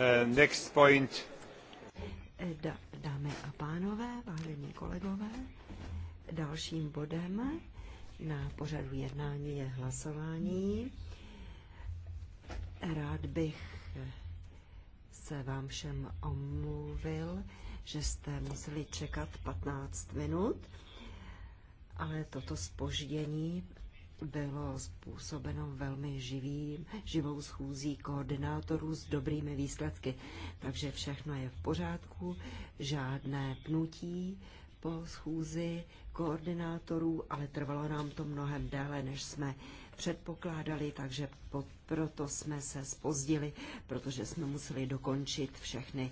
Eh, next point. Da, dámy a pánové, vážení kolegové, dalším bodem na pořadu jednání je hlasování. Rád bych se vám všem omluvil, že jste museli čekat 15 minut, ale toto spoždění bylo způsobeno velmi živým, živou schůzí koordinátorů s dobrými výsledky. Takže všechno je v pořádku, žádné pnutí po schůzi koordinátorů, ale trvalo nám to mnohem déle, než jsme předpokládali, takže po, proto jsme se spozdili, protože jsme museli dokončit všechny,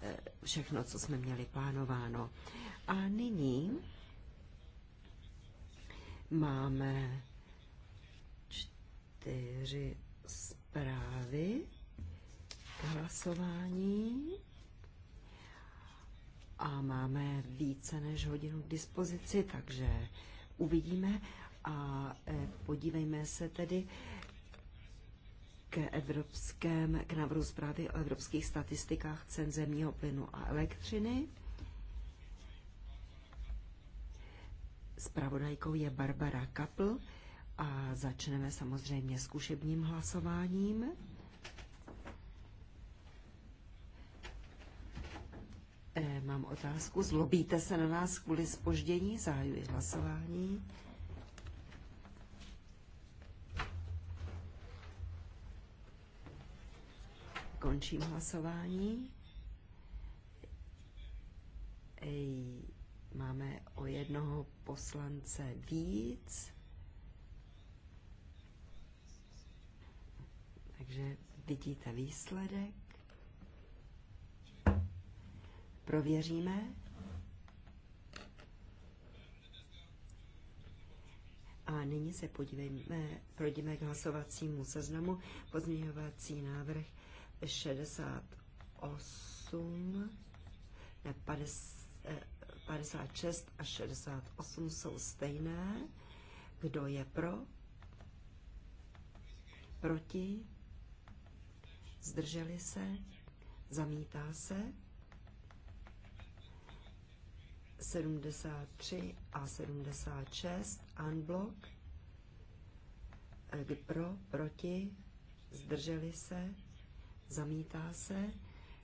eh, všechno, co jsme měli plánováno. A nyní máme čtyři zprávy k hlasování a máme více než hodinu k dispozici, takže uvidíme a eh, podívejme se tedy k, evropském, k návrhu zprávy o evropských statistikách cen zemního plynu a elektřiny. Spravodajkou je Barbara Kapl. A začneme samozřejmě zkušebním hlasováním. E, mám otázku. Zlobíte se na nás kvůli spoždění? Zahajuji hlasování. Končím hlasování. Ej, máme o jednoho poslance víc. Takže vidíte výsledek. Prověříme. A nyní se podívejme, projdeme k hlasovacímu seznamu. Pozměňovací návrh 68, ne, 50, 56 eh, a 68 jsou stejné. Kdo je pro? Proti? zdrželi se, zamítá se. 73 a 76 unblock pro, proti, zdrželi se, zamítá se,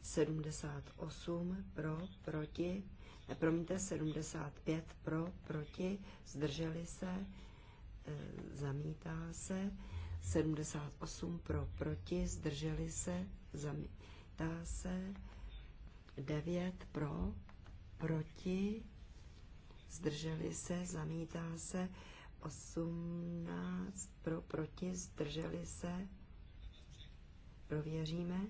78 pro, proti, ne, promiňte, 75 pro, proti, zdrželi se, e, zamítá se, 78 pro, proti, zdrželi se, zamítá se, 9 pro, proti, zdrželi se, zamítá se, 18 pro, proti, zdrželi se, prověříme.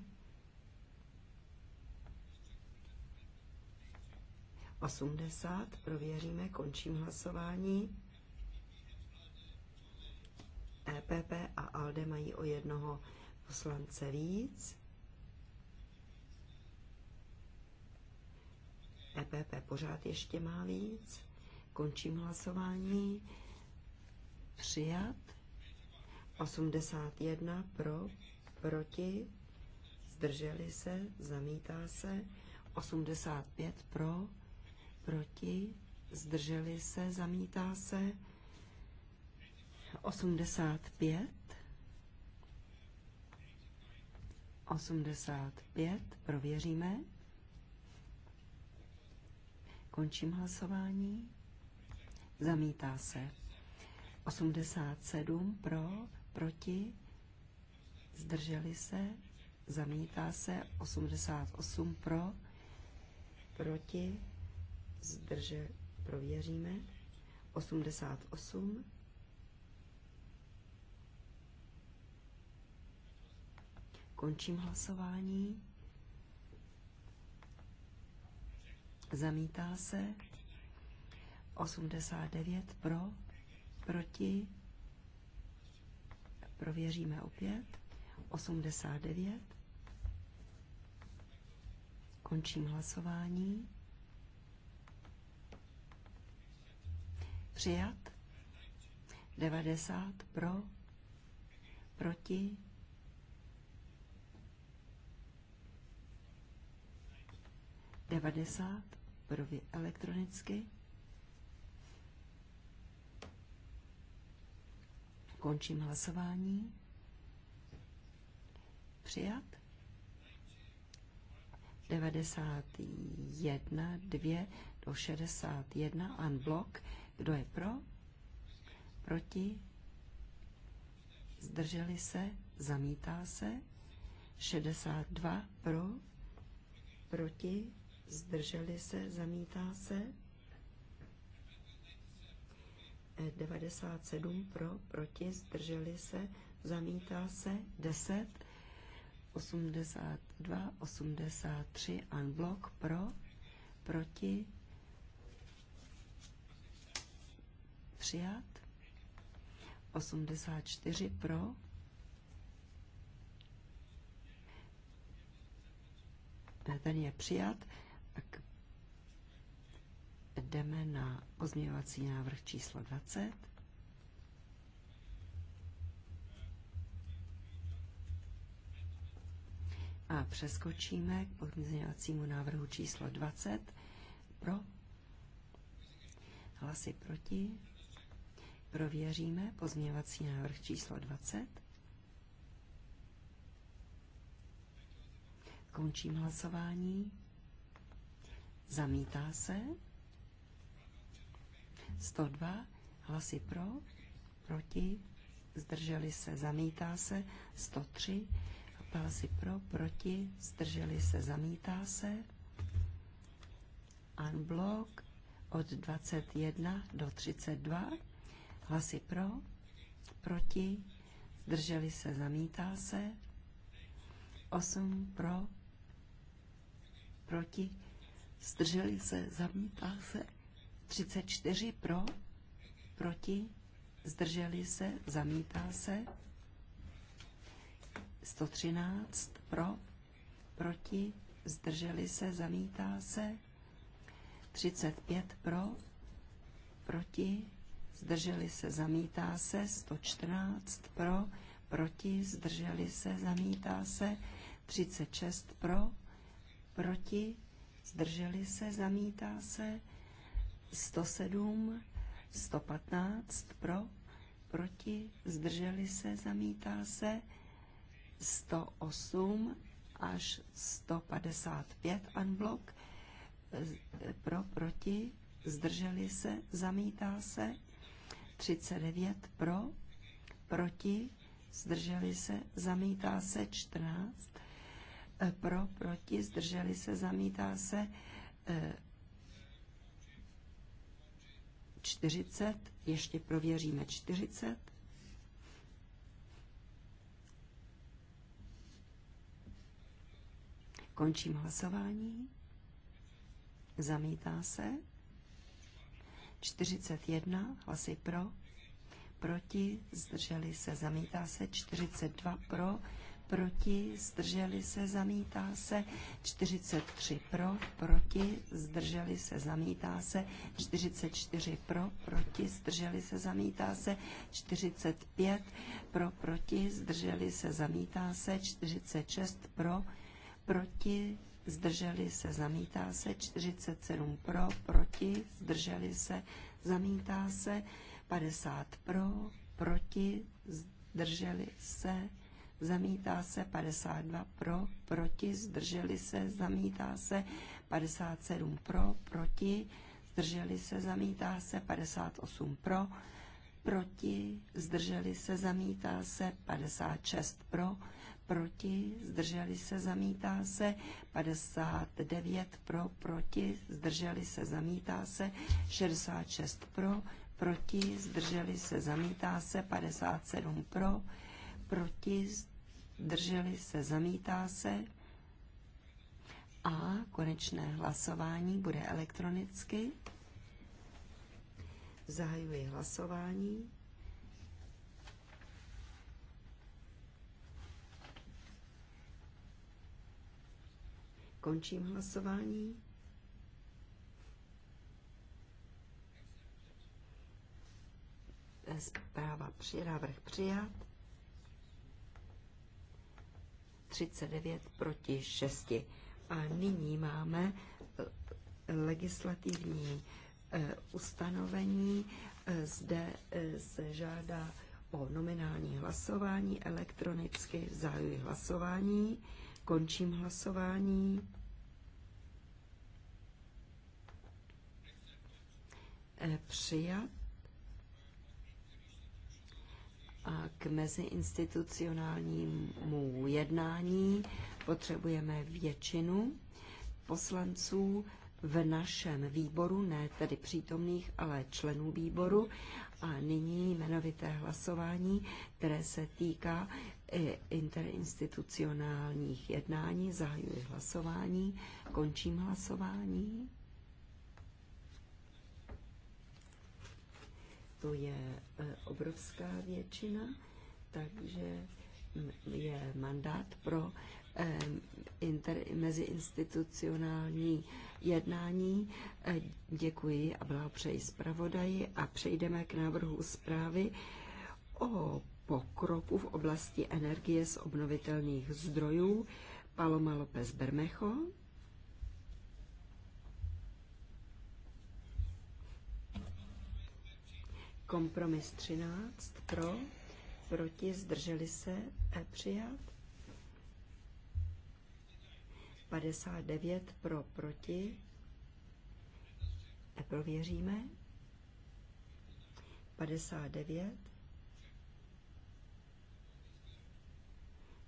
80, prověříme, končím hlasování. EPP a ALDE mají o jednoho poslance víc. EPP pořád ještě má víc. Končím hlasování. Přijat. 81 pro, proti, zdrželi se, zamítá se. 85 pro, proti, zdrželi se, zamítá se. 85. 85. Prověříme. Končím hlasování. Zamítá se. 87 pro, proti, zdrželi se, zamítá se. 88 pro, proti, zdrže, prověříme. 88 Končím hlasování. Zamítá se. 89 pro, proti. Prověříme opět. 89. Končím hlasování. Přijat. 90 pro, proti 90 prvě elektronicky. Končím hlasování. Přijat. 91, 2 do 61 unblock. Kdo je pro? Proti? Zdrželi se? Zamítá se? 62 pro? Proti? zdrželi se, zamítá se. 97 e, pro, proti, zdrželi se, zamítá se. 10, 82, 83, unblock pro, proti, přijat. 84 pro, ten je přijat jdeme na pozměňovací návrh číslo 20. A přeskočíme k pozměňovacímu návrhu číslo 20. Pro. Hlasy proti. Prověříme pozměňovací návrh číslo 20. Končím hlasování. Zamítá se. 102 hlasy pro, proti, zdrželi se, zamítá se, 103 hlasy pro, proti, zdrželi se, zamítá se, unblock od 21 do 32, hlasy pro, proti, zdrželi se, zamítá se, 8 pro, proti, zdrželi se, zamítá se, 34 pro, proti, zdrželi se, zamítá se. 113 pro, proti, zdrželi se, zamítá se. 35 pro, proti, zdrželi se, zamítá se. 114 pro, proti, zdrželi se, zamítá se. 36 pro, proti, zdrželi se, zamítá se. 107, 115 pro, proti, zdrželi se, zamítá se, 108 až 155 unblock, pro, proti, zdrželi se, zamítá se, 39 pro, proti, zdrželi se, zamítá se, 14 pro, proti, zdrželi se, zamítá se, 40, ještě prověříme 40. Končím hlasování. Zamítá se. 41 hlasy pro, proti, zdrželi se, zamítá se, 42 pro, proti, zdrželi se, zamítá se, 43 pro, proti, zdrželi se, zamítá se, 44 pro, proti, zdrželi se, zamítá se, 45 pro, proti, zdrželi se, zamítá se, 46 pro, proti, zdrželi se, zamítá se, 47 pro, proti, zdrželi se, zamítá se, 50 pro, proti, zdrželi se, zamítá se 52 pro, proti, zdrželi se, zamítá se 57 pro, proti, zdrželi se, zamítá se 58 pro, proti, zdrželi se, zamítá se 56 pro, proti, zdrželi se, zamítá se, 59 pro, proti, zdrželi se, zamítá se, 66 pro, proti, zdrželi se, zamítá se, 57 pro, proti, zdrželi se, zamítá se. A konečné hlasování bude elektronicky. Zahajuji hlasování. Končím hlasování. Zpráva při návrh přijat. 39 proti 6. A nyní máme eh, legislativní eh, ustanovení. Eh, zde se žádá o nominální hlasování elektronicky. Zahajuji hlasování, končím hlasování. Přijat. k meziinstitucionálnímu jednání potřebujeme většinu poslanců v našem výboru, ne tedy přítomných, ale členů výboru. A nyní jmenovité hlasování, které se týká e, interinstitucionálních jednání. Zahajuji hlasování, končím hlasování. to je e, obrovská většina, takže je mandát pro e, inter, meziinstitucionální jednání. E, děkuji a blahopřeji zpravodaji a přejdeme k návrhu zprávy o pokroku v oblasti energie z obnovitelných zdrojů. Paloma López Bermecho. Kompromis 13 pro, proti, zdrželi se, e, přijat. 59 pro, proti, e, prověříme. 59.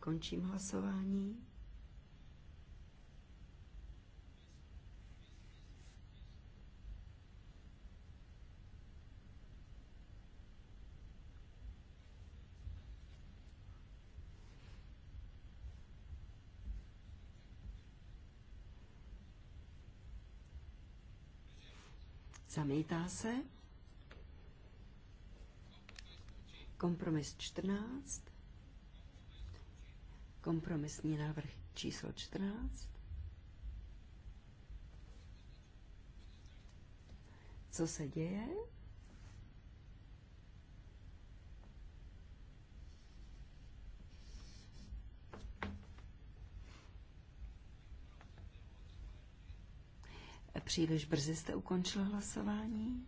Končím hlasování. Zamítá se. Kompromis 14. Kompromisní návrh číslo 14. Co se děje? Příliš brzy jste ukončil hlasování?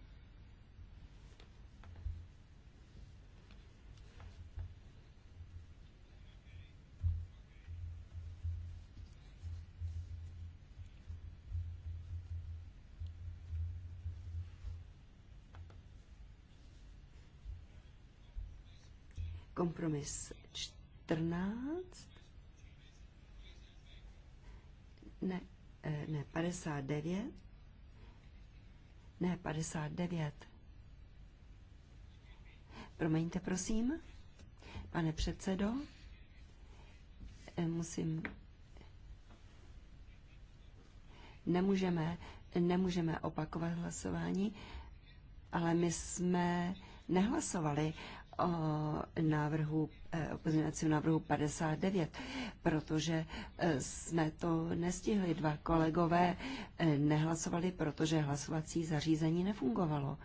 kompromis 14. Ne, Eh, ne 59, ne 59. Promiňte, prosím, pane předsedo, eh, musím, nemůžeme, nemůžeme opakovat hlasování, ale my jsme nehlasovali o návrhu, e, pozměňovacím návrhu 59, protože e, jsme to nestihli. Dva kolegové e, nehlasovali, protože hlasovací zařízení nefungovalo.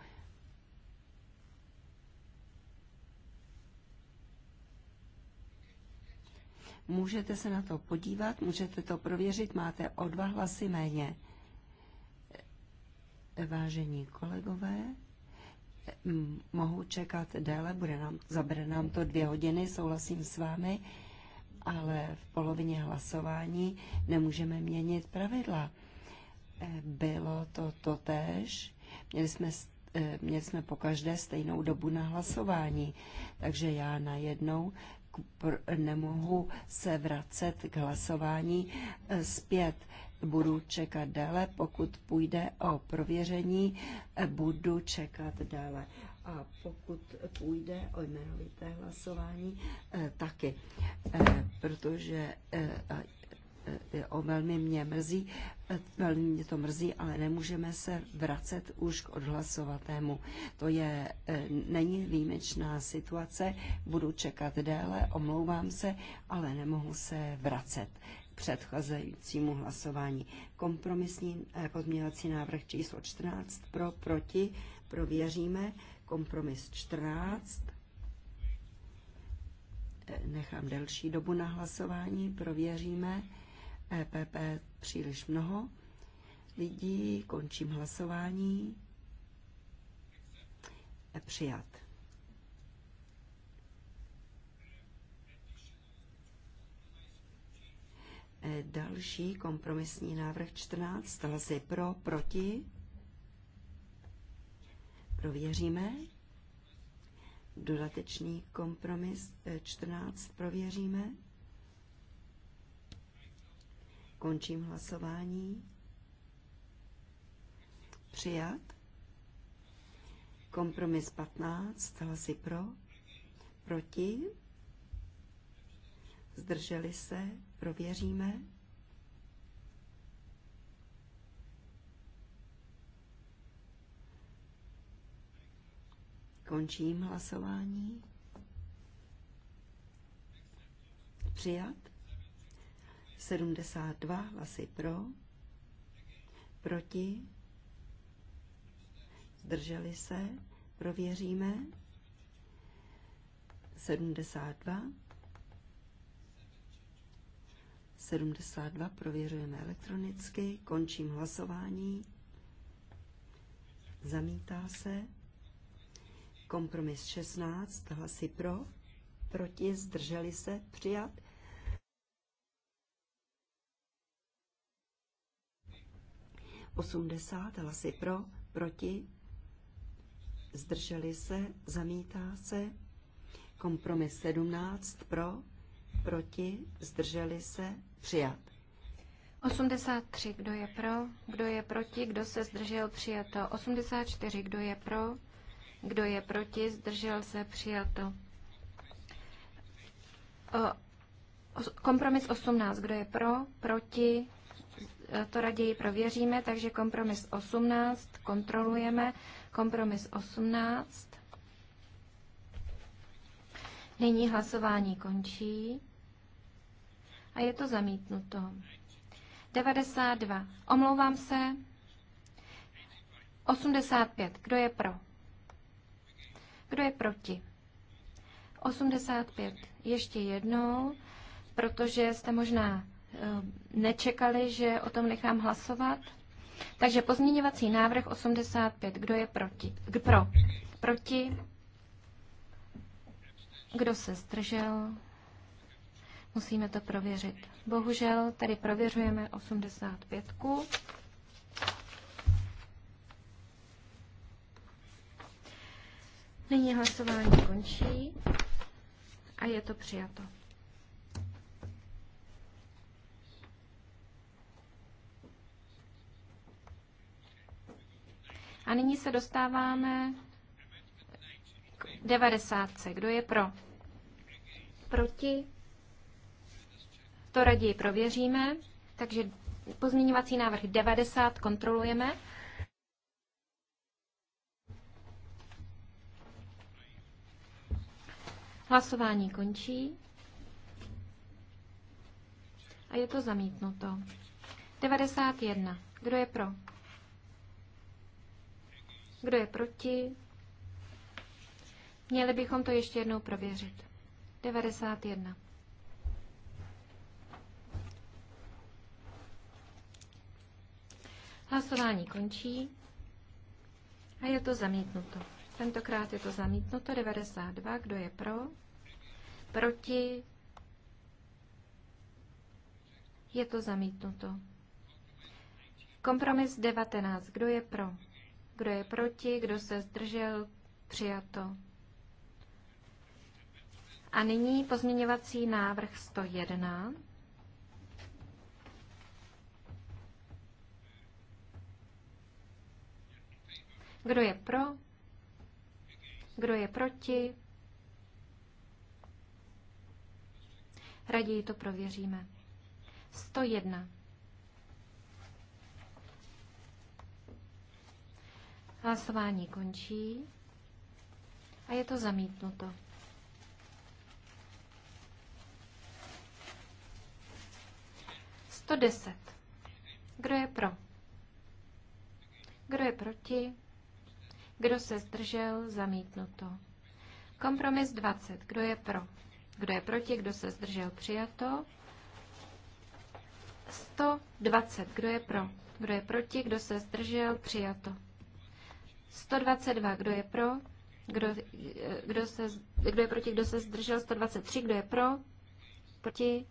Můžete se na to podívat, můžete to prověřit, máte o dva hlasy méně. Vážení kolegové, mohu čekat déle, bude nám, zabere nám to dvě hodiny, souhlasím s vámi, ale v polovině hlasování nemůžeme měnit pravidla. Eh, bylo to totéž, měli jsme, eh, měli jsme po každé stejnou dobu na hlasování, takže já najednou nemohu se vracet k hlasování eh, zpět budu čekat déle, pokud půjde o prověření, budu čekat déle. A pokud půjde o jmenovité hlasování, eh, taky, eh, protože eh, o velmi mě mrzí, velmi mě to mrzí, ale nemůžeme se vracet už k odhlasovatému. To je, není výjimečná situace, budu čekat déle, omlouvám se, ale nemohu se vracet předcházejícímu hlasování. Kompromisní eh, pozměňovací návrh číslo 14 pro, proti, prověříme. Kompromis 14. Eh, nechám delší dobu na hlasování, prověříme. EPP příliš mnoho lidí, končím hlasování. E, přijat. E, další kompromisní návrh 14. Hlasy pro, proti. Prověříme. Dodatečný kompromis 14 e, prověříme. Končím hlasování. Přijat. Kompromis 15. Hlasy pro, proti zdrželi se, prověříme. Končím hlasování. Přijat. 72 hlasy pro. Proti. Zdrželi se. Prověříme. 72. 72 prověřujeme elektronicky, končím hlasování, zamítá se, kompromis 16, hlasy pro, proti, zdrželi se, přijat. Osmdesát hlasy pro, proti, zdrželi se, zamítá se, kompromis 17 pro, proti, zdrželi se, přijat. 83, kdo je pro, kdo je proti, kdo se zdržel, přijato. 84, kdo je pro, kdo je proti, zdržel se, přijato. Kompromis 18, kdo je pro, proti, e, to raději prověříme, takže kompromis 18 kontrolujeme, kompromis 18 Nyní hlasování končí a je to zamítnuto. 92. Omlouvám se. 85. Kdo je pro? Kdo je proti? 85. Ještě jednou, protože jste možná eh, nečekali, že o tom nechám hlasovat. Takže pozměňovací návrh 85. Kdo je proti? K pro. Proti. Kdo se zdržel? Musíme to prověřit. Bohužel tady prověřujeme 85. -ku. Nyní hlasování končí a je to přijato. A nyní se dostáváme 90. Kdo je pro? Proti? To raději prověříme. Takže pozměňovací návrh 90 kontrolujeme. Hlasování končí. A je to zamítnuto. 91. Kdo je pro? Kdo je proti? Měli bychom to ještě jednou prověřit. 91. Hlasování končí a je to zamítnuto. Tentokrát je to zamítnuto 92. Kdo je pro? Proti? Je to zamítnuto. Kompromis 19. Kdo je pro? Kdo je proti? Kdo se zdržel? Přijato. A nyní pozměňovací návrh 101. Kdo je pro? Kdo je proti? Raději to prověříme. 101. Hlasování končí a je to zamítnuto. 110. Kdo je pro? Kdo je proti? Kdo se zdržel? Zamítnuto. Kompromis 20. Kdo je pro? Kdo je proti? Kdo se zdržel? Přijato. 120. Kdo je pro? Kdo je proti? Kdo se zdržel? Přijato. 122. Kdo je pro? Kdo, eh, kdo, se, kdo je proti? Kdo se zdržel? 123. Kdo je pro? Proti?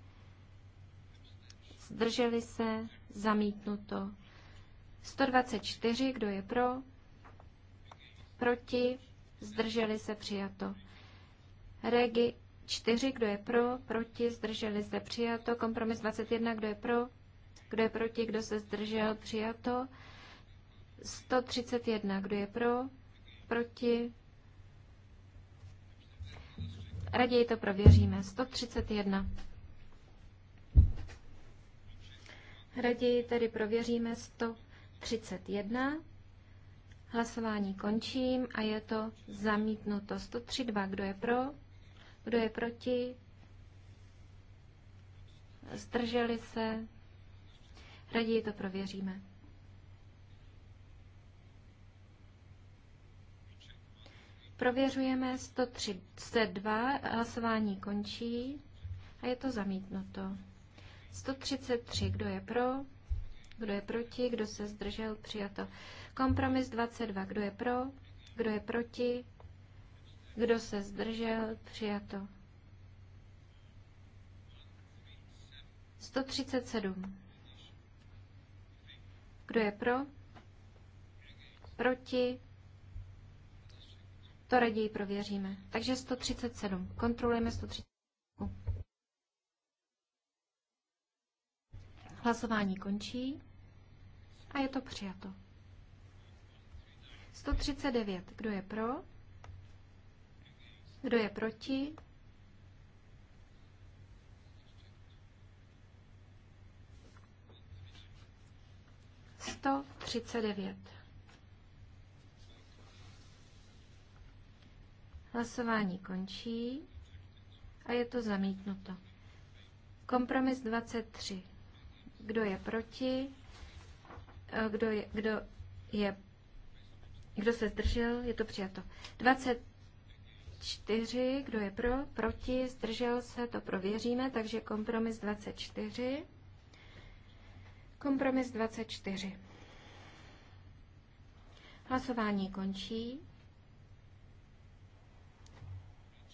zdrželi se, zamítnuto. 124, kdo je pro, proti, zdrželi se, přijato. Regi 4, kdo je pro, proti, zdrželi se, přijato. Kompromis 21, kdo je pro, kdo je proti, kdo se zdržel, přijato. 131, kdo je pro, proti. Raději to prověříme. 131. Raději tedy prověříme 131. Hlasování končím a je to zamítnuto. 132. Kdo je pro? Kdo je proti? Zdrželi se? Raději to prověříme. Prověřujeme 132, hlasování končí a je to zamítnuto. 133. Kdo je pro? Kdo je proti? Kdo se zdržel? Přijato. Kompromis 22. Kdo je pro? Kdo je proti? Kdo se zdržel? Přijato. 137. Kdo je pro? Proti? To raději prověříme. Takže 137. Kontrolujeme 137. Hlasování končí a je to přijato. 139. Kdo je pro? Kdo je proti? Sto třicet devět. Hlasování končí a je to zamítnuto. Kompromis 23 kdo je proti, eh, kdo je, kdo je, kdo se zdržel, je to přijato. 24, kdo je pro, proti, zdržel se, to prověříme, takže kompromis 24. Kompromis 24. Hlasování končí.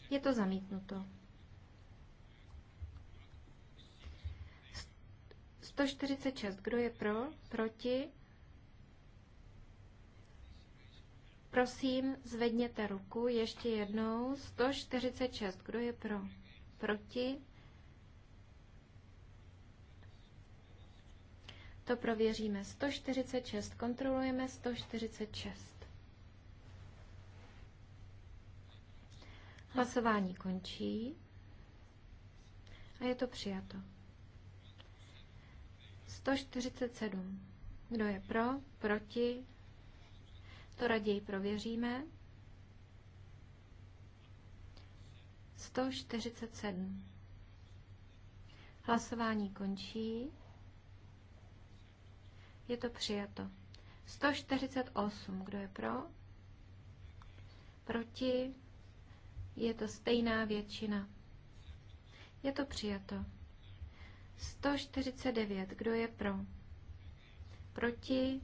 Je to zamítnuto. 146. Kdo je pro? Proti? Prosím, zvedněte ruku ještě jednou. 146. Kdo je pro? Proti? To prověříme. 146. Kontrolujeme 146. Hlasování končí a je to přijato. 147. Kdo je pro? Proti? To raději prověříme. 147. Hlasování končí. Je to přijato. 148. Kdo je pro? Proti? Je to stejná většina. Je to přijato. 149. Kdo je pro? Proti?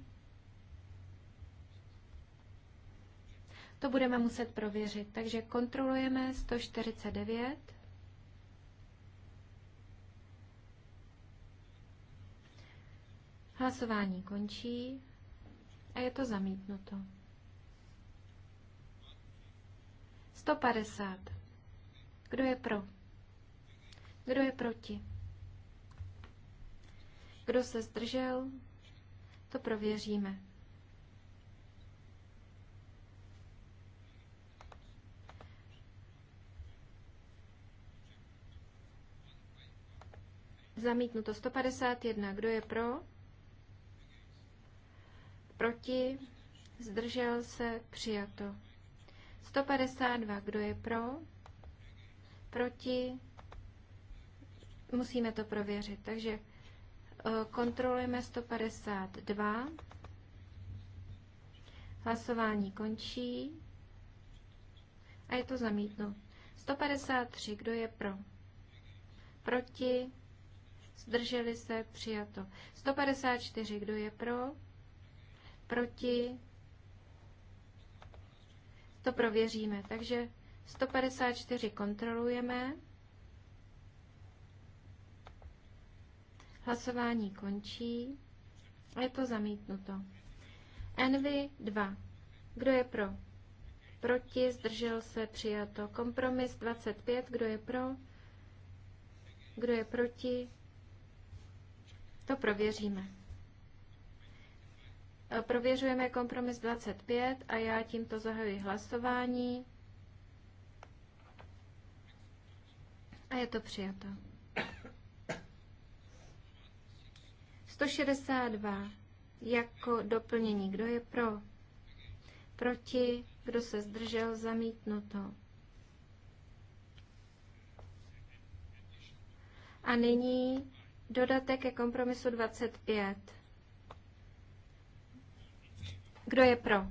To budeme muset prověřit. Takže kontrolujeme 149. Hlasování končí a je to zamítnuto. 150. Kdo je pro? Kdo je proti? Kdo se zdržel, to prověříme. Zamítnuto 151. Kdo je pro? Proti? Zdržel se? Přijato. 152. Kdo je pro? Proti? Musíme to prověřit. Takže Eh, kontrolujeme 152. Hlasování končí. A je to zamítno. 153. Kdo je pro? Proti? Zdrželi se? Přijato. 154. Kdo je pro? Proti? To prověříme. Takže 154 kontrolujeme. Hlasování končí a je to zamítnuto. Envy 2. Kdo je pro? Proti, zdržel se, přijato. Kompromis 25. Kdo je pro? Kdo je proti? To prověříme. Prověřujeme kompromis 25 a já tímto zahajuji hlasování. A je to přijato. 162 jako doplnění. Kdo je pro? Proti? Kdo se zdržel? Zamítnuto. A nyní dodatek ke kompromisu 25. Kdo je pro?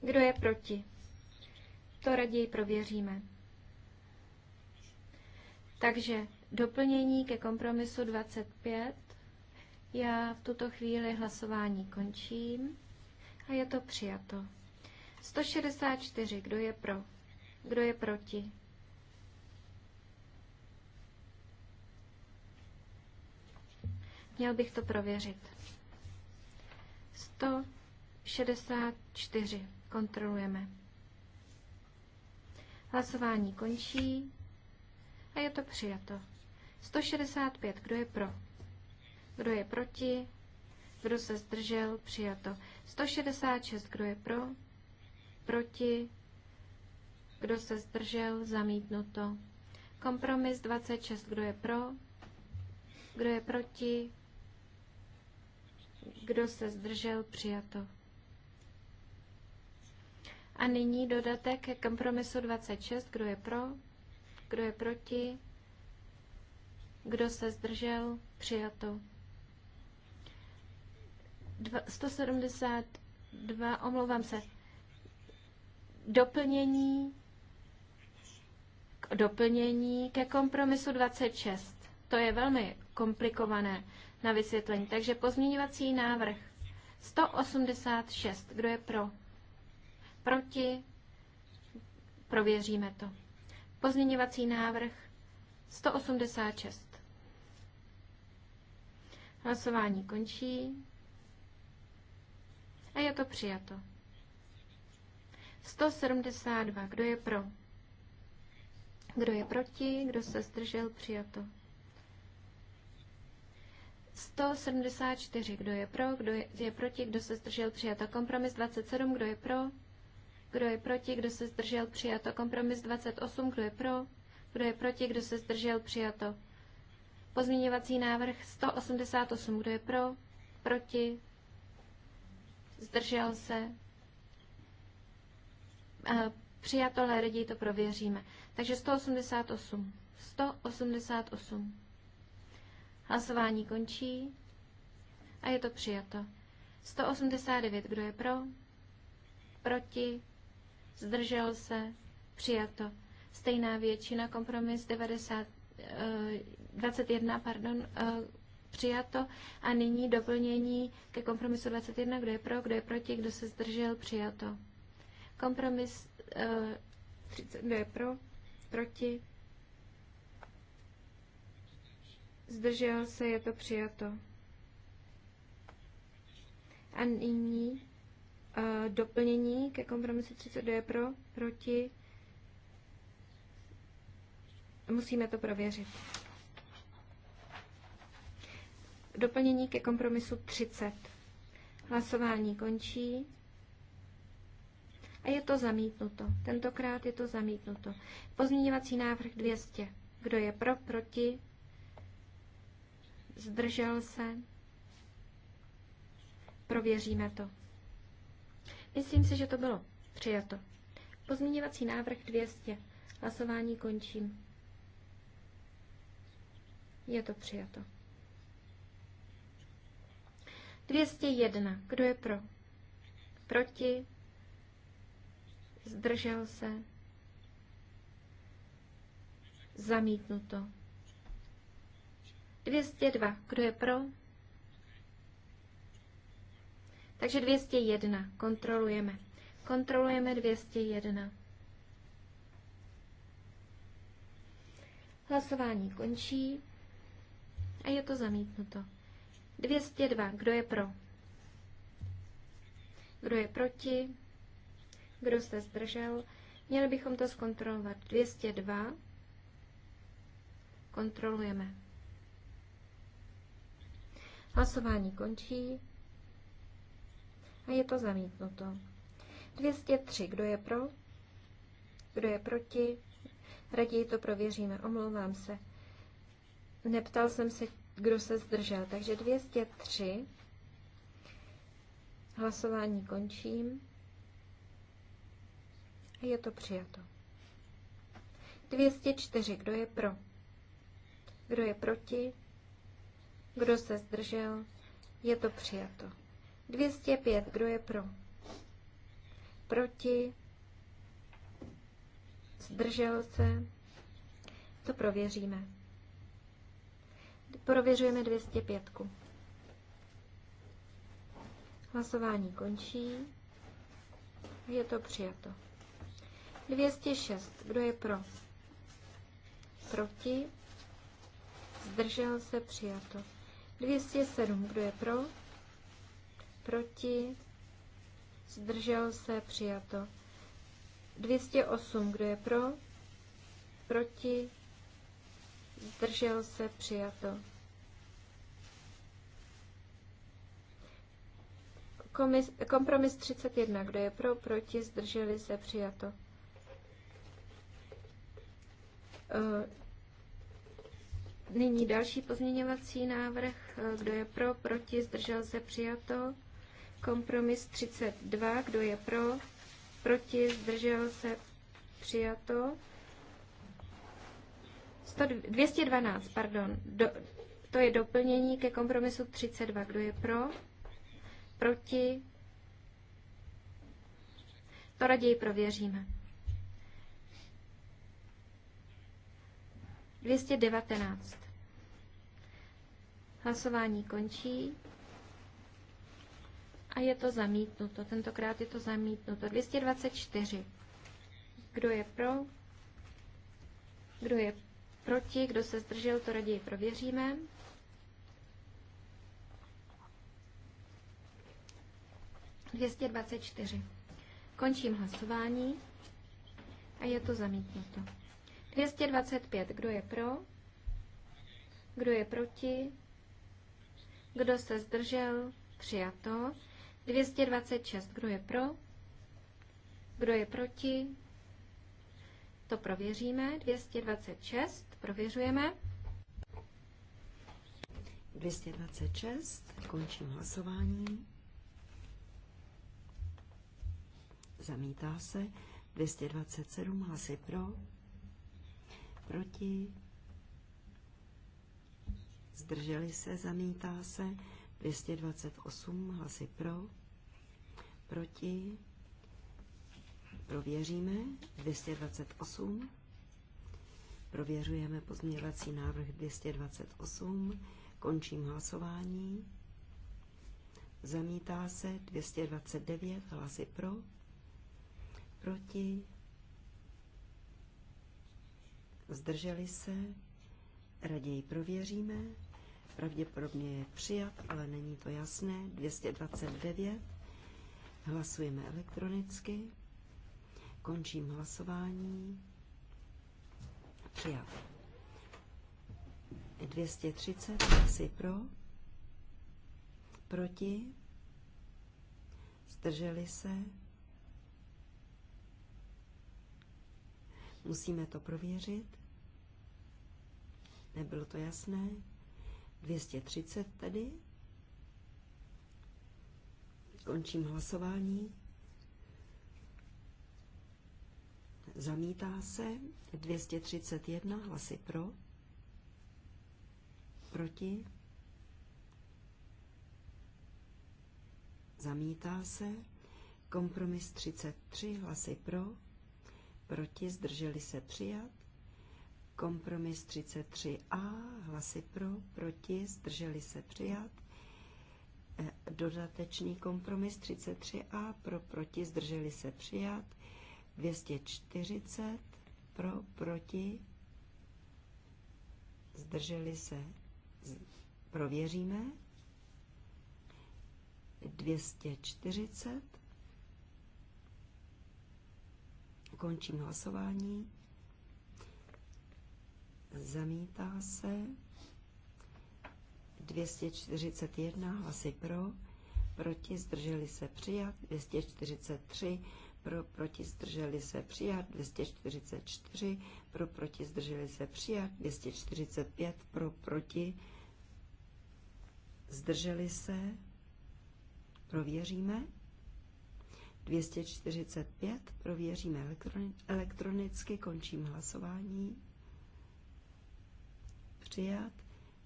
Kdo je proti? To raději prověříme. Takže doplnění ke kompromisu 25. Já v tuto chvíli hlasování končím a je to přijato. 164. Kdo je pro? Kdo je proti? Měl bych to prověřit. 164. Kontrolujeme. Hlasování končí a je to přijato. 165. Kdo je pro? Kdo je proti? Kdo se zdržel? Přijato. 166. Kdo je pro? Proti? Kdo se zdržel? Zamítnuto. Kompromis 26. Kdo je pro? Kdo je proti? Kdo se zdržel? Přijato. A nyní dodatek ke kompromisu 26. Kdo je pro? Kdo je proti? Kdo se zdržel? Přijato. 172, omlouvám se, doplnění k doplnění ke kompromisu 26. To je velmi komplikované na vysvětlení. Takže pozměňovací návrh 186. Kdo je pro? Proti? Prověříme to. Pozměňovací návrh 186. Hlasování končí. A je to přijato. 172. Kdo je pro? Kdo je proti? Kdo se zdržel? Přijato. 174. Kdo je pro? Kdo je, je proti? Kdo se zdržel? Přijato. Kompromis 27. Kdo je pro? Kdo je proti? Kdo se zdržel? Přijato. Kompromis 28. Kdo je pro? Kdo je proti? Kdo se zdržel? Přijato. Pozměňovací návrh 188. Kdo je pro? Proti? zdržel se, eh, přijato, ale raději to prověříme. Takže 188. 188. Hlasování končí a je to přijato. 189, kdo je pro? Proti? Zdržel se? Přijato. Stejná většina, kompromis 90, 21, eh, pardon, eh, přijato. A nyní doplnění ke kompromisu 21, kdo je pro, kdo je proti, kdo se zdržel, přijato. Kompromis uh, eh, 30, kdo je pro, proti, zdržel se, je to přijato. A nyní uh, doplnění ke kompromisu kdo je pro, proti. Musíme to prověřit. Doplnění ke kompromisu 30. Hlasování končí a je to zamítnuto. Tentokrát je to zamítnuto. Pozměňovací návrh 200. Kdo je pro, proti? Zdržel se? Prověříme to. Myslím si, že to bylo přijato. Pozměňovací návrh 200. Hlasování končím. Je to přijato. 201. Kdo je pro? Proti? Zdržel se? Zamítnuto. 202. Kdo je pro? Takže 201. Kontrolujeme. Kontrolujeme 201. Hlasování končí a je to zamítnuto. 202. Kdo je pro? Kdo je proti? Kdo se zdržel? Měli bychom to zkontrolovat. 202. Kontrolujeme. Hlasování končí a je to zamítnuto. 203. Kdo je pro? Kdo je proti? Raději to prověříme. Omlouvám se. Neptal jsem se kdo se zdržel. Takže 203. Hlasování končím. Je to přijato. 204. Kdo je pro? Kdo je proti? Kdo se zdržel? Je to přijato. 205. Kdo je pro? Proti? Zdržel se? To prověříme. Prověřujeme 205. Hlasování končí. Je to přijato. 206. Kdo je pro? Proti? Zdržel se přijato. 207. Kdo je pro? Proti? Zdržel se přijato. 208. Kdo je pro? Proti? zdržel se, přijato. Komis, kompromis 31, kdo je pro, proti, zdrželi se, přijato. E, nyní další pozměňovací návrh, e, kdo je pro, proti, zdržel se, přijato. Kompromis 32, kdo je pro, proti, zdržel se, přijato. 100, 212, pardon, do, to je doplnění ke kompromisu 32. Kdo je pro? Proti? To raději prověříme. 219. Hlasování končí a je to zamítnuto. Tentokrát je to zamítnuto. 224. Kdo je pro? Kdo je proti, kdo se zdržel, to raději prověříme. Dvěstě dvacet čtyři. Končím hlasování a je to zamítnuto. 225. Kdo je pro? Kdo je proti? Kdo se zdržel? Přijato. 226. Kdo je pro? Kdo je proti? To prověříme. 226 prověřujeme. 226, končím hlasování. Zamítá se. 227 hlasy pro. Proti. Zdrželi se, zamítá se. 228 hlasy pro. Proti. Prověříme 228. Prověřujeme pozměňovací návrh 228. Končím hlasování. Zamítá se 229 hlasy pro, proti, zdrželi se, raději prověříme, pravděpodobně je přijat, ale není to jasné, 229, hlasujeme elektronicky, Končím hlasování. Přijat. 230 hlasy pro, proti, zdrželi se. Musíme to prověřit. Nebylo to jasné. 230 tedy. Končím hlasování. zamítá se, 231 hlasy pro, proti, zamítá se, kompromis 33 hlasy pro, proti, zdrželi se přijat, kompromis 33a, hlasy pro, proti, zdrželi se přijat, e, dodatečný kompromis 33a, pro, proti, zdrželi se přijat, 240 pro, proti, zdrželi se, prověříme. 240. Končím hlasování. Zamítá se. 241 hlasy pro, proti zdrželi se přijat. 243 pro, proti, zdrželi se, přijat, 244, pro, proti, zdrželi se, přijat, 245, pro, proti, zdrželi se, prověříme, 245, prověříme elektronicky, končím hlasování, přijat,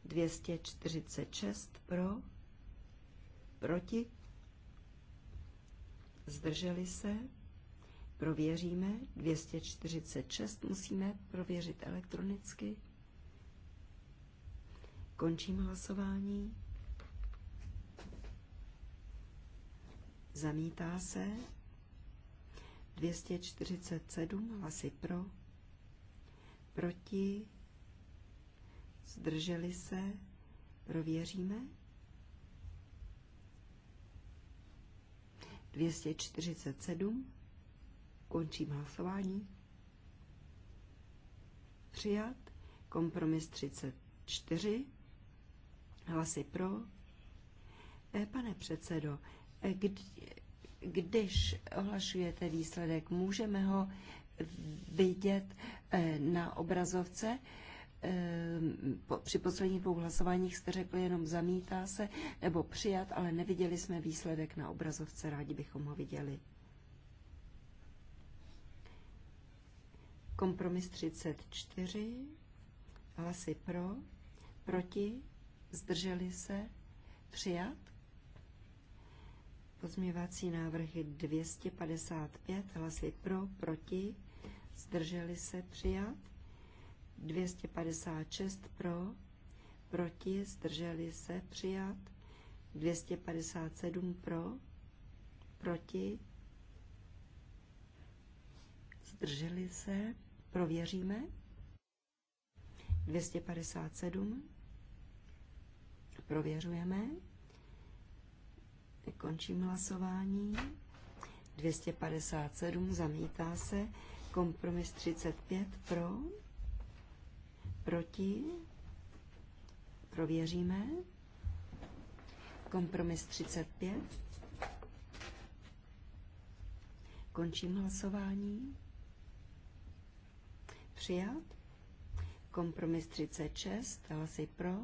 246 pro, proti, zdrželi se, prověříme. 246 musíme prověřit elektronicky. Končím hlasování. Zamítá se. 247 hlasy pro. Proti. Zdrželi se. Prověříme. 247 Končím hlasování. Přijat. Kompromis 34. Hlasy pro. Eh, pane předsedo, eh, když ohlašujete výsledek, můžeme ho vidět eh, na obrazovce? Při posledních dvou hlasováních jste řekli jenom zamítá se nebo přijat, ale neviděli jsme výsledek na obrazovce, rádi bychom ho viděli. Kompromis 34. Hlasy pro, proti, zdrželi se, přijat. Pozměvací návrhy 255, hlasy pro, proti, zdrželi se, přijat. 256 pro, proti, zdrželi se, přijat. 257 pro, proti, zdrželi se, Prověříme. 257. Prověřujeme. Končím hlasování. 257 zamítá se. Kompromis 35 pro. Proti. Prověříme. Kompromis 35. Končím hlasování. Přijat. Kompromis 36. Hlasy pro.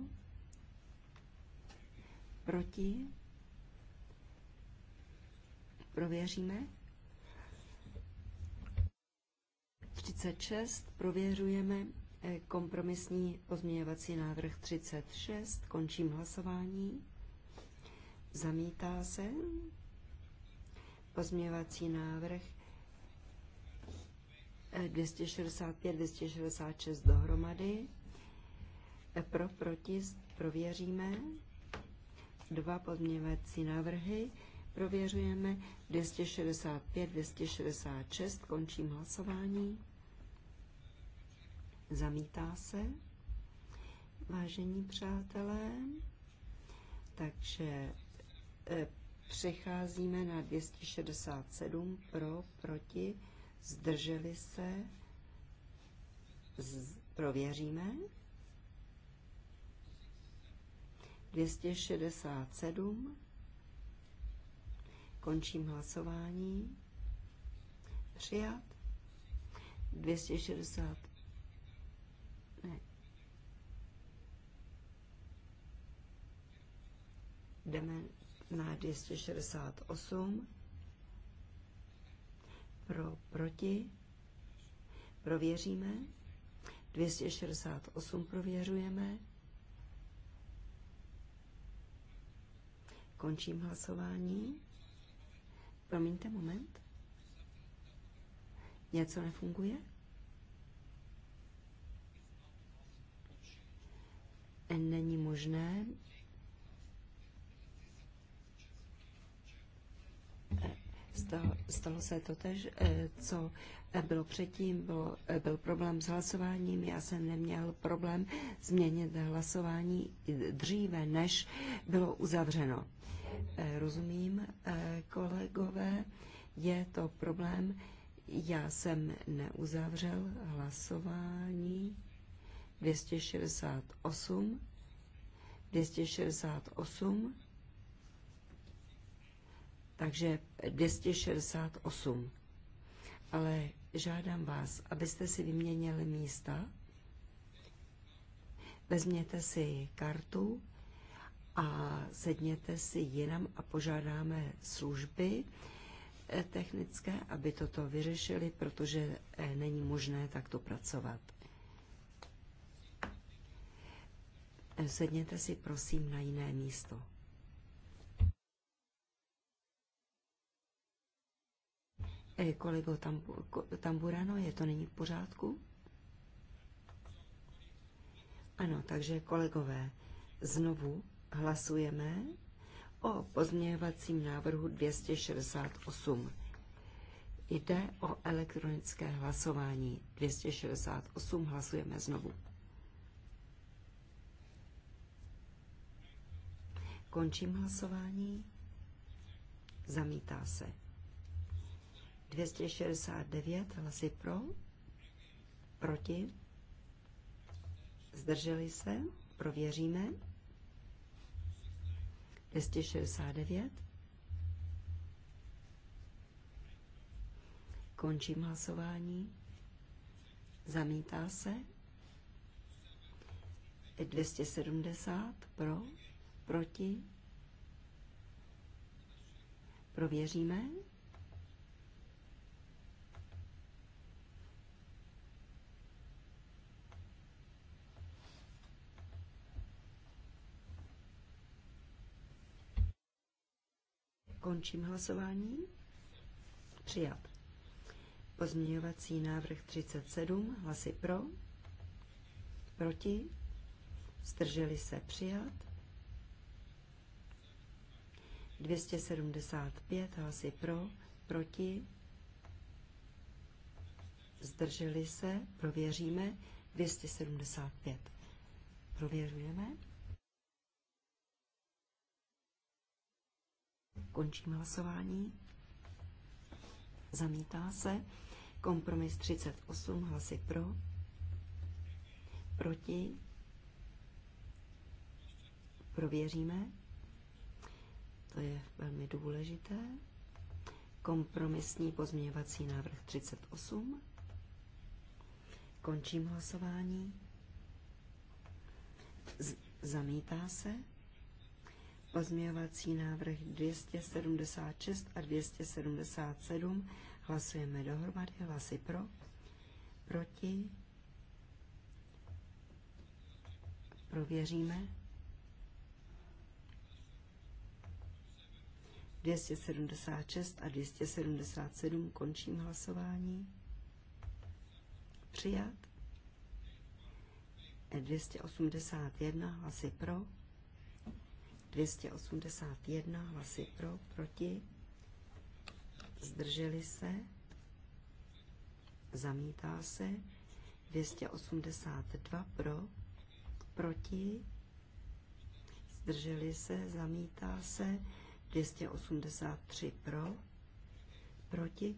Proti. Prověříme. 36. Prověřujeme eh, kompromisní pozměňovací návrh 36. Končím hlasování. Zamítá se. Pozměňovací návrh 265, 266 dohromady. Pro, proti, prověříme. Dva podměvací návrhy. Prověřujeme 265, 266. Končím hlasování. Zamítá se. Vážení přátelé, takže eh, přecházíme na 267 pro, proti, zdrželi se, z, prověříme. 267. Končím hlasování. Přijat. 260. Ne. Jdeme na 268 pro, proti, prověříme, 268 prověřujeme, končím hlasování, promiňte moment, něco nefunguje? Není možné Stalo, se to tež, eh, co eh, bylo předtím, bylo, eh, byl problém s hlasováním. Já jsem neměl problém změnit hlasování dříve, než bylo uzavřeno. Rozumím, kolegové, je to problém. Já jsem neuzavřel hlasování 268. 268 takže 268. Ale žádám vás, abyste si vyměnili místa, vezměte si kartu a sedněte si jinam a požádáme služby eh, technické, aby toto vyřešili, protože eh, není možné takto pracovat. Eh, sedněte si prosím na jiné místo. E, kolego Tamburano, je to není v pořádku? Ano, takže kolegové, znovu hlasujeme o pozměňovacím návrhu 268. Jde o elektronické hlasování. 268 hlasujeme znovu. Končím hlasování. Zamítá se. 269 hlasy pro, proti, zdrželi se, prověříme. 269. Končím hlasování. Zamítá se. 270 pro, proti. Prověříme. Končím hlasování. Přijat. Pozměňovací návrh 37. Hlasy pro. Proti. Zdrželi se přijat. 275 hlasy pro, proti, zdrželi se, prověříme, 275. Prověřujeme. Končím hlasování. Zamítá se. Kompromis 38 hlasy pro. Proti. Prověříme. To je velmi důležité. Kompromisní pozměňovací návrh 38. Končím hlasování. Z- zamítá se. Pozměňovací návrh 276 a 277. Hlasujeme dohromady. Hlasy pro. Proti. Prověříme. 276 a 277 končím hlasování. Přijat. 281 hlasy pro. 281 hlasy pro, proti, zdrželi se, zamítá se, 282 pro, proti, zdrželi se, zamítá se, 283 pro, proti,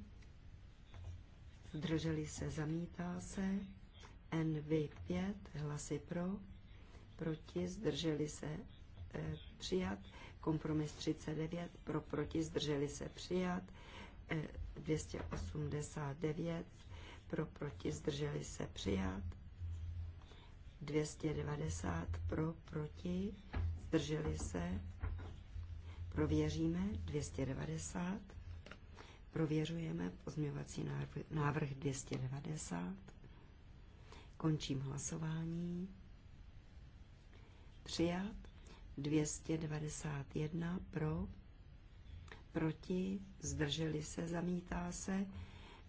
zdrželi se, zamítá se, NV5, hlasy pro, proti, zdrželi se, E, přijat, kompromis 39 pro proti zdrželi se přijat, 289 e, pro proti zdrželi se přijat, 290 pro proti zdrželi se, prověříme 290, prověřujeme pozměvací návrh 290, končím hlasování, přijat, 291 pro, proti, zdrželi se, zamítá se,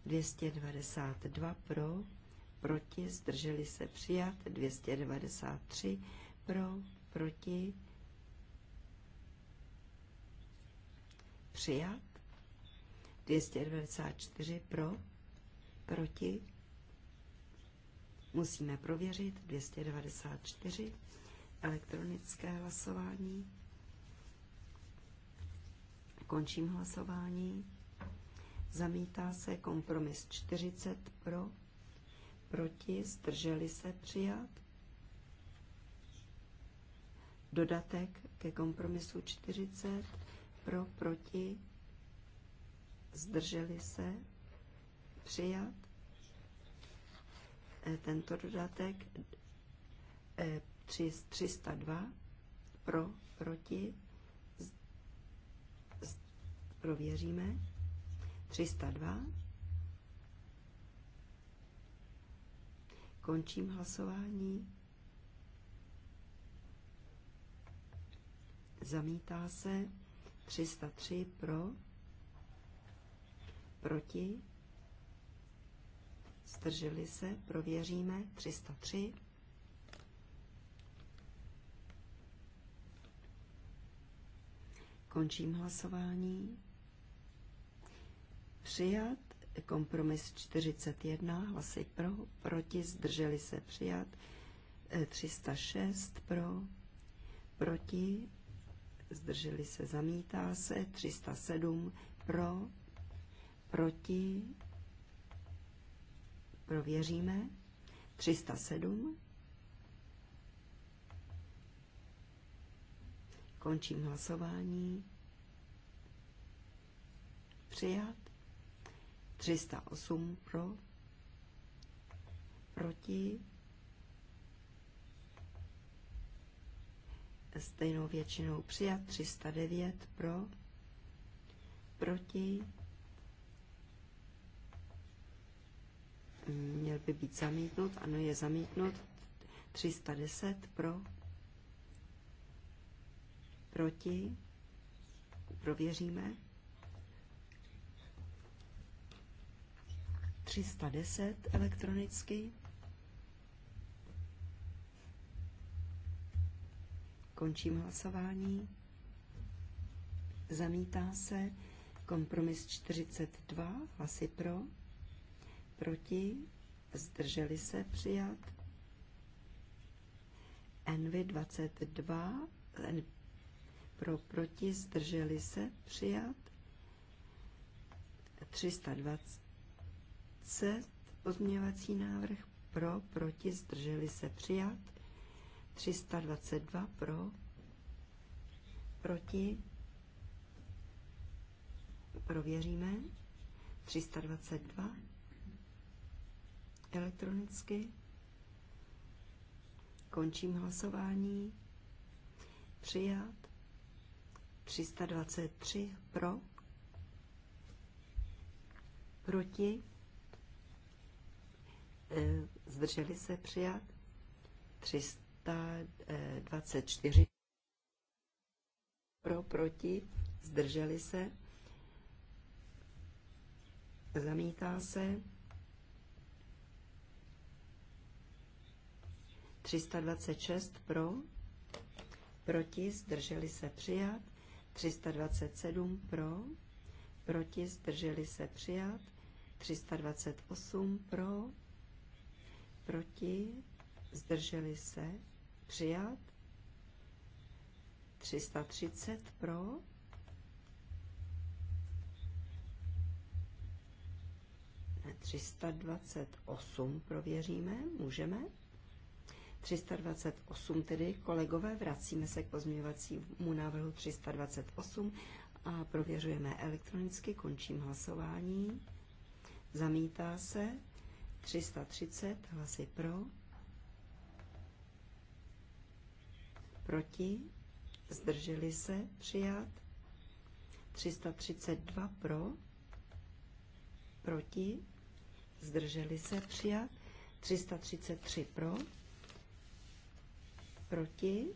292 pro, proti, zdrželi se, přijat, 293 pro, proti, přijat, 294 pro, proti, musíme prověřit, 294 Elektronické hlasování. Končím hlasování. Zamítá se kompromis 40 pro, proti, zdrželi se přijat. Dodatek ke kompromisu 40 pro, proti, zdrželi se přijat. E, tento dodatek e, 302 pro, proti, z, z, prověříme, 302, končím hlasování, zamítá se, 303 pro, proti, zdrželi se, prověříme, 303, Končím hlasování. Přijat. Kompromis 41. Hlasy pro. Proti. Zdrželi se. Přijat. 306 e, pro. Proti. Zdrželi se. Zamítá se. 307 pro. Proti. Prověříme. 307. Končím hlasování. Přijat. 308 pro. Proti. Stejnou většinou přijat. 309 pro. Proti. Měl by být zamítnut. Ano, je zamítnut. 310 pro proti, prověříme. 310 elektronicky. Končím hlasování. Zamítá se kompromis 42, hlasy pro, proti, zdrželi se přijat. Envy 22, pro, proti, zdrželi se, přijat. 320 pozměňovací návrh pro, proti, zdrželi se, přijat. 322 pro, proti, prověříme. 322 elektronicky. Končím hlasování. Přijat. 323 pro, proti, eh, zdrželi se přijat, 324 pro, proti, zdrželi se, zamítá se, 326 pro, proti, zdrželi se přijat, 327 pro, proti, zdrželi se přijat, 328 pro, proti, zdrželi se přijat, 330 pro, ne, 328 prověříme, můžeme. 328 tedy, kolegové, vracíme se k pozměňovacímu návrhu 328 a prověřujeme elektronicky, končím hlasování. Zamítá se 330 hlasy pro, proti, zdrželi se, přijat 332 pro, proti, zdrželi se, přijat 333 pro, proti,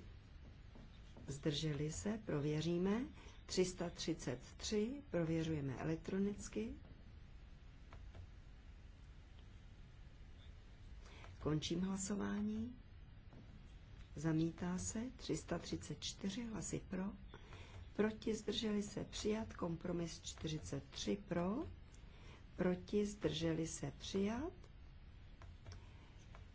zdrželi se, prověříme. 333 prověřujeme elektronicky. Končím hlasování. Zamítá se 334 hlasy pro. Proti zdrželi se přijat kompromis 43 pro. Proti zdrželi se přijat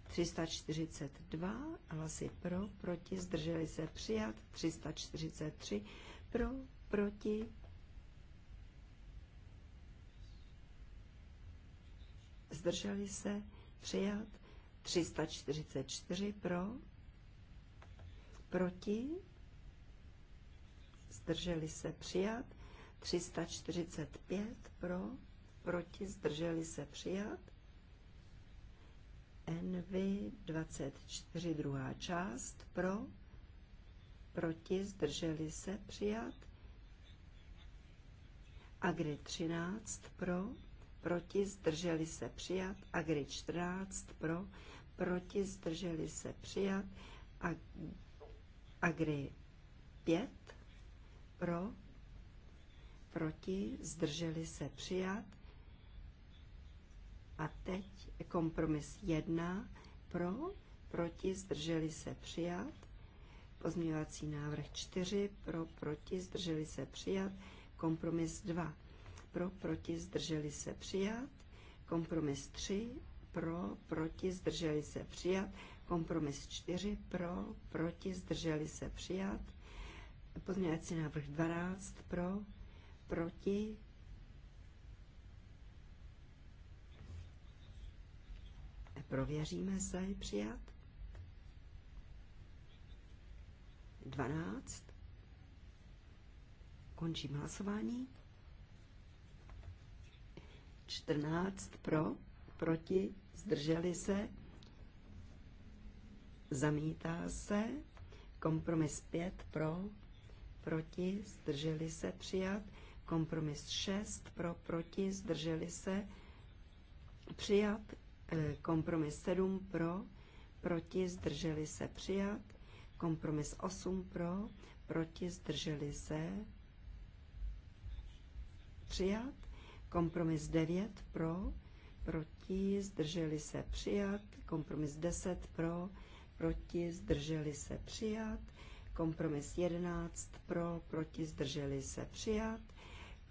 342 hlasy pro, proti, zdrželi se přijat, 343 pro, proti, zdrželi se přijat, 344 pro, proti, zdrželi se přijat, 345 pro, proti, zdrželi se přijat, Envy 24, druhá část, pro, proti, zdrželi se, přijat. Agri 13, pro, proti, zdrželi se, přijat. Agri 14, pro, proti, zdrželi se, přijat. Agri 5, pro, proti, zdrželi se, přijat. A teď kompromis jedna pro, proti, zdrželi se přijat. Pozměňovací návrh čtyři pro, proti, zdrželi se přijat. Kompromis dva pro, proti, zdrželi se přijat. Kompromis tři pro, proti, zdrželi se přijat. Kompromis čtyři pro, proti, zdrželi se přijat. Pozměňovací návrh 12 pro, proti, Prověříme, zda je přijat. 12. Končím hlasování. 14 pro, proti, zdrželi se, zamítá se, kompromis 5 pro, proti, zdrželi se, přijat, kompromis 6 pro, proti, zdrželi se, přijat, E, kompromis 7 pro, proti zdrželi se přijat. Kompromis 8 pro, proti zdrželi se přijat. Kompromis 9 pro, proti zdrželi se přijat. Kompromis 10 pro, proti zdrželi se přijat. Kompromis 11 pro, proti zdrželi se přijat.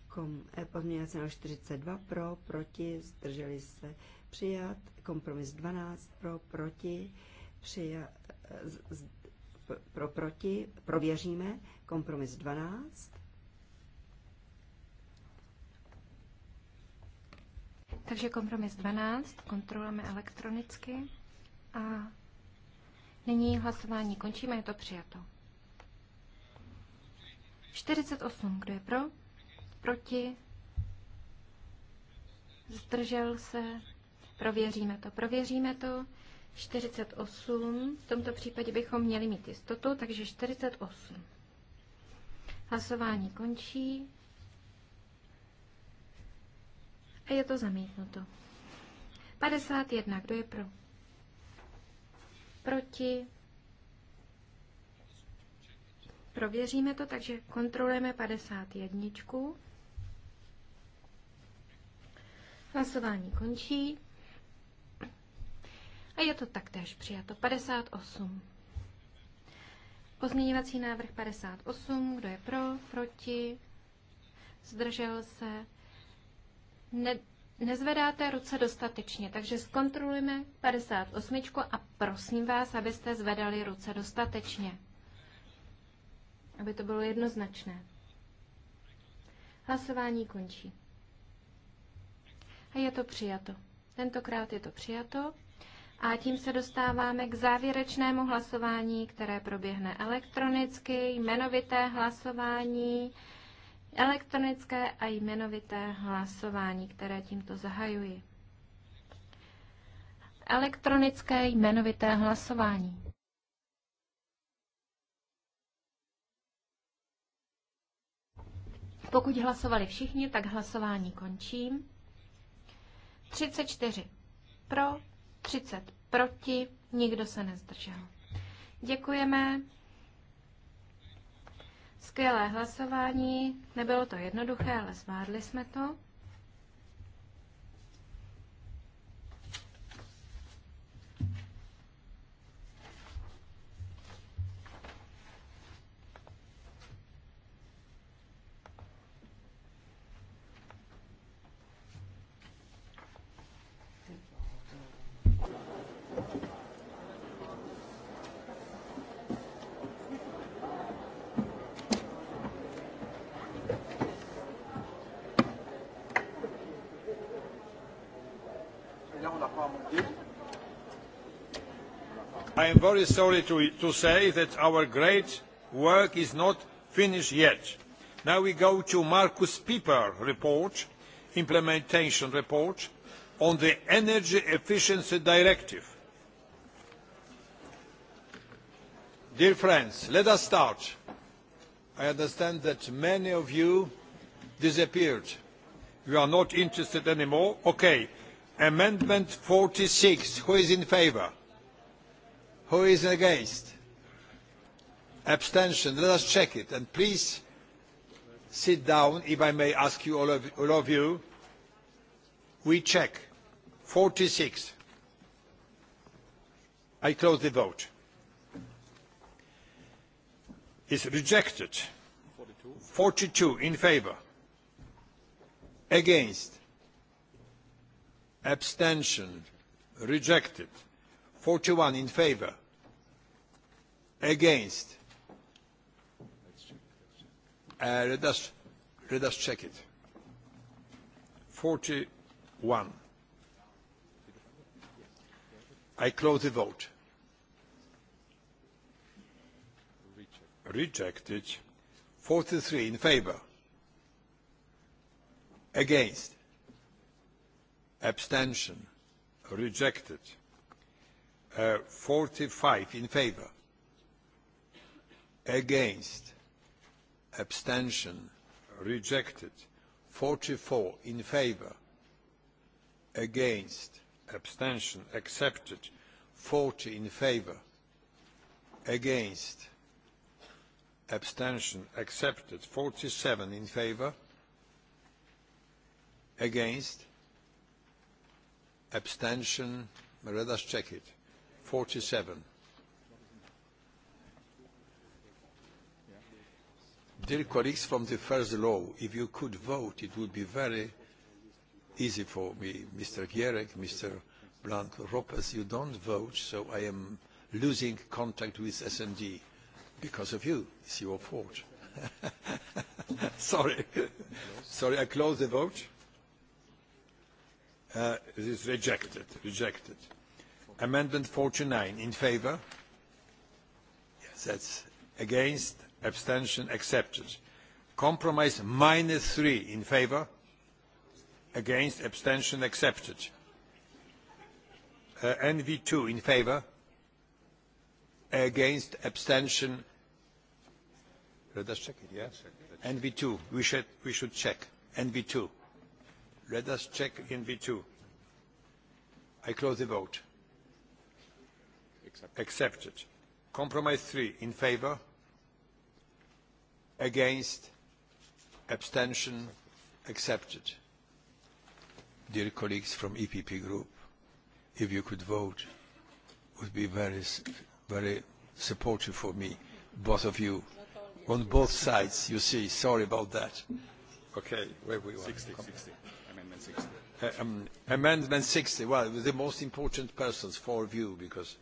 Kom, eh, pozměňovací 42 pro, proti zdrželi se přijat přijat, kompromis 12 pro, proti, přijat, pro, proti, prověříme, kompromis 12. Takže kompromis 12 kontrolujeme elektronicky a nyní hlasování končíme, je to přijato. 48, kdo je pro? Proti? Zdržel se? Prověříme to, prověříme to. 48, v tomto případě bychom měli mít jistotu, takže 48. Hlasování končí a je to zamítnuto. 51, kdo je pro? Proti? Prověříme to, takže kontrolujeme 51. Hlasování končí. A je to taktéž přijato. 58. Pozměňovací návrh 58. Kdo je pro? Proti? Zdržel se? Ne, nezvedáte ruce dostatečně, takže zkontrolujeme 58 a prosím vás, abyste zvedali ruce dostatečně. Aby to bylo jednoznačné. Hlasování končí. A je to přijato. Tentokrát je to přijato. A tím se dostáváme k závěrečnému hlasování, které proběhne elektronicky, jmenovité hlasování, elektronické a jmenovité hlasování, které tímto zahajuji. Elektronické jmenovité hlasování. Pokud hlasovali všichni, tak hlasování končím. 34 pro, 30 proti, nikdo se nezdržel. Děkujeme. Skvělé hlasování, nebylo to jednoduché, ale zvládli jsme to. I am very sorry to, to say that our great work is not finished yet. Now we go to Markus Pieper report, implementation report on the Energy Efficiency Directive. Dear friends, let us start. I understand that many of you disappeared. You are not interested anymore. Okay. Amendment 46. Who is in favour? Who is against? Abstention. Let us check it. And please sit down, if I may ask you, all of, all of you. We check. 46. I close the vote. Is rejected. 42. 42 in favor. Against. Abstention. Rejected. 41 in favor. Against. Uh, let, us, let us check it. 41. I close the vote. Rejected. 43 in favor. Against. Abstention. Rejected. 45 uh, in favor. Against. Abstention. Rejected. 44 in favor. Against. Abstention. Accepted. 40 in favor. Against. Abstention. Accepted. 47 in favor. Against. Abstention. Let us check it. 47. Dear colleagues from the first law, if you could vote, it would be very easy for me. Mr. Gierek, Mr. Blank, Ropes, you don't vote, so I am losing contact with SND because of you. It's your fault. Sorry. Sorry, I close the vote. Uh, it is rejected. Rejected. Amendment 49 in favor? Yes, that's against, abstention accepted. Compromise minus three in favor? Against, abstention accepted. Uh, NV2 in favor? Against, abstention. Let us check it, yeah? NV2, we should, we should check. NV2. Let us check NV2. I close the vote accepted. Compromise three in favour, against, abstention, accepted. Dear colleagues from EPP Group, if you could vote, would be very, very supportive for me, both of you. On both sides, you see, sorry about that. Okay, where we were. 60, Amendment 60. Uh, um, amendment 60, well, the most important persons, for you, because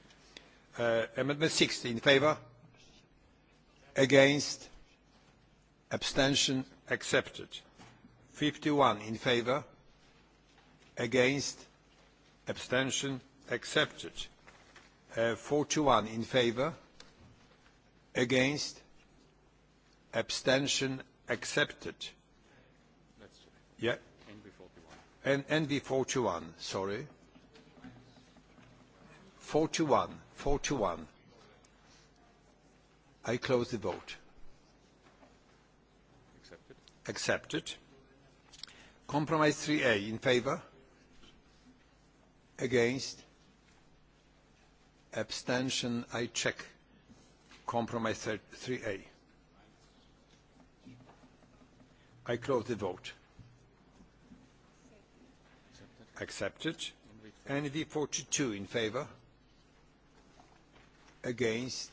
Uh, amendment 60 in favor? Against? Abstention accepted. 51 in favor? Against? Abstention accepted. 41 uh, in favor? Against? Abstention accepted. Let's check. Yeah. NV41. NV41, sorry. 41. 41. I close the vote. Accepted. Accepted. Compromise 3A in favor? Against? Abstention? I check. Compromise 3A. I close the vote. Accepted. Accepted. NV 42 in favor? Against?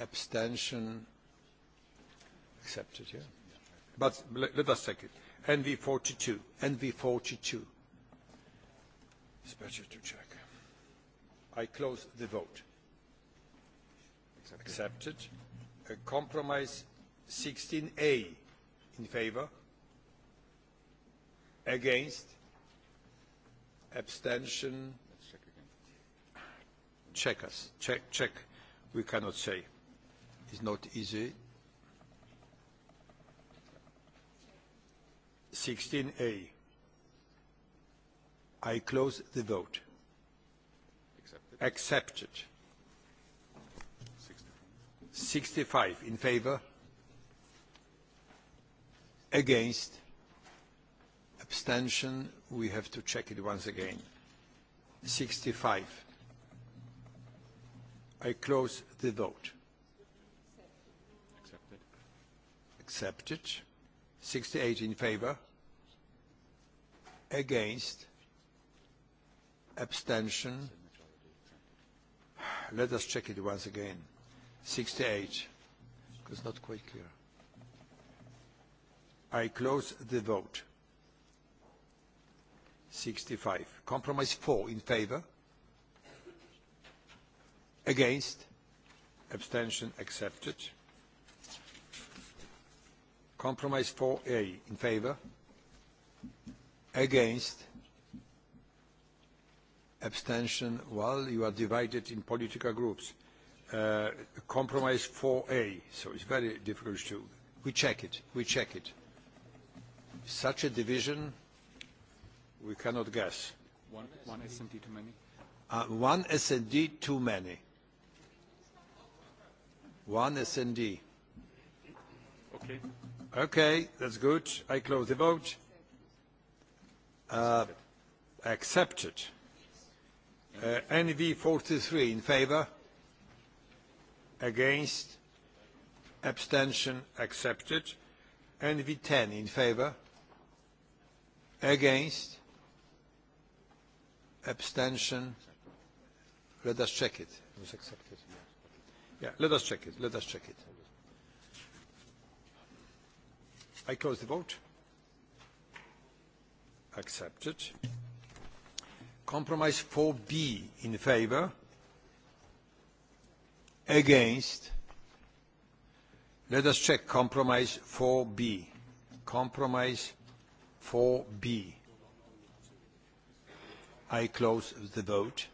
Abstention? Accepted, yeah? But let, let us check it. NV 42. NV 42. It's better to check. I close the vote. Accepted. A compromise 16A in favor. Against? Abstention? check us. Check, check. We cannot say. It's not easy. 16A. I close the vote. Accepted. Accepted. 65 in favor. Against. Abstention. We have to check it once again. 65. I close the vote. Accepted. Accepted. 68 in favor. Against. Abstention. Let us check it once again. 68. It's not quite clear. I close the vote. 65. Compromise 4 in favor. Against? Abstention accepted. Compromise 4A in favor? Against? Abstention? Well, you are divided in political groups. Uh, compromise 4A, so it's very difficult to... We check it. We check it. Such a division, we cannot guess. One, one SND too many. Uh, one SND too many. One SND. Okay. Okay, that's good. I close the vote. Uh, accepted. Uh, NV 43 in favor. Against. Abstention accepted. NV 10 in favor. Against. Abstention. Let us check it. It was accepted. Yeah, let us check it. Let us check it. I close the vote. Accepted. Compromise 4B in favor. Against. Let us check compromise 4B. Compromise 4B. I close the vote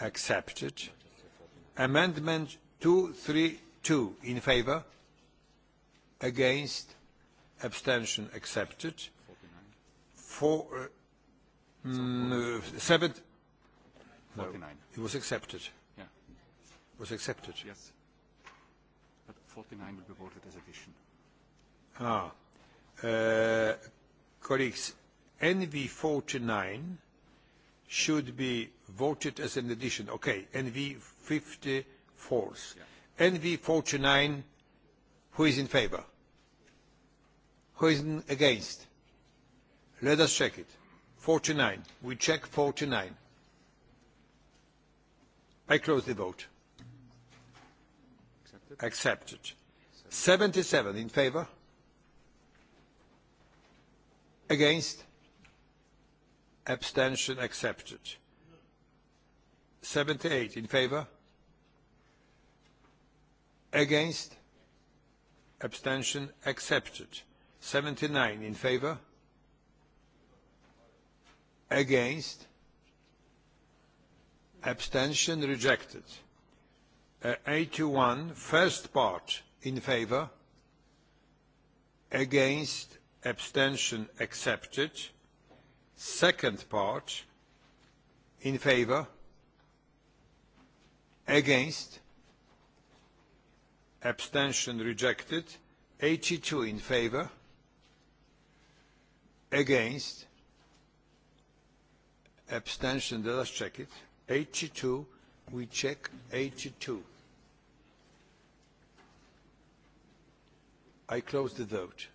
accepted. Amendment 232 in favor, against, abstention accepted. Four, uh, mm, uh, seven, no, it was accepted. Yeah. It was accepted. Yes. But 49 will be voted as addition. Ah. Uh, colleagues, NV 49 should be voted as an addition. Okay, NV 54. Yeah. NV 49, who is in favor? Who is against? Let us check it. 49. We check 49. I close the vote. Accepted. Accepted. 77 in favor? Against? Abstention accepted. 78 in favor? Against? Abstention accepted. 79 in favor? Against? Abstention rejected. Uh, 81, first part in favor? Against? Abstention accepted. Second part in favor? against abstention rejected 82 in favor against abstention let us check it 82 we check 82 I close the vote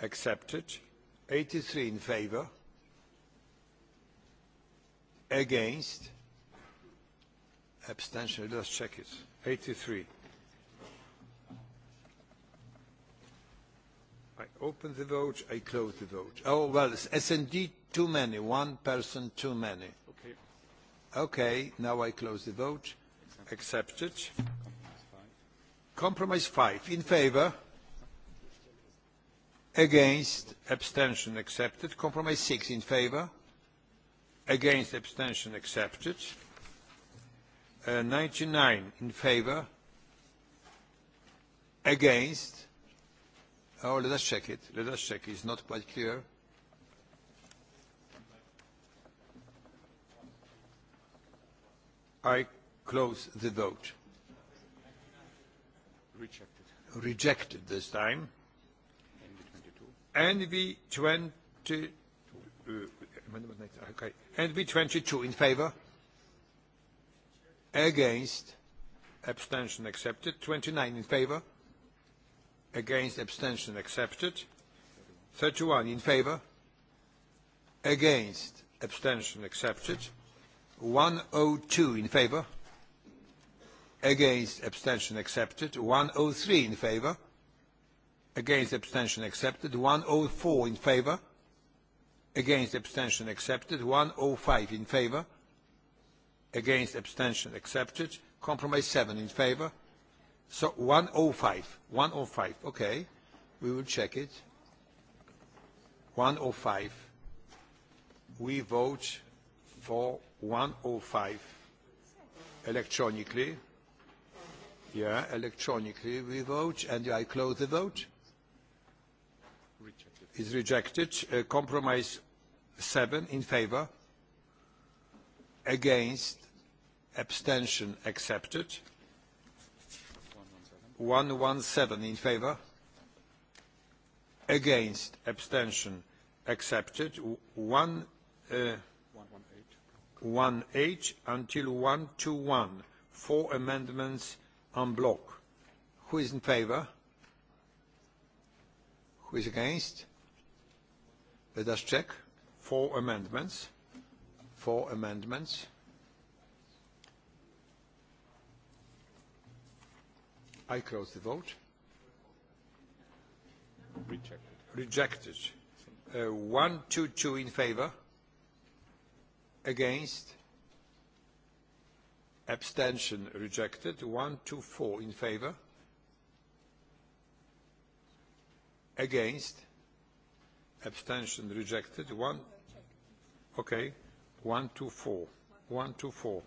accepted 83 in favor against abstention. Let's check it. 83. I open the vote. I close the vote. Oh, well, it's S&D too many. One person too many. Okay. Okay, now I close the vote. Accepted. Compromise 5. In favor? Against? Abstention accepted. Compromise 6. In favor? Against? Abstention accepted. 99 in favor, against. Oh, let us check it. Let us check. It's not quite clear. I close the vote. Rejected. Rejected this time. NV 22. NV 22. Uh, okay. NV 22 in favor against abstention accepted 29 in favor against abstention accepted 31 in favor against abstention accepted 102 in favor against abstention accepted 103 in favor against abstention accepted 104 in favor against abstention accepted 105 in favor against abstention accepted compromise 7 in favor so 105 105 okay we will check it 105 we vote for 105 electronically yeah electronically we vote and i close the vote rejected. is rejected uh, compromise 7 in favor against abstention accepted 117 in favor against abstention accepted 1 uh, 118 h until 121 four amendments en bloc who is in favor who is against let us check four amendments four amendments. I close the vote. Rejected. Rejected. Uh, one, two, two in favor. Against. Abstention rejected. One, two, four in favor. Against. Abstention rejected. One. Okay. 124,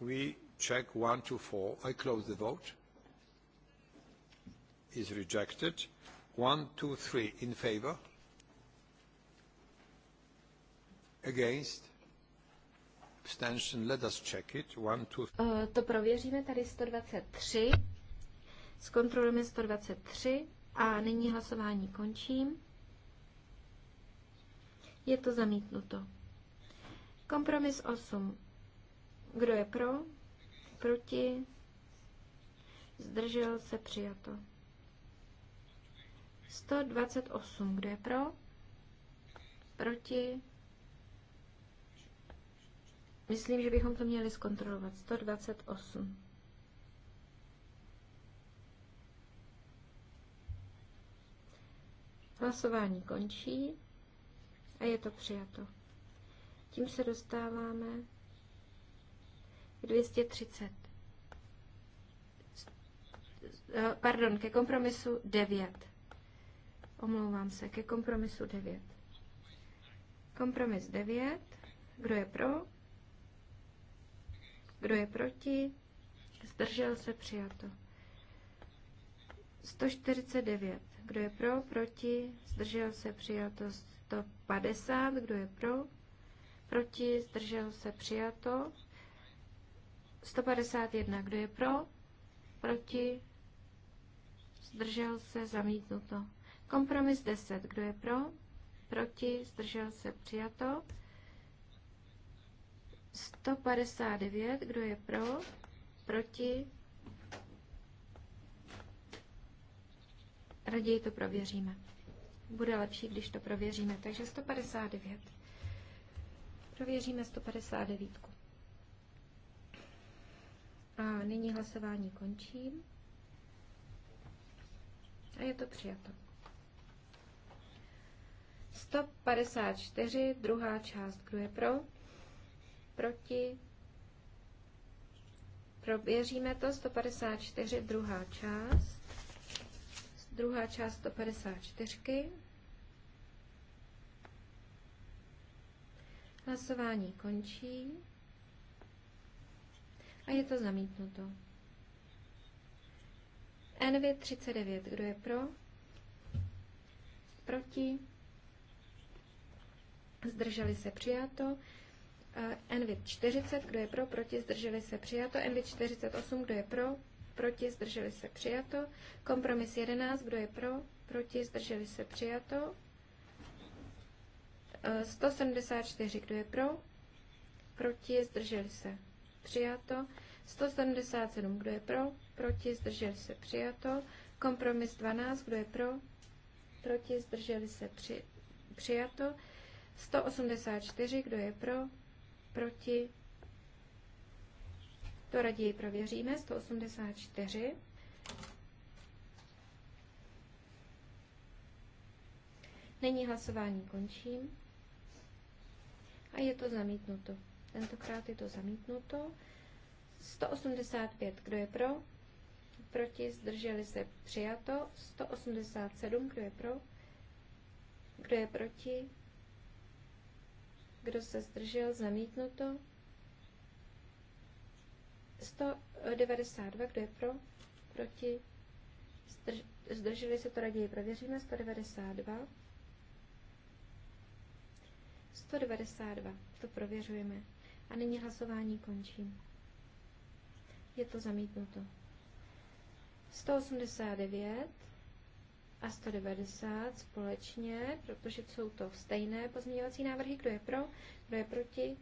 We check 124. I close the vote. Is rejected. 123 in favor. Against. Abstention. Let us check it. One, two. Uh, to prověříme tady 123. Zkontrolujeme 123 a nyní hlasování končím. Je to zamítnuto. Kompromis 8. Kdo je pro? Proti? Zdržel se přijato. 128. Kdo je pro? Proti? Myslím, že bychom to měli zkontrolovat. 128. Hlasování končí a je to přijato. Tím se dostáváme k 230. Pardon, ke kompromisu 9. Omlouvám se, ke kompromisu 9. Kompromis 9. Kdo je pro? Kdo je proti? Zdržel se přijato. 149. Kdo je pro? Proti? Zdržel se? Přijato 150. Kdo je pro? Proti? Zdržel se? Přijato 151. Kdo je pro? Proti? Zdržel se? Zamítnuto. Kompromis 10. Kdo je pro? Proti? Zdržel se? Přijato 159. Kdo je pro? Proti? raději to prověříme. Bude lepší, když to prověříme. Takže 159. Prověříme 159. A nyní hlasování končím. A je to přijato. 154, druhá část. Kdo je pro? Proti? Prověříme to. 154, druhá část druhá část 154. Hlasování končí a je to zamítnuto. NV 39, kdo je pro? Proti? Zdrželi se přijato. NV 40, kdo je pro? Proti? Zdrželi se přijato. NV 48, kdo je pro? proti, zdrželi se přijato. Kompromis 11, kdo je pro, proti, zdrželi se přijato. 174, e, kdo je pro, proti, zdrželi se přijato. 177, kdo je pro, proti, zdrželi se přijato. Kompromis 12, kdo je pro, proti, zdrželi se přijato. 184, kdo je pro, proti, to raději prověříme. 184. Není hlasování končím. A je to zamítnuto. Tentokrát je to zamítnuto. 185. Kdo je pro? Proti zdrželi se přijato. 187. Kdo je pro? Kdo je proti? Kdo se zdržel? Zamítnuto. 192, kdo je pro, proti, zdrž, zdrželi se to raději, prověříme, 192. 192, to prověřujeme. A nyní hlasování končím. Je to zamítnuto. 189 a 190 společně, protože jsou to stejné pozměňovací návrhy. Kdo je pro, kdo je proti,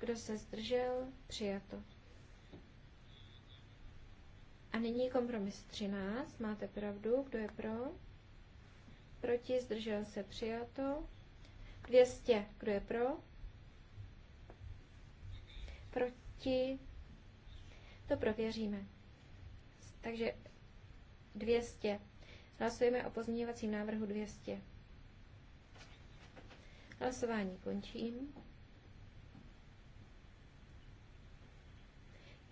kdo se zdržel, přijato. A nyní kompromis 13. Máte pravdu. Kdo je pro? Proti? Zdržel se? Přijato. 200. Kdo je pro? Proti? To prověříme. Takže 200. Hlasujeme o pozměňovacím návrhu 200. Hlasování končím.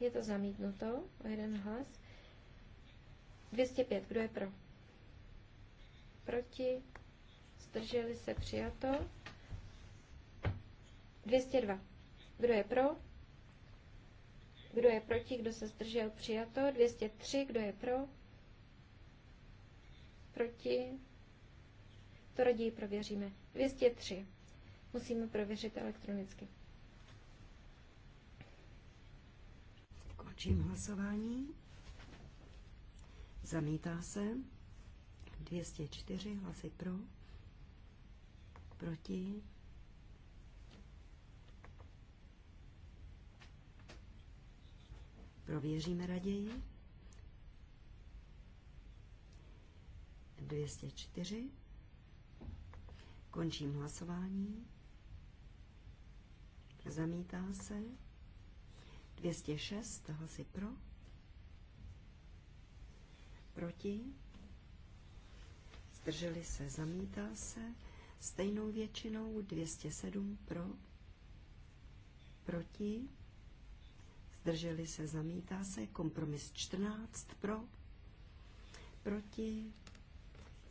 Je to zamítnuto o jeden hlas. 205. Kdo je pro? Proti? Zdrželi se přijato. 202. Kdo je pro? Kdo je proti? Kdo se zdržel? Přijato. 203. Kdo je pro? Proti? To raději prověříme. 203. Musíme prověřit elektronicky. Končím hlasování. Zamítá se. 204 hlasy pro. Proti. Prověříme raději. 204. Končím hlasování. Zamítá se. 206 hlasy pro proti, zdrželi se, zamítá se, stejnou většinou 207 pro, proti, zdrželi se, zamítá se, kompromis 14 pro, proti,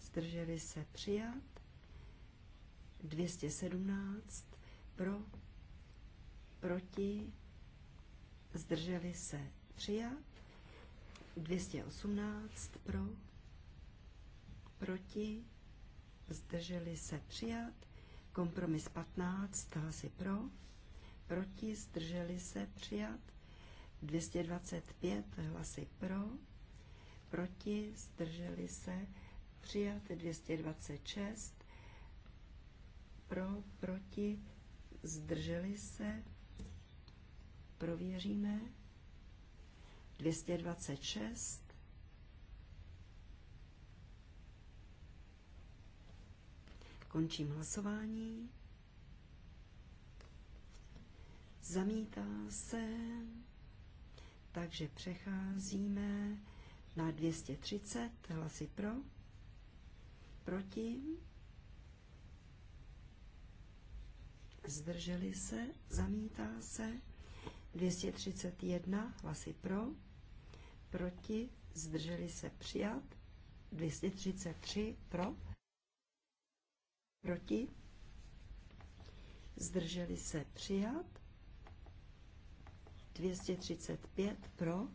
zdrželi se, přijat, 217 pro, proti, zdrželi se, přijat, 218 pro, proti, zdrželi se přijat, kompromis 15 hlasy pro, proti, zdrželi se přijat, 225 hlasy pro, proti, zdrželi se přijat, 226 pro, proti, zdrželi se, prověříme. 226. Končím hlasování. Zamítá se, takže přecházíme na 230 hlasy pro, proti, zdrželi se, zamítá se, 231 hlasy pro, proti, zdrželi se přijat, 233 pro, proti, zdrželi se přijat, 235 pro,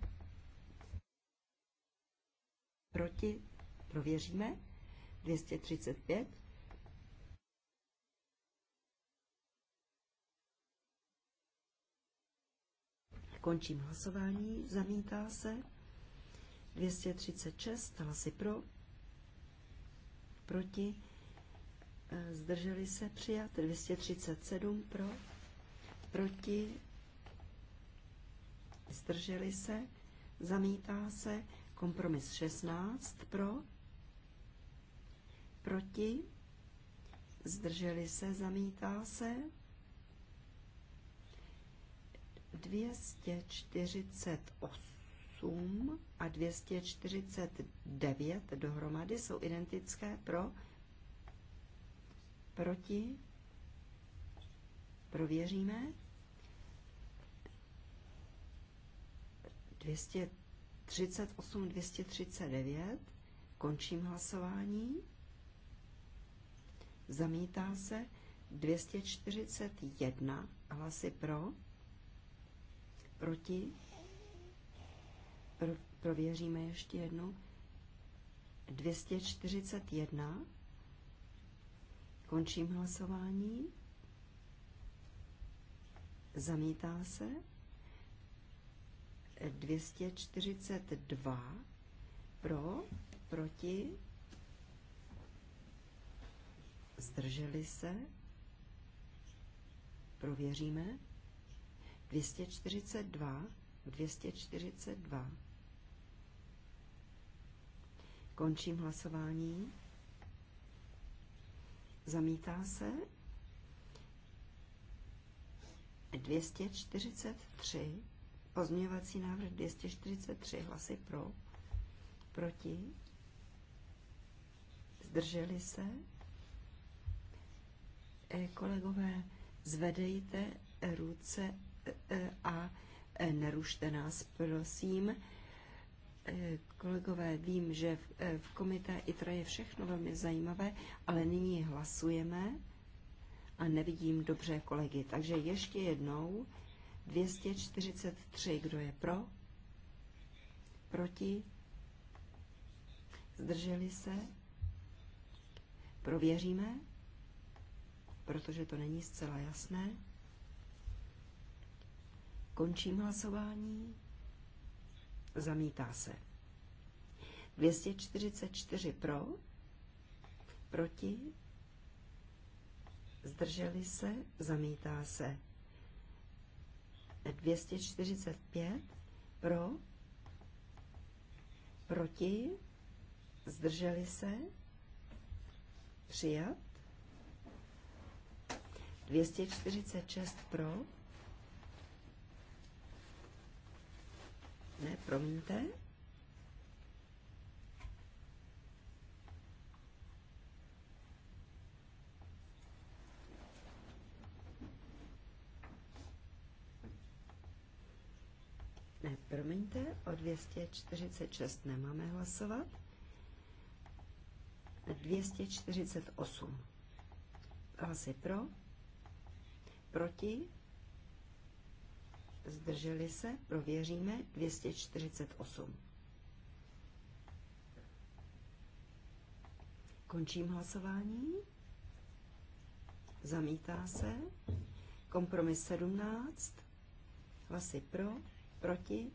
proti, prověříme, 235, Končím hlasování, zamítá se. 236 hlasy pro, proti, e, zdrželi se přijat, 237 pro, proti, zdrželi se, zamítá se, kompromis 16 pro, proti, zdrželi se, zamítá se, 248 8 a 249 dohromady jsou identické pro, proti, prověříme. 238, 239, končím hlasování. Zamítá se 241 hlasy pro, proti pro, prověříme ještě jednou. 241. Končím hlasování. Zamítá se. 242 pro, proti, zdrželi se, prověříme, 242, 242. Končím hlasování. Zamítá se. 243. Pozměňovací návrh 243. Hlasy pro. Proti. Zdrželi se. E, kolegové, zvedejte ruce eh, eh, a nerušte nás, prosím. Eh, kolegové, vím, že v, eh, v komité ITRA je všechno velmi zajímavé, ale nyní hlasujeme a nevidím dobře kolegy. Takže ještě jednou 243, kdo je pro, proti, zdrželi se, prověříme, protože to není zcela jasné. Končím hlasování zamítá se. 244 pro, proti, zdrželi se, zamítá se. 245 pro, proti, zdrželi se, přijat. 246 pro, Ne, promiňte. Ne, promiňte, o 246 nemáme hlasovat. 248. Hlasy pro, proti, zdrželi se, prověříme 248. Končím hlasování. Zamítá se. Kompromis 17. Hlasy pro, proti,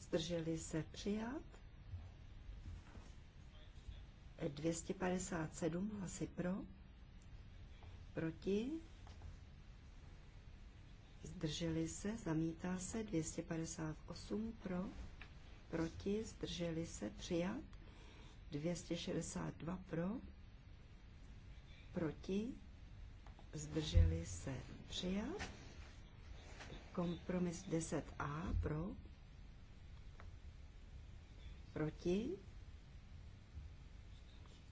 zdrželi se přijat. 257 hlasy pro, proti, zdrželi se, zamítá se, 258 pro, proti, zdrželi se, přijat, 262 pro, proti, zdrželi se, přijat, kompromis 10a pro, proti,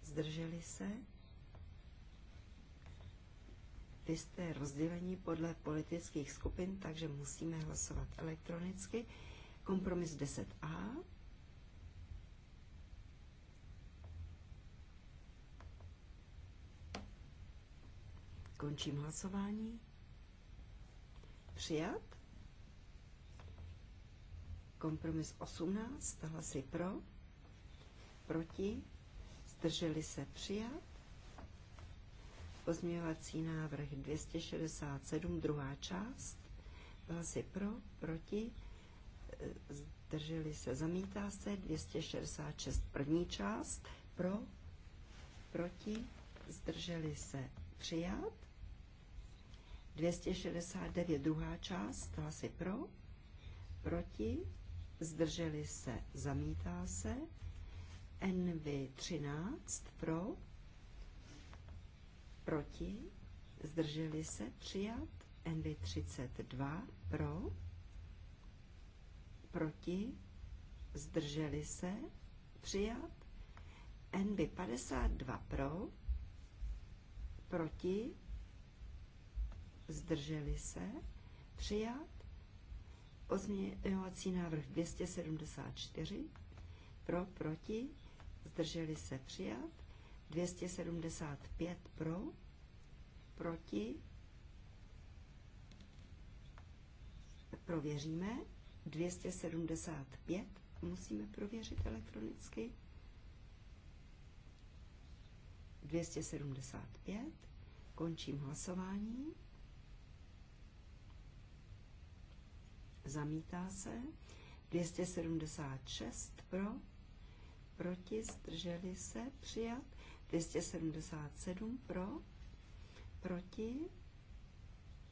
zdrželi se, vy jste rozdělení podle politických skupin, takže musíme hlasovat elektronicky. Kompromis 10a. Končím hlasování. Přijat. Kompromis 18, hlasy pro, proti, zdrželi se přijat. Pozměňovací návrh 267, druhá část. Hlasy pro, proti, zdrželi se, zamítá se. 266, první část, pro, proti, zdrželi se, přijat. 269, druhá část, hlasy pro, proti, zdrželi se, zamítá se. NV 13 pro, proti, zdrželi se, přijat. NV32 pro, proti, zdrželi se, přijat. NV52 pro, proti, zdrželi se, přijat. Pozměňovací návrh 274 pro, proti, zdrželi se, přijat. 275 pro, proti, prověříme, 275 musíme prověřit elektronicky, 275, končím hlasování, zamítá se, 276 pro, proti, zdrželi se, přijat, 277 pro, proti,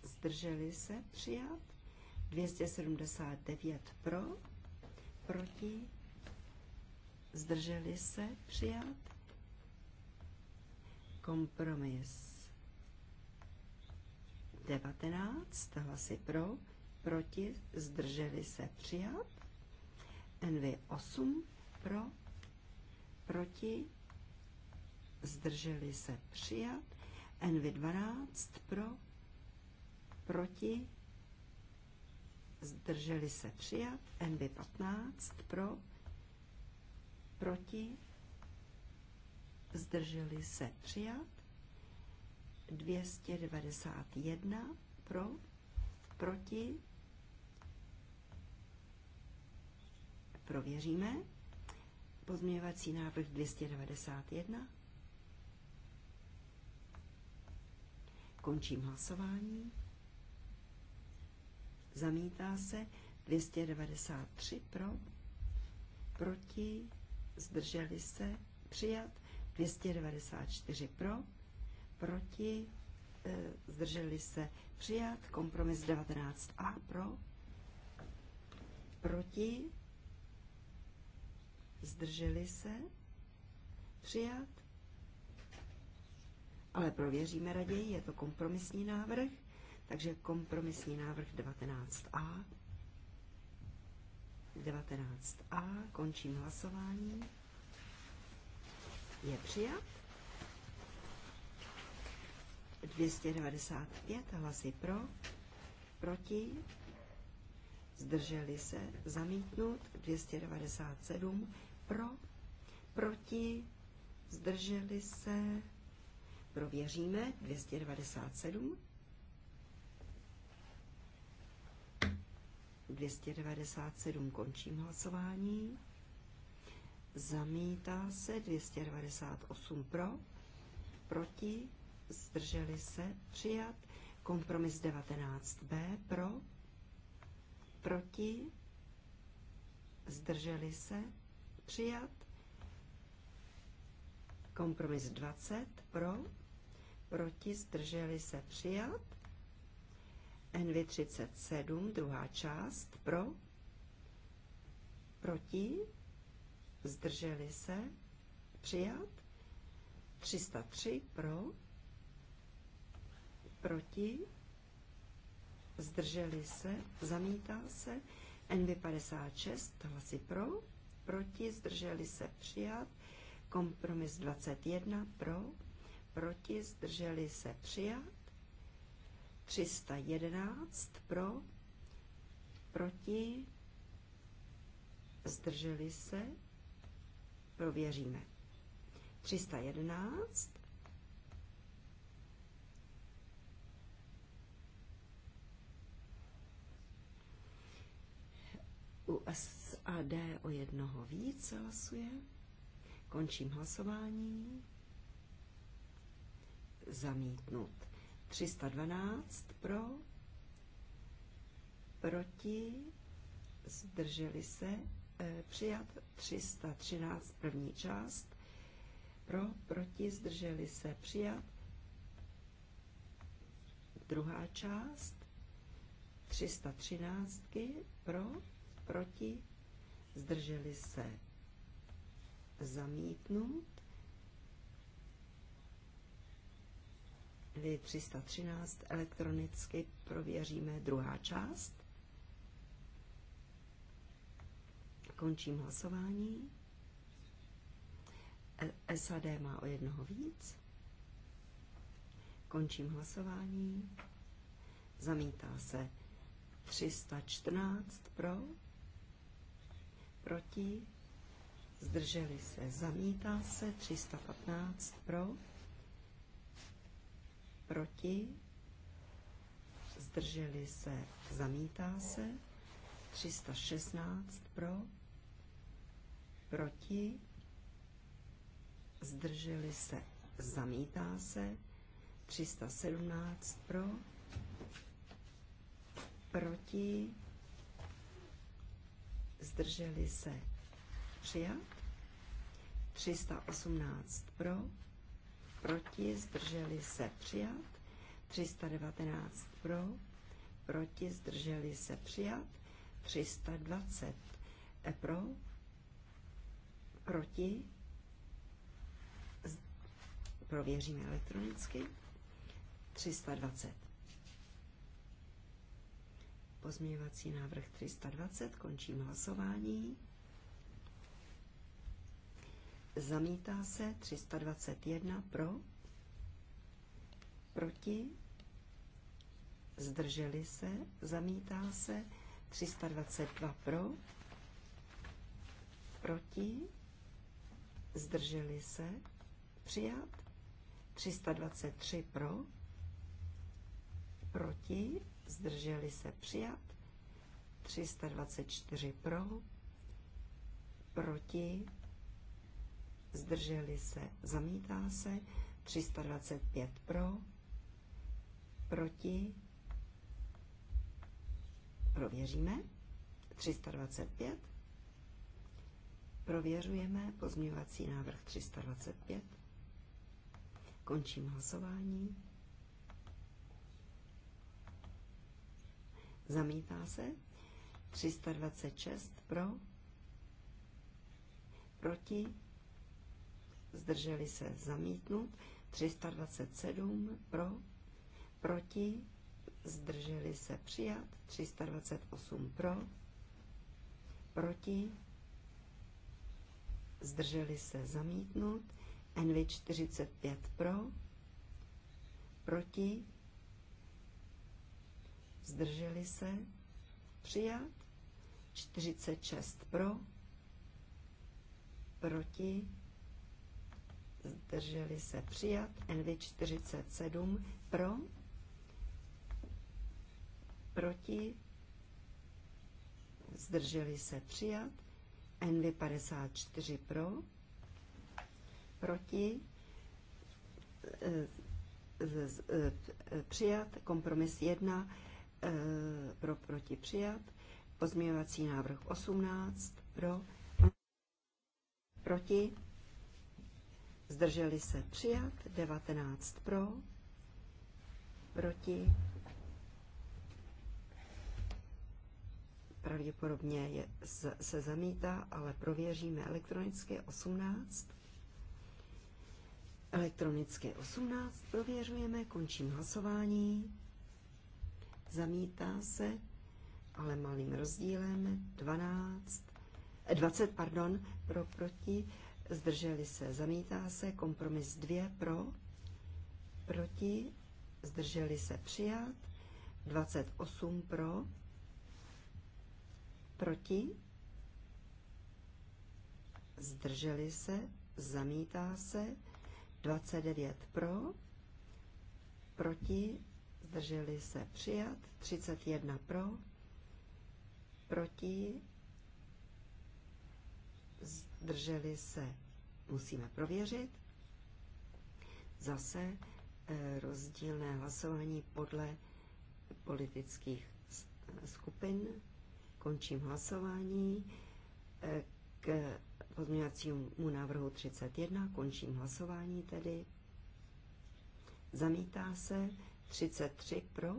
zdrželi se přijat, 279 pro, proti, zdrželi se přijat, kompromis 19 hlasy pro, proti, zdrželi se přijat, NV 8 pro, proti, zdrželi se přijat. nv 12 pro, proti, zdrželi se přijat. nv 15 pro, proti, zdrželi se přijat. 291 pro, proti, prověříme. Pozměňovací návrh 291. Končím hlasování. Zamítá se 293 pro, proti, zdrželi se, přijat 294 eh, pro, proti, zdrželi se, přijat kompromis 19a pro, proti, zdrželi se, přijat ale prověříme raději, je to kompromisní návrh, takže kompromisní návrh 19a. 19a, končím hlasování. Je přijat. 295 hlasy pro, proti, zdrželi se, zamítnut, 297 pro, proti, zdrželi se, prověříme 297. 297 končím hlasování. Zamítá se 298 pro, proti, zdrželi se, přijat. Kompromis 19b pro, proti, zdrželi se, přijat. Kompromis 20 pro, proti, zdrželi se přijat. NV37, druhá část, pro, proti, zdrželi se, přijat. 303 pro, proti, zdrželi se, zamítá se. NV56, hlasy pro, proti, zdrželi se, přijat. Kompromis 21 pro, proti, zdrželi se přijat. 311 pro, proti, zdrželi se, prověříme. 311. U SAD o jednoho víc hlasuje. Končím hlasování zamítnut. 312 pro, proti, zdrželi se, eh, přijat 313 první část, pro, proti, zdrželi se, přijat druhá část, 313 pro, proti, zdrželi se, zamítnout, vy 313 elektronicky prověříme druhá část. Končím hlasování. SAD má o jednoho víc. Končím hlasování. Zamítá se 314 pro, proti, zdrželi se, zamítá se 315 pro, proti, zdrželi se, zamítá se, 316 pro, proti, zdrželi se, zamítá se, 317 pro, proti, zdrželi se, přijat, 318 pro, proti, zdrželi se přijat. 319 pro, proti, zdrželi se přijat. 320 eh, pro, proti, prověříme elektronicky. 320. Pozměňovací návrh 320, končím hlasování. Zamítá se 321 pro, proti, zdrželi se, zamítá se 322 pro, proti, zdrželi se, přijat 323 pro, proti, zdrželi se, přijat 324 pro, proti, zdrželi se, zamítá se, 325 pro, proti, prověříme, 325, prověřujeme pozměňovací návrh 325, končím hlasování, zamítá se, 326 pro, proti, zdrželi se zamítnut, 327 pro, proti, zdrželi se přijat, 328 pro, proti, zdrželi se zamítnut, NV 45 pro, proti, zdrželi se přijat, 46 pro, proti, zdrželi se přijat, NV 47 pro, proti, zdrželi se přijat, NV 54 pro, proti, e, e, e, přijat, kompromis 1 pro, proti přijat, pozměňovací návrh 18 pro, proti, zdrželi se přijat, 19 pro, proti, pravděpodobně je, se zamítá, ale prověříme elektronicky 18. Elektronicky 18 prověřujeme, končím hlasování. Zamítá se, ale malým rozdílem 12, 20, pardon, pro proti zdrželi se, zamítá se, kompromis dvě pro, proti, zdrželi se, přijat, 28 pro, proti, zdrželi se, zamítá se, 29 pro, proti, zdrželi se, přijat, 31 pro, proti, zdrželi zdrželi se, musíme prověřit. Zase eh, rozdílné hlasování podle politických skupin. Končím hlasování eh, k pozměňovacímu návrhu 31. Končím hlasování tedy. Zamítá se 33 pro,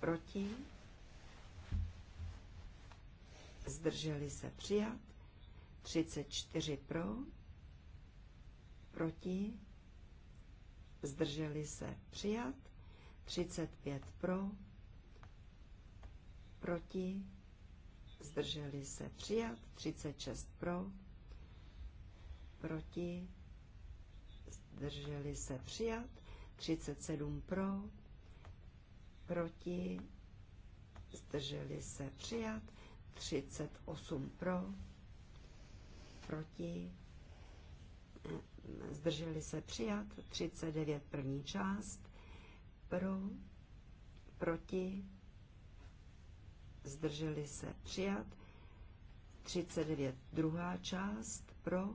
proti, zdrželi se přijat, 34 pro, proti, zdrželi se přijat, 35 pro, proti, zdrželi se přijat, 36 pro, proti, zdrželi se přijat, 37 pro, proti, zdrželi se přijat, 38 pro, proti, zdrželi se přijat, 39 první část, pro, proti, zdrželi se přijat, 39 druhá část, pro,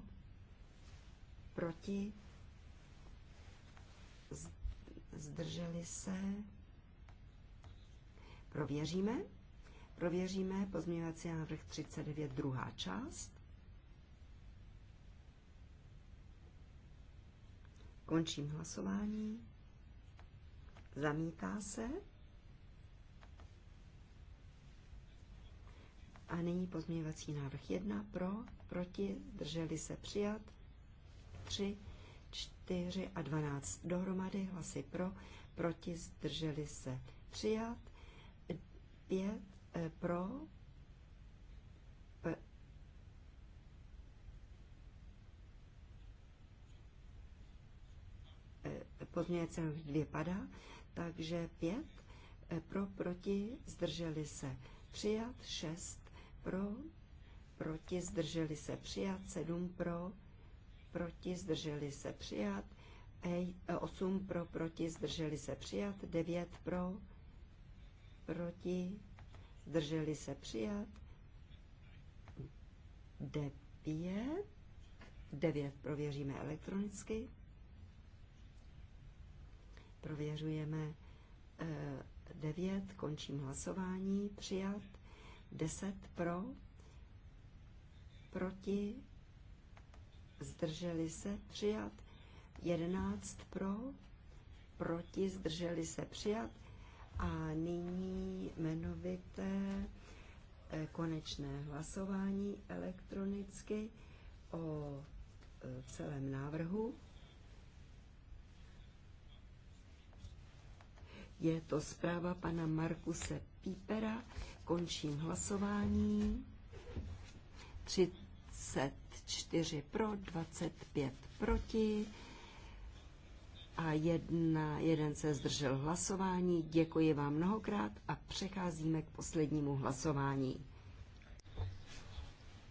proti, zdrželi se, prověříme, prověříme pozměňovací návrh 39 druhá část, Končím hlasování. Zamítá se. A nyní pozměňovací návrh 1 pro, proti, drželi se přijat. 3, 4 a 12 dohromady, hlasy pro, proti, zdrželi se přijat. 5 eh, pro, pod pozměněc jsem vypadá, takže pět eh, pro, proti, zdrželi se, přijat, šest pro, proti, zdrželi se, přijat, sedm pro, proti, zdrželi se, přijat, eh, osm pro, proti, zdrželi se, přijat, devět pro, proti, zdrželi se, přijat, devět, devět prověříme elektronicky, Prověřujeme 9, eh, končím hlasování, přijat, 10 pro, proti, zdrželi se, přijat, 11 pro, proti, zdrželi se, přijat a nyní jmenovité eh, konečné hlasování elektronicky o eh, celém návrhu. Je to zpráva pana Markuse Pípera. Končím hlasování. 34 pro, 25 proti a jedna, jeden se zdržel hlasování. Děkuji vám mnohokrát a přecházíme k poslednímu hlasování.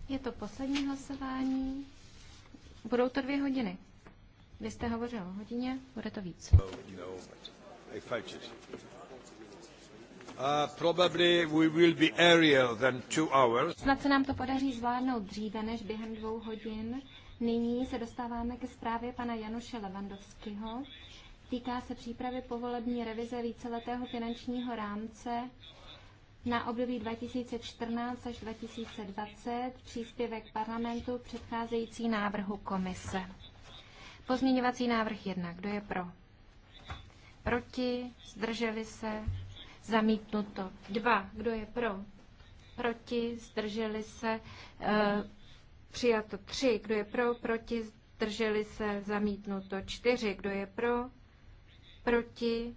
Je to poslední hlasování. Budou to dvě hodiny. Vy jste hovořil o hodině, bude to víc. No, no, i felt it. Uh, probably we will be than two hours. Snad se nám to podaří zvládnout dříve než během dvou hodin. Nyní se dostáváme ke zprávě pana Januše Levandovského. Týká se přípravy povolební revize víceletého finančního rámce na období 2014 až 2020 příspěvek parlamentu předcházející návrhu komise. Pozměňovací návrh 1. Kdo je pro? Proti? Zdrželi se? Zamítnuto. dva Kdo je pro? Proti? Zdrželi se? E, přijato tři Kdo je pro? Proti? Zdrželi se? Zamítnuto. čtyři Kdo je pro? Proti?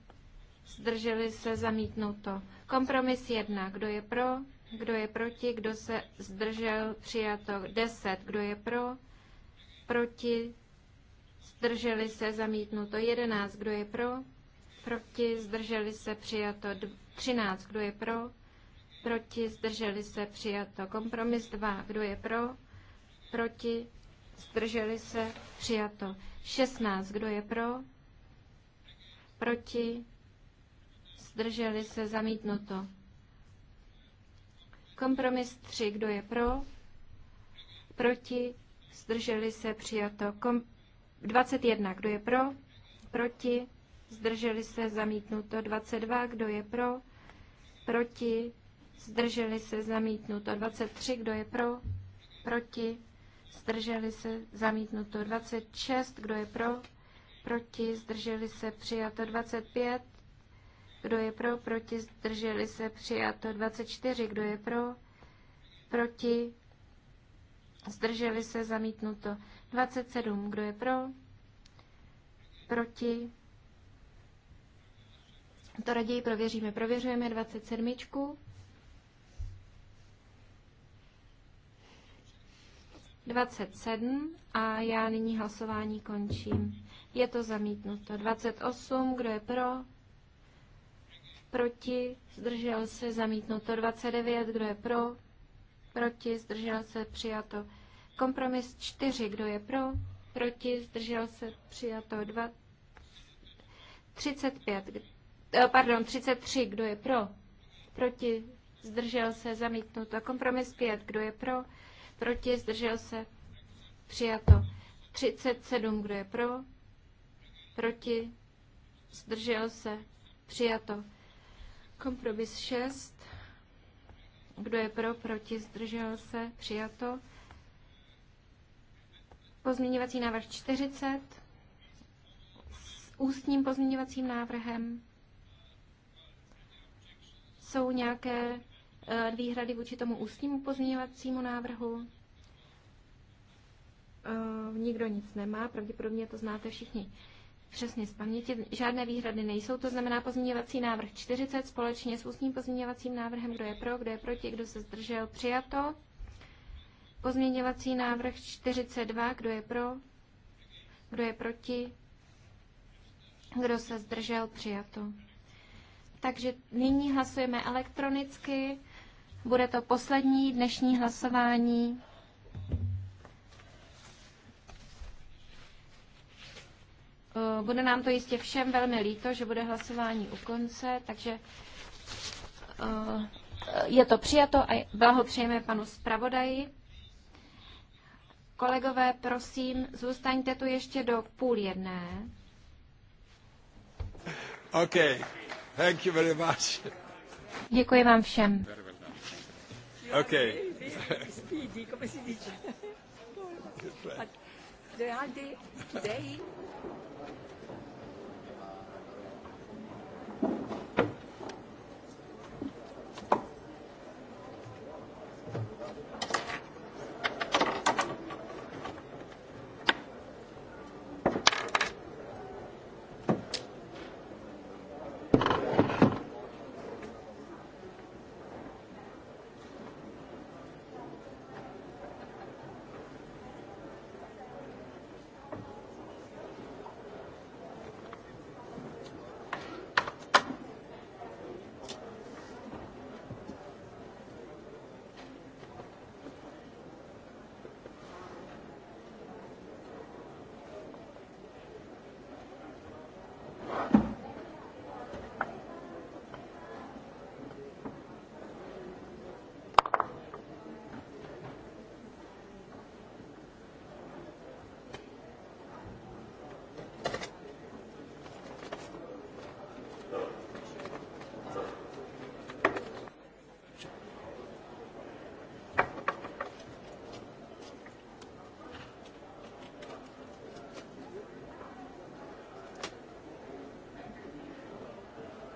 Zdrželi se? Zamítnuto. Kompromis jedna Kdo je pro? Kdo je proti? Kdo se zdržel? Přijato deset Kdo je pro? Proti? Zdrželi se? Zamítnuto jedenáct Kdo je pro? proti, zdrželi se přijato 13, kdo je pro, proti, zdrželi se přijato kompromis 2, kdo je pro, proti, zdrželi se přijato 16, kdo je pro, proti, zdrželi se zamítnuto. Kompromis 3, kdo je pro, proti, zdrželi se přijato. Kom 21, kdo je pro, proti, zdrželi se, zamítnuto 22, kdo je pro, proti, zdrželi se, zamítnuto 23, kdo je pro, proti, zdrželi se, zamítnuto 26, kdo je pro, proti, zdrželi se, přijato 25, kdo je pro, proti, zdrželi se, přijato 24, kdo je pro, proti, zdrželi se, zamítnuto 27, kdo je pro, proti, to raději prověříme. Prověřujeme 27. Dvacet sedm a já nyní hlasování končím. Je to zamítnuto. 28, kdo je pro? Proti, zdržel se, zamítnuto. 29, kdo je pro? Proti, zdržel se, přijato. Kompromis 4, kdo je pro? Proti, zdržel se, přijato. 2, 35, Eh, pardon, 33, kdo je pro, proti, zdržel se, zamítnuto. Kompromis 5, kdo je pro, proti, zdržel se, přijato. 37, kdo je pro, proti, zdržel se, přijato. Kompromis 6, kdo je pro, proti, zdržel se, přijato. Pozměňovací návrh 40 s ústním pozměňovacím návrhem. Jsou nějaké eh, výhrady vůči tomu ústnímu pozměňovacímu návrhu? Eh, nikdo nic nemá, pravděpodobně to znáte všichni přesně z paměti. Žádné výhrady nejsou, to znamená pozměňovací návrh 40 společně s ústním pozměňovacím návrhem, kdo je pro, kdo je proti, kdo se zdržel, přijato. Pozměňovací návrh 42, kdo je pro, kdo je proti, kdo se zdržel, přijato takže nyní hlasujeme elektronicky. Bude to poslední dnešní hlasování. Eh, bude nám to jistě všem velmi líto, že bude hlasování u konce, takže eh, je to přijato a blahopřejeme panu zpravodaji. Kolegové, prosím, zůstaňte tu ještě do půl jedné. Okay. Thank you very much. Děkuji vám všem. Okay.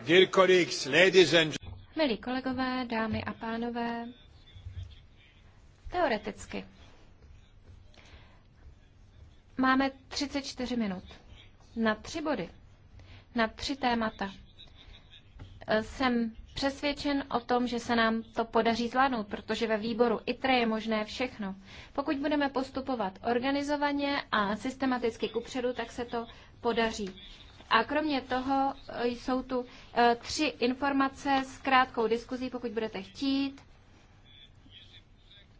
Dear colleagues, ladies and... Milí kolegové, dámy a pánové, teoreticky máme 34 minut na tři body, na tři témata. Eh, jsem přesvědčen o tom, že se nám to podaří zvládnout, protože ve výboru ITRE je možné všechno. Pokud budeme postupovat organizovaně a systematicky kupředu, tak se to podaří. A kromě toho e, jsou tu e, tři informace s krátkou diskuzí, pokud budete chtít.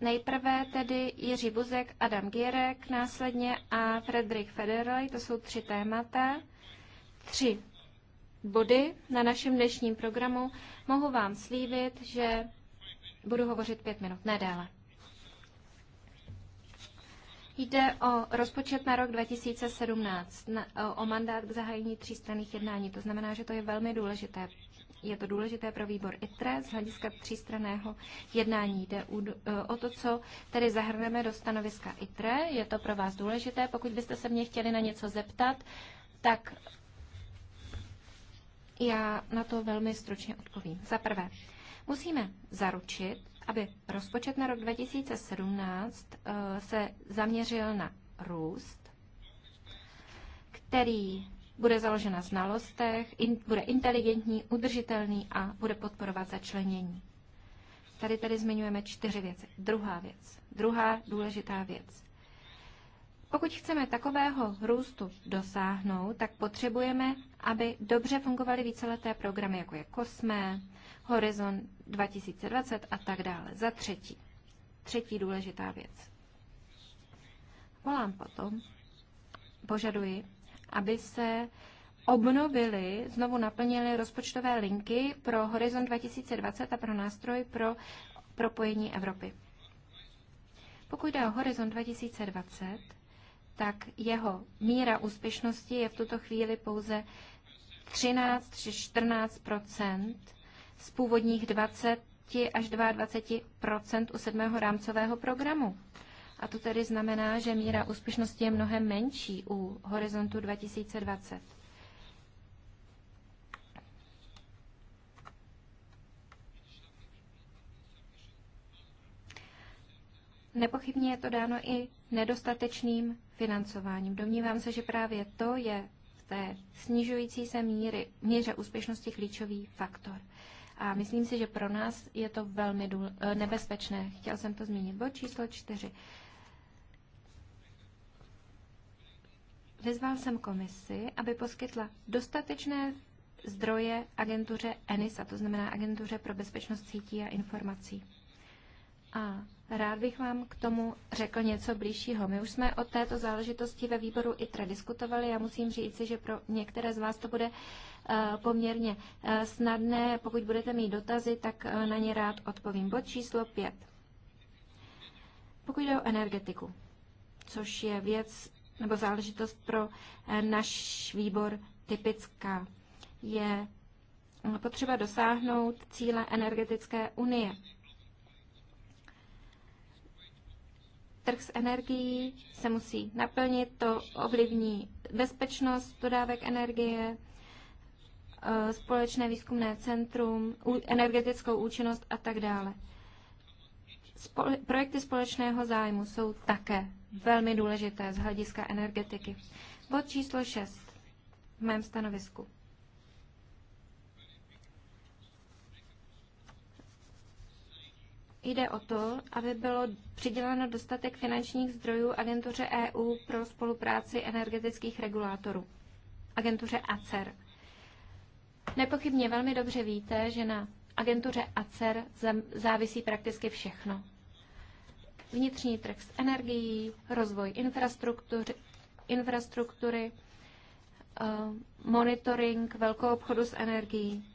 Nejprve tedy Jiří Buzek, Adam Gierek, následně a Frederik Federley. To jsou tři témata, tři body na našem dnešním programu. Mohu vám slíbit, že budu hovořit pět minut, ne déle. Jde o rozpočet na rok 2017, na, o mandát k zahájení třístranných jednání. To znamená, že to je velmi důležité. Je to důležité pro výbor ITRE z hlediska třístraného jednání. Jde e, o to, co tedy zahrneme do stanoviska ITRE. Je to pro vás důležité. Pokud byste se mě chtěli na něco zeptat, tak já na to velmi stručně odpovím. Za prvé, musíme zaručit, aby rozpočet na rok 2017 eh, se zaměřil na růst, který bude založen na znalostech, bude inteligentní, udržitelný a bude podporovat začlenění. Tady tedy zmiňujeme čtyři věci. Druhá věc, druhá důležitá věc. Pokud chceme takového růstu dosáhnout, tak potřebujeme, aby dobře fungovaly víceleté programy, jako je COSME, Horizont 2020 a tak dále. Za třetí, třetí důležitá věc. Volám potom, požaduji, aby se obnovili, znovu naplnili rozpočtové linky pro Horizont 2020 a pro nástroj pro propojení Evropy. Pokud jde o Horizont 2020, tak jeho míra úspěšnosti je v tuto chvíli pouze 13 či 14 z původních 20 až 22 u sedmého rámcového programu. A to tedy znamená, že míra úspěšnosti je mnohem menší u horizontu 2020. Nepochybně je to dáno i nedostatečným financováním. Domnívám se, že právě to je v té snižující se míry, míře úspěšnosti klíčový faktor. A myslím si, že pro nás je to velmi eh, nebezpečné. Chtěl jsem to zmínit. Bod číslo čtyři. Vyzval jsem komisi, aby poskytla dostatečné zdroje agentuře ENISA, to znamená agentuře pro bezpečnost sítí a informací. A rád bych vám k tomu řekl něco blížšího. My už jsme o této záležitosti ve výboru i diskutovali Já musím říct, že pro některé z vás to bude eh, poměrně eh, snadné. Pokud budete mít dotazy, tak eh, na ně rád odpovím. Bod číslo 5. Pokud jde o energetiku, což je věc nebo záležitost pro náš výbor typická, je potřeba dosáhnout cíle energetické unie. Trh s energií se musí naplnit, to ovlivní bezpečnost dodávek energie, e, společné výzkumné centrum, energetickou účinnost a tak dále. projekty společného zájmu jsou také velmi důležité z hlediska energetiky. Bod číslo 6 v mém stanovisku. jde o to, aby bylo přiděleno dostatek finančních zdrojů agentuře EU pro spolupráci energetických regulátorů, agentuře ACER. Nepochybně velmi dobře víte, že na agentuře ACER závisí prakticky všechno. Vnitřní trh s energií, rozvoj infrastruktury, infrastruktury eh, monitoring velkou obchodu s energií,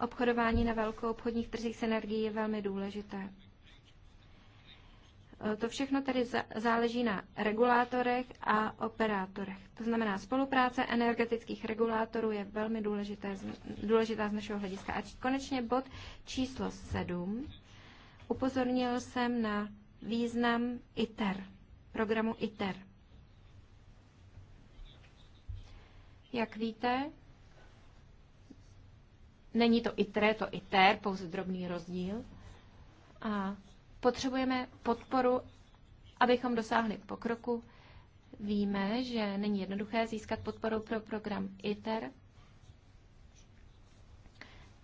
Obchodování na velkou obchodních trzích s energií je velmi důležité. E, to všechno tedy záleží na regulátorech a operátorech. To znamená, spolupráce energetických regulátorů je velmi důležité, důležitá z našeho hlediska. A konečně bod číslo 7. Upozornil jsem na význam ITER, programu ITER. Jak víte, Není to ITRE, to ITER, pouze drobný rozdíl. A potřebujeme podporu, abychom dosáhli pokroku. Víme, že není jednoduché získat podporu pro program ITER.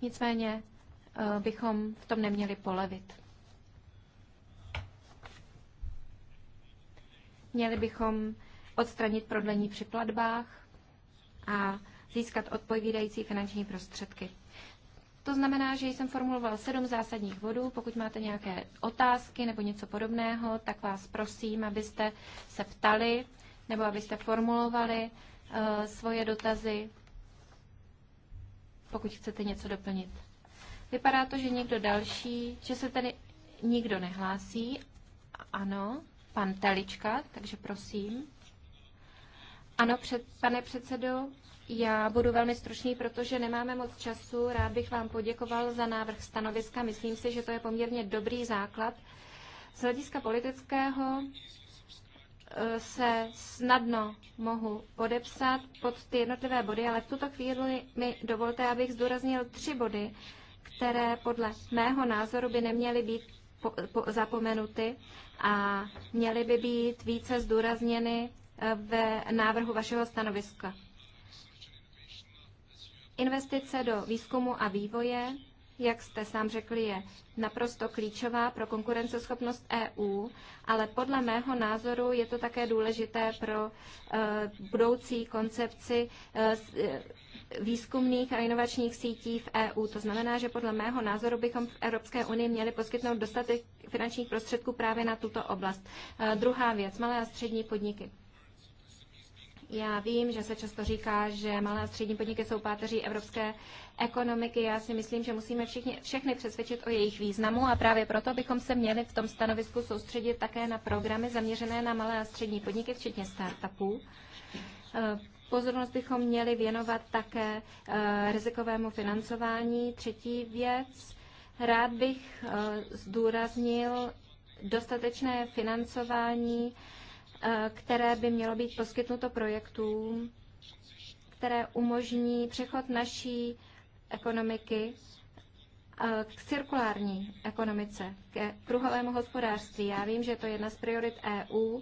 Nicméně eh, bychom v tom neměli polevit. Měli bychom odstranit prodlení při platbách a získat odpovídající finanční prostředky. To znamená, že jsem formuloval sedm zásadních bodů. Pokud máte nějaké otázky nebo něco podobného, tak vás prosím, abyste se ptali nebo abyste formulovali uh, svoje dotazy, pokud chcete něco doplnit. Vypadá to, že někdo další, že se tady nikdo nehlásí. Ano, pan Telička, takže prosím. Ano, před, pane předsedo, já budu velmi stručný, protože nemáme moc času. Rád bych vám poděkoval za návrh stanoviska. Myslím si, že to je poměrně dobrý základ. Z hlediska politického eh, se snadno mohu podepsat pod ty jednotlivé body, ale v tuto chvíli mi dovolte, abych zdůraznil tři body, které podle mého názoru by neměly být po, po, zapomenuty a měly by být více zdůrazněny ve návrhu vašeho stanoviska. Investice do výzkumu a vývoje, jak jste sám řekli, je naprosto klíčová pro konkurenceschopnost EU, ale podle mého názoru je to také důležité pro eh, budoucí koncepci eh, eh, výzkumných a inovačních sítí v EU. To znamená, že podle mého názoru bychom v Evropské unii měli poskytnout dostatek finančních prostředků právě na tuto oblast. Druhá věc, malé a střední podniky. Já vím, že se často říká, že malé a střední podniky jsou páteří evropské ekonomiky. Já si myslím, že musíme všichni, všechny přesvědčit o jejich významu a právě proto bychom se měli v tom stanovisku soustředit také na programy zaměřené na malé a střední podniky, včetně startupů. Eh, pozornost bychom měli věnovat také eh, rizikovému financování. Třetí věc, rád bych eh, zdůraznil dostatečné financování Eh, které by mělo být poskytnuto projektům, které umožní přechod naší ekonomiky eh, k cirkulární ekonomice, ke kruhovému hospodářství. Já vím, že to je jedna z priorit EU.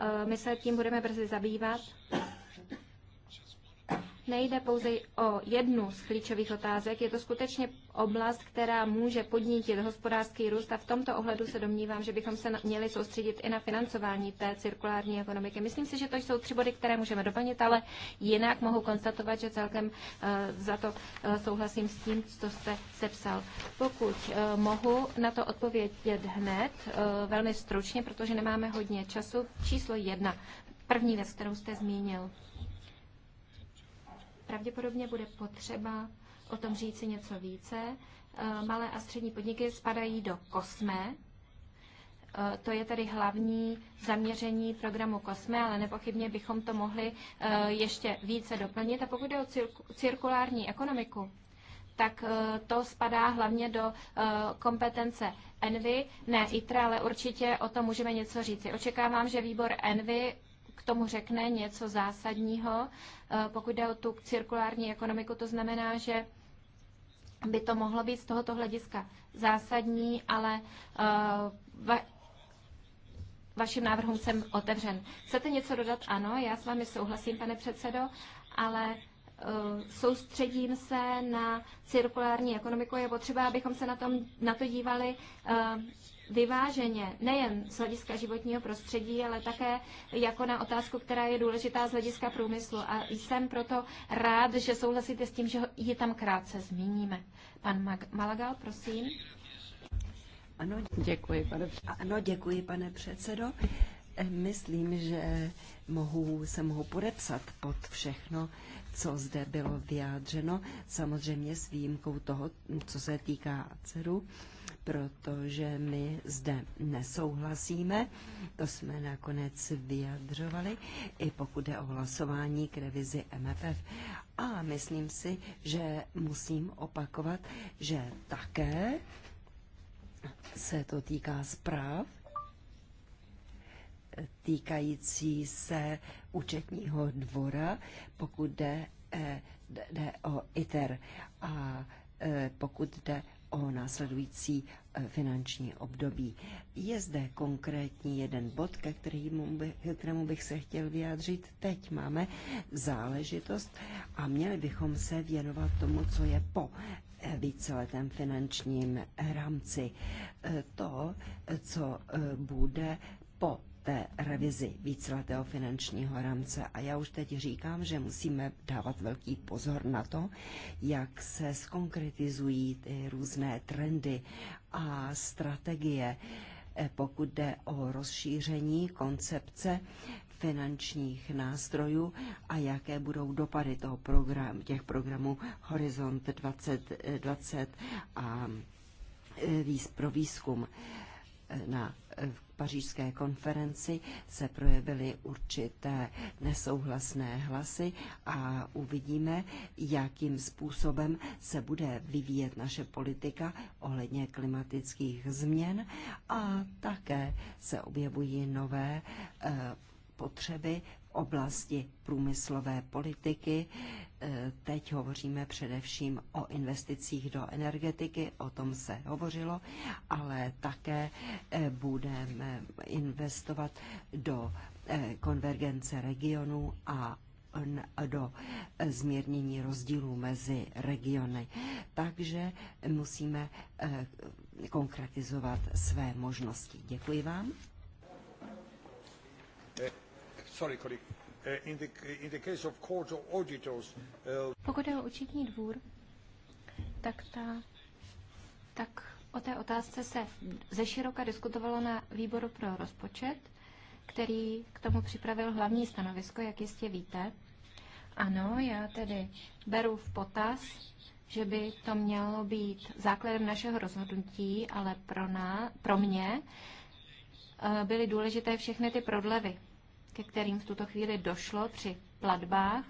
Eh, my se tím budeme brzy zabývat nejde pouze o jednu z klíčových otázek, je to skutečně oblast, která může podnítit hospodářský růst a v tomto ohledu se domnívám, že bychom se měli soustředit i na financování té cirkulární ekonomiky. Myslím si, že to jsou tři body, které můžeme doplnit, ale jinak mohu konstatovat, že celkem eh, za to eh, souhlasím s tím, co jste sepsal. Pokud eh, mohu na to odpovědět hned, velmi stručně, protože nemáme hodně času, číslo jedna, první věc, kterou jste zmínil pravděpodobně bude potřeba o tom říci něco více. Eh, malé a střední podniky spadají do kosme. Eh, to je tedy hlavní zaměření programu Kosme, ale nepochybně bychom to mohli eh, ještě více doplnit. A pokud jde o cirkulární ekonomiku, tak to spadá hlavně do kompetence Envy, ne ITRA, ale určitě o tom můžeme něco říci. Očekávám, že výbor Envy k tomu řekne něco zásadního. Eh, pokud jde o tu cirkulární ekonomiku, to znamená, že by to mohlo být z tohoto hlediska zásadní, ale eh, va- vašim návrhům jsem otevřen. Chcete něco dodat? Ano, já s vámi souhlasím, pane předsedo, ale eh, soustředím se na cirkulární ekonomiku. Je potřeba, abychom se na, tom, na to dívali vyváženě, nejen z hlediska životního prostředí, ale také jako na otázku, která je důležitá z hlediska průmyslu. A jsem proto rád, že souhlasíte s tím, že ji tam krátce zmíníme. Pan Malagal, prosím. Ano, děkuji, pane předsedo. Ano, děkuji, pane předsedo. Myslím, že mohu, se mohu podepsat pod všechno, co zde bylo vyjádřeno, samozřejmě s výjimkou toho, co se týká dceru protože my zde nesouhlasíme, to jsme nakonec vyjadřovali, i pokud je o hlasování k revizi MFF. A myslím si, že musím opakovat, že také se to týká zpráv týkající se účetního dvora, pokud jde, eh, jde o ITER a eh, pokud jde o následující e, finanční období. Je zde konkrétní jeden bod, ke kterému, by, ke kterému bych se chtěl vyjádřit. Teď máme záležitost a měli bychom se věnovat tomu, co je po e, víceletém finančním rámci. E, to, co bude po té revizi víceletého finančního rámce. A já už teď říkám, že musíme dávat velký pozor na to, jak se skonkretizují ty různé trendy a strategie, eh, pokud jde o rozšíření koncepce finančních nástrojů a jaké budou dopady toho program, těch programů Horizont 2020 eh, a eh, pro výzkum na v pařížské konferenci se projevily určité nesouhlasné hlasy a uvidíme, jakým způsobem se bude vyvíjet naše politika ohledně klimatických změn a také se objevují nové eh, potřeby oblasti průmyslové politiky. E, teď hovoříme především o investicích do energetiky, o tom se hovořilo, ale také e, budeme investovat do e, konvergence regionů a do zmírnění rozdílů mezi regiony. Takže musíme konkretizovat své možnosti. Děkuji vám sorry, colleague. Uh, in the, in the case of court of auditors, uh, Pokud je o účetní dvůr, tak, ta, tak o té otázce se ze široka diskutovalo na výboru pro rozpočet, který k tomu připravil hlavní stanovisko, jak jistě víte. Ano, já tedy beru v potaz, že by to mělo být základem našeho rozhodnutí, ale pro, ná, pro mě eh, byly důležité všechny ty prodlevy, ke kterým v tuto chvíli došlo při platbách,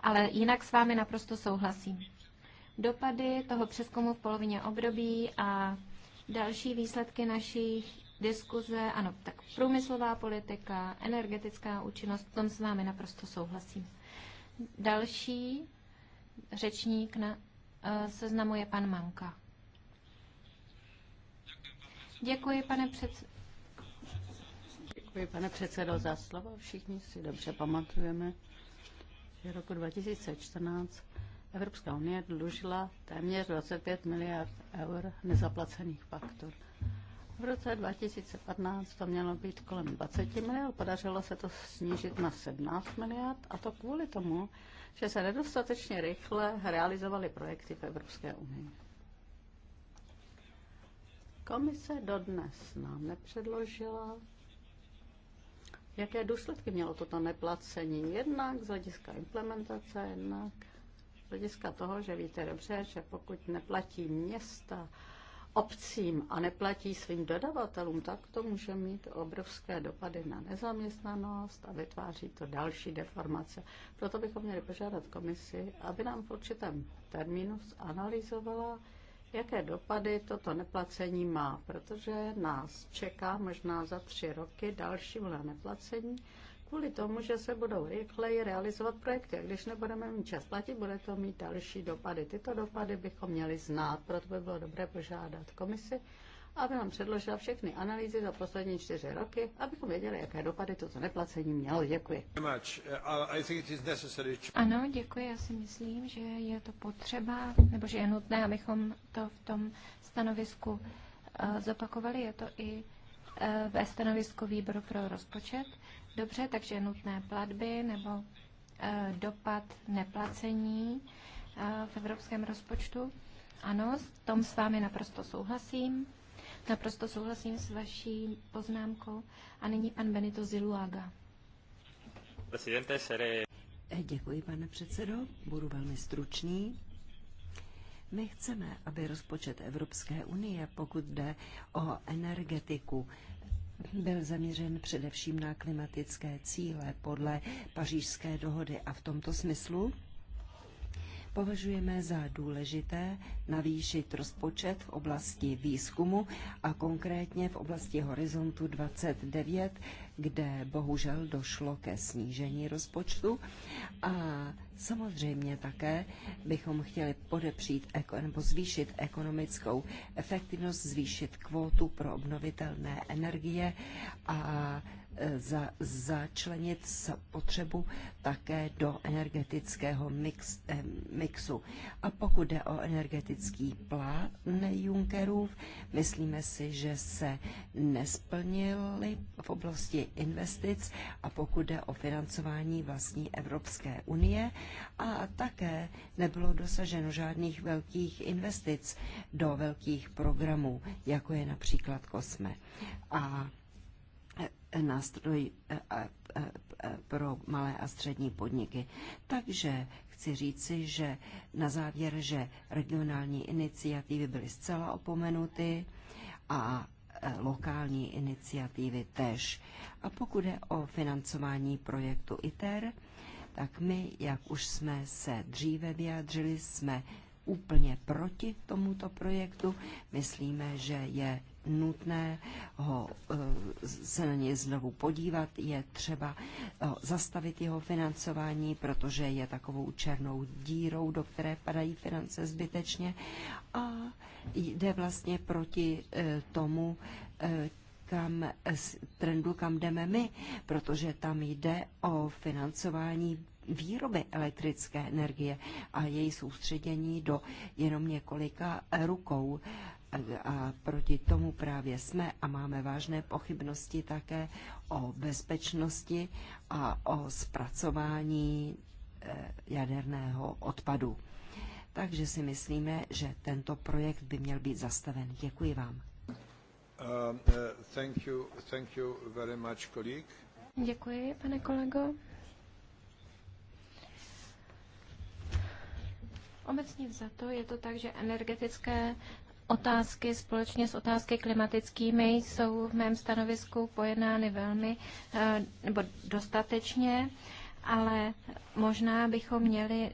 ale jinak s vámi naprosto souhlasím. Dopady toho přeskumu v polovině období a další výsledky našich diskuze, ano, tak průmyslová politika, energetická účinnost, v tom s vámi naprosto souhlasím. Další řečník na eh, seznamu je pan Manka. Děkuji, pane před, Děkuji, pane předsedo, za slovo. Všichni si dobře pamatujeme, že roku 2014 Evropská unie dlužila téměř 25 miliard eur nezaplacených faktur. V roce 2015 to mělo být kolem 20 miliard, podařilo se to snížit na 17 miliard a to kvůli tomu, že se nedostatečně rychle realizovaly projekty v Evropské unii. Komise dodnes nám nepředložila Jaké důsledky mělo toto neplacení? Jednak z hlediska implementace, jednak z hlediska toho, že víte dobře, že pokud neplatí města obcím a neplatí svým dodavatelům, tak to může mít obrovské dopady na nezaměstnanost a vytváří to další deformace. Proto bychom měli požádat komisi, aby nám v určitém termínu zanalizovala, jaké dopady toto neplacení má, protože nás čeká možná za tři roky další vlna neplacení kvůli tomu, že se budou rychleji realizovat projekty. A když nebudeme mít čas platit, bude to mít další dopady. Tyto dopady bychom měli znát, proto by bylo dobré požádat komisi, aby nám předložila všechny analýzy za poslední čtyři roky, abychom věděli, jaké dopady toto neplacení mělo. Děkuji. Ano, děkuji. Já si myslím, že je to potřeba, nebo že je nutné, abychom to v tom stanovisku eh, zopakovali. Je to i eh, ve stanovisku výboru pro rozpočet. Dobře, takže nutné platby nebo eh, dopad neplacení v evropském rozpočtu. Ano, s tom s vámi naprosto souhlasím. Naprosto souhlasím s vaší poznámkou. A nyní pan Benito Ziluaga. Eh, děkuji, pane předsedo. Budu velmi stručný. My chceme, aby rozpočet Evropské unie, pokud jde o energetiku, byl zaměřen především na klimatické cíle podle pařížské dohody a v tomto smyslu Považujeme za důležité navýšit rozpočet v oblasti výzkumu a konkrétně v oblasti horizontu 29, kde bohužel došlo ke snížení rozpočtu a Samozřejmě také bychom chtěli podepřít nebo zvýšit ekonomickou efektivnost, zvýšit kvótu pro obnovitelné energie a e, za, začlenit potřebu také do energetického mix, eh, mixu. A pokud jde o energetický plán Junckerův, myslíme si, že se nesplnili v oblasti investic a pokud jde o financování vlastní Evropské unie, a také nebylo dosaženo žádných velkých investic do velkých programů, jako je například Kosme. A nástroj e, e, e, pro malé a střední podniky. Takže chci říci, že na závěr, že regionální iniciativy byly zcela opomenuty a lokální iniciativy tež. A pokud je o financování projektu ITER, tak my, jak už jsme se dříve vyjádřili, jsme úplně proti tomuto projektu. Myslíme, že je nutné ho, e, se na něj znovu podívat, je třeba e, zastavit jeho financování, protože je takovou černou dírou, do které padají finance zbytečně a jde vlastně proti e, tomu, kam, trendu, kam jdeme my, protože tam jde o financování výroby elektrické energie a její soustředění do jenom několika rukou. A proti tomu právě jsme a máme vážné pochybnosti také o bezpečnosti a o zpracování eh, jaderného odpadu. Takže si myslíme, že tento projekt by měl být zastaven. Děkuji vám. Um, eh, thank you, thank you very much, Děkuji, pane kolego. Obecně za to je to tak, že energetické otázky společně s otázky klimatickými jsou v mém stanovisku pojednány velmi eh, nebo dostatečně, ale možná bychom měli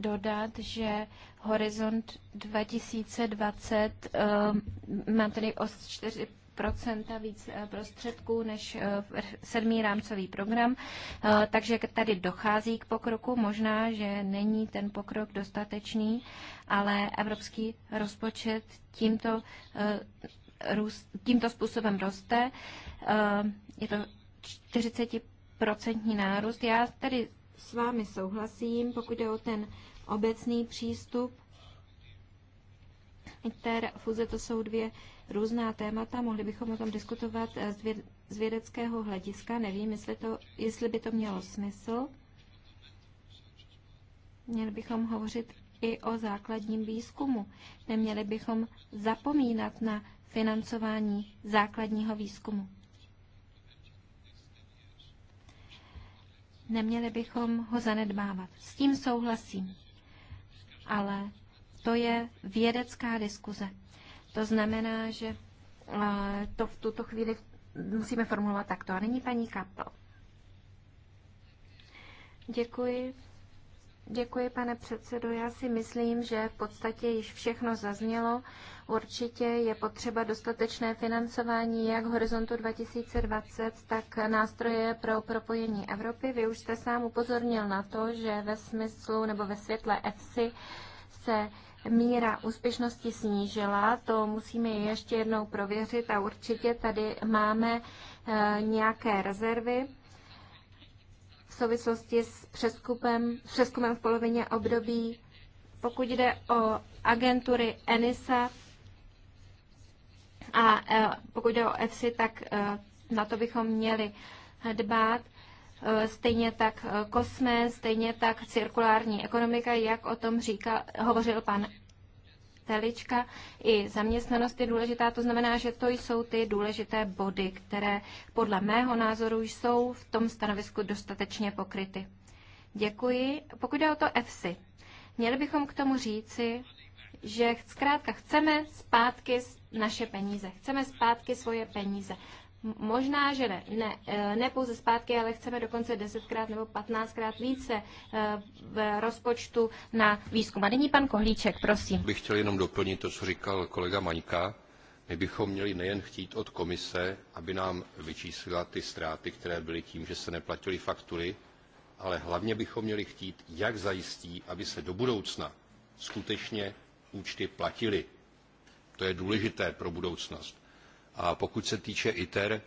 dodat, že Horizont 2020 eh, má tedy o 4 procenta víc eh, prostředků než eh, sedmý rámcový program, eh, takže tady dochází k pokroku. Možná, že není ten pokrok dostatečný, ale evropský rozpočet tímto, tímto způsobem roste. Je to 40% nárůst. Já tady s vámi souhlasím, pokud jde o ten obecný přístup. Inter fuze to jsou dvě různá témata, mohli bychom o tom diskutovat eh, z vědeckého hlediska. Nevím, jestli, to, jestli by to mělo smysl. Měli bychom hovořit i o základním výzkumu. Neměli bychom zapomínat na financování základního výzkumu. Neměli bychom ho zanedbávat. S tím souhlasím. Ale to je vědecká diskuze. To znamená, že to v tuto chvíli musíme formulovat takto. A nyní paní Kapl. Děkuji. Děkuji, pane předsedo. Já si myslím, že v podstatě již všechno zaznělo. Určitě je potřeba dostatečné financování jak Horizontu 2020, tak nástroje pro propojení Evropy. Vy už jste sám upozornil na to, že ve smyslu nebo ve světle EFSI se míra úspěšnosti snížila. To musíme ještě jednou prověřit a určitě tady máme eh, nějaké rezervy v souvislosti s přeskupem, přeskupem v polovině období. Pokud jde o agentury ENISA a eh, pokud jde o EFSI, tak eh, na to bychom měli dbát. Eh, stejně tak eh, kosme, stejně tak cirkulární ekonomika, jak o tom říkal, hovořil pan Telička. I zaměstnanost je důležitá, to znamená, že to jsou ty důležité body, které podle mého názoru jsou v tom stanovisku dostatečně pokryty. Děkuji. Pokud jde o to EFSI, měli bychom k tomu říci, že zkrátka chceme zpátky naše peníze, chceme zpátky svoje peníze. Možná, že ne, ne, eh, ne pouze zpátky, ale chceme dokonce desetkrát nebo patnáctkrát více eh, v rozpočtu na výzkum. A nyní pan Kohlíček, prosím. Bych chtěl jenom doplnit to, co říkal kolega Maňka. My bychom měli nejen chtít od komise, aby nám vyčíslila ty ztráty, které byly tím, že se neplatily faktury, ale hlavně bychom měli chtít, jak zajistí, aby se do budoucna skutečně účty platily. To je důležité pro budoucnost. A pokud se týče ITER,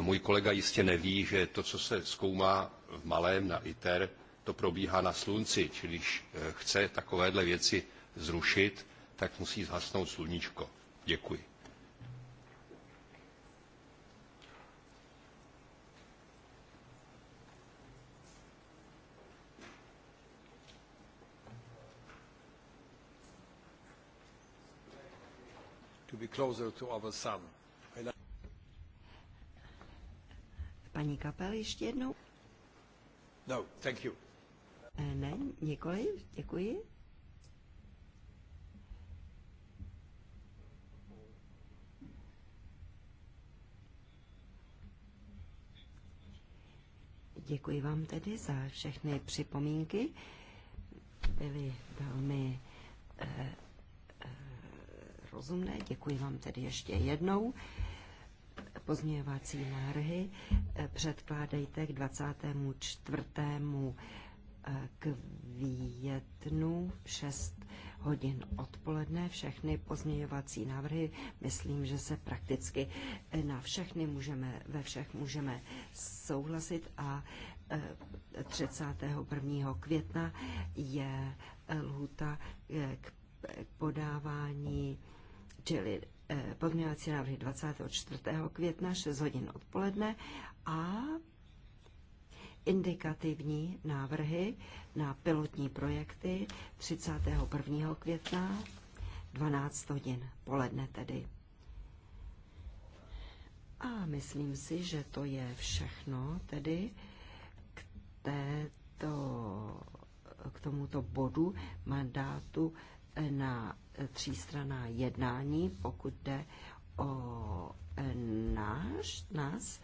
můj kolega jistě neví, že to, co se zkoumá v malém na ITER, to probíhá na slunci, čili když eh, chce takovéhle věci zrušit, tak musí zhasnout sluníčko. Děkuji. To be closer to our sun. Paní Kapel ještě jednou? No, thank you. Eh, ne, nikoli, děkuji. Děkuji vám tedy za všechny připomínky. Byly velmi eh, eh, rozumné. Děkuji vám tedy ještě jednou. Pozměňovací návrhy eh, předkládejte k 24. Eh, květnu v 6 hodin odpoledne. Všechny pozměňovací návrhy, myslím, že se prakticky eh, na všechny můžeme, ve všech můžeme souhlasit a 31. května je lhuta k podávání, čili Eh, pozměňovací návrhy 24. května 6 hodin odpoledne a indikativní návrhy na pilotní projekty 31. května 12 hodin poledne tedy. A myslím si, že to je všechno tedy k, této, k tomuto bodu mandátu na třístraná jednání, pokud jde o e, náš, nás.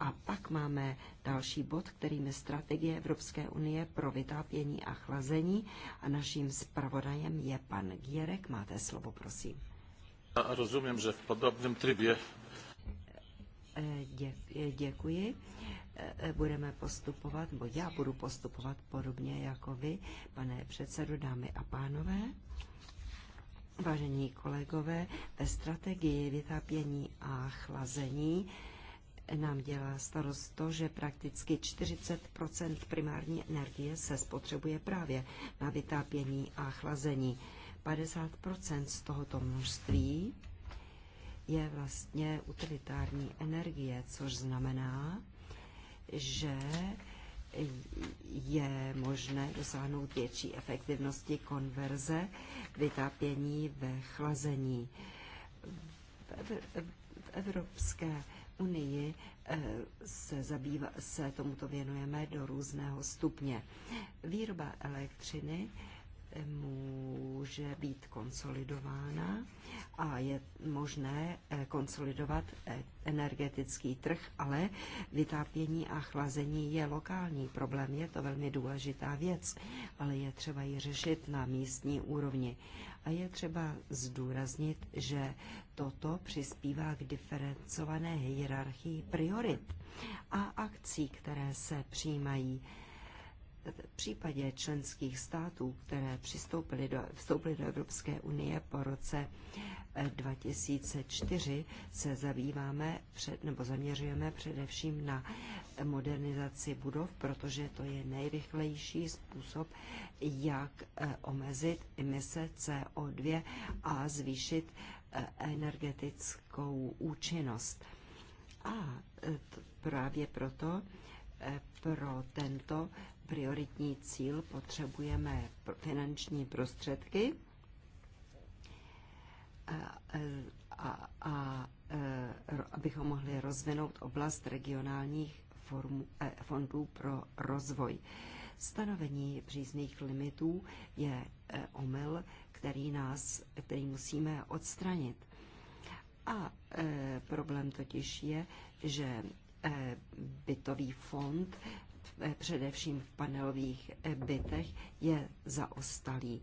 A pak máme další bod, kterým je strategie Evropské unie pro vytápění a chlazení. A naším zpravodajem je pan Gierek. Máte slovo, prosím. Já rozumím, že v podobném trybě. E, dě, e, děkuji. Budeme postupovat, bo já budu postupovat podobně jako vy, pane předsedo, dámy a pánové. Vážení kolegové, ve strategii vytápění a chlazení nám dělá starost to, že prakticky 40 primární energie se spotřebuje právě na vytápění a chlazení. 50 z tohoto množství je vlastně utilitární energie, což znamená, že je možné dosáhnout větší efektivnosti konverze vytápění ve chlazení. V Evropské unii eh, se, zabývá, se tomuto věnujeme do různého stupně. Výroba elektřiny může být konsolidována a je možné eh, konsolidovat eh, energetický trh, ale vytápění a chlazení je lokální problém, je to velmi důležitá věc, ale je třeba ji řešit na místní úrovni. A je třeba zdůraznit, že toto přispívá k diferencované hierarchii priorit a akcí, které se přijímají v případě členských států, které přistoupily do, vstoupily do Evropské unie po roce 2004, eh, se zabýváme před, nebo zaměřujeme především na modernizaci budov, protože to je nejrychlejší způsob, jak eh, omezit emise CO2 a zvýšit eh, energetickou účinnost. A právě proto pro tento prioritní cíl potřebujeme finanční prostředky a, a, a, e, abychom mohli rozvinout oblast regionálních form, e, fondů pro rozvoj. Stanovení přízných limitů je e, omyl, který, nás, který musíme odstranit. A e, problém totiž je, že bytový fond Eh, především v panelových eh, bytech, je zaostalý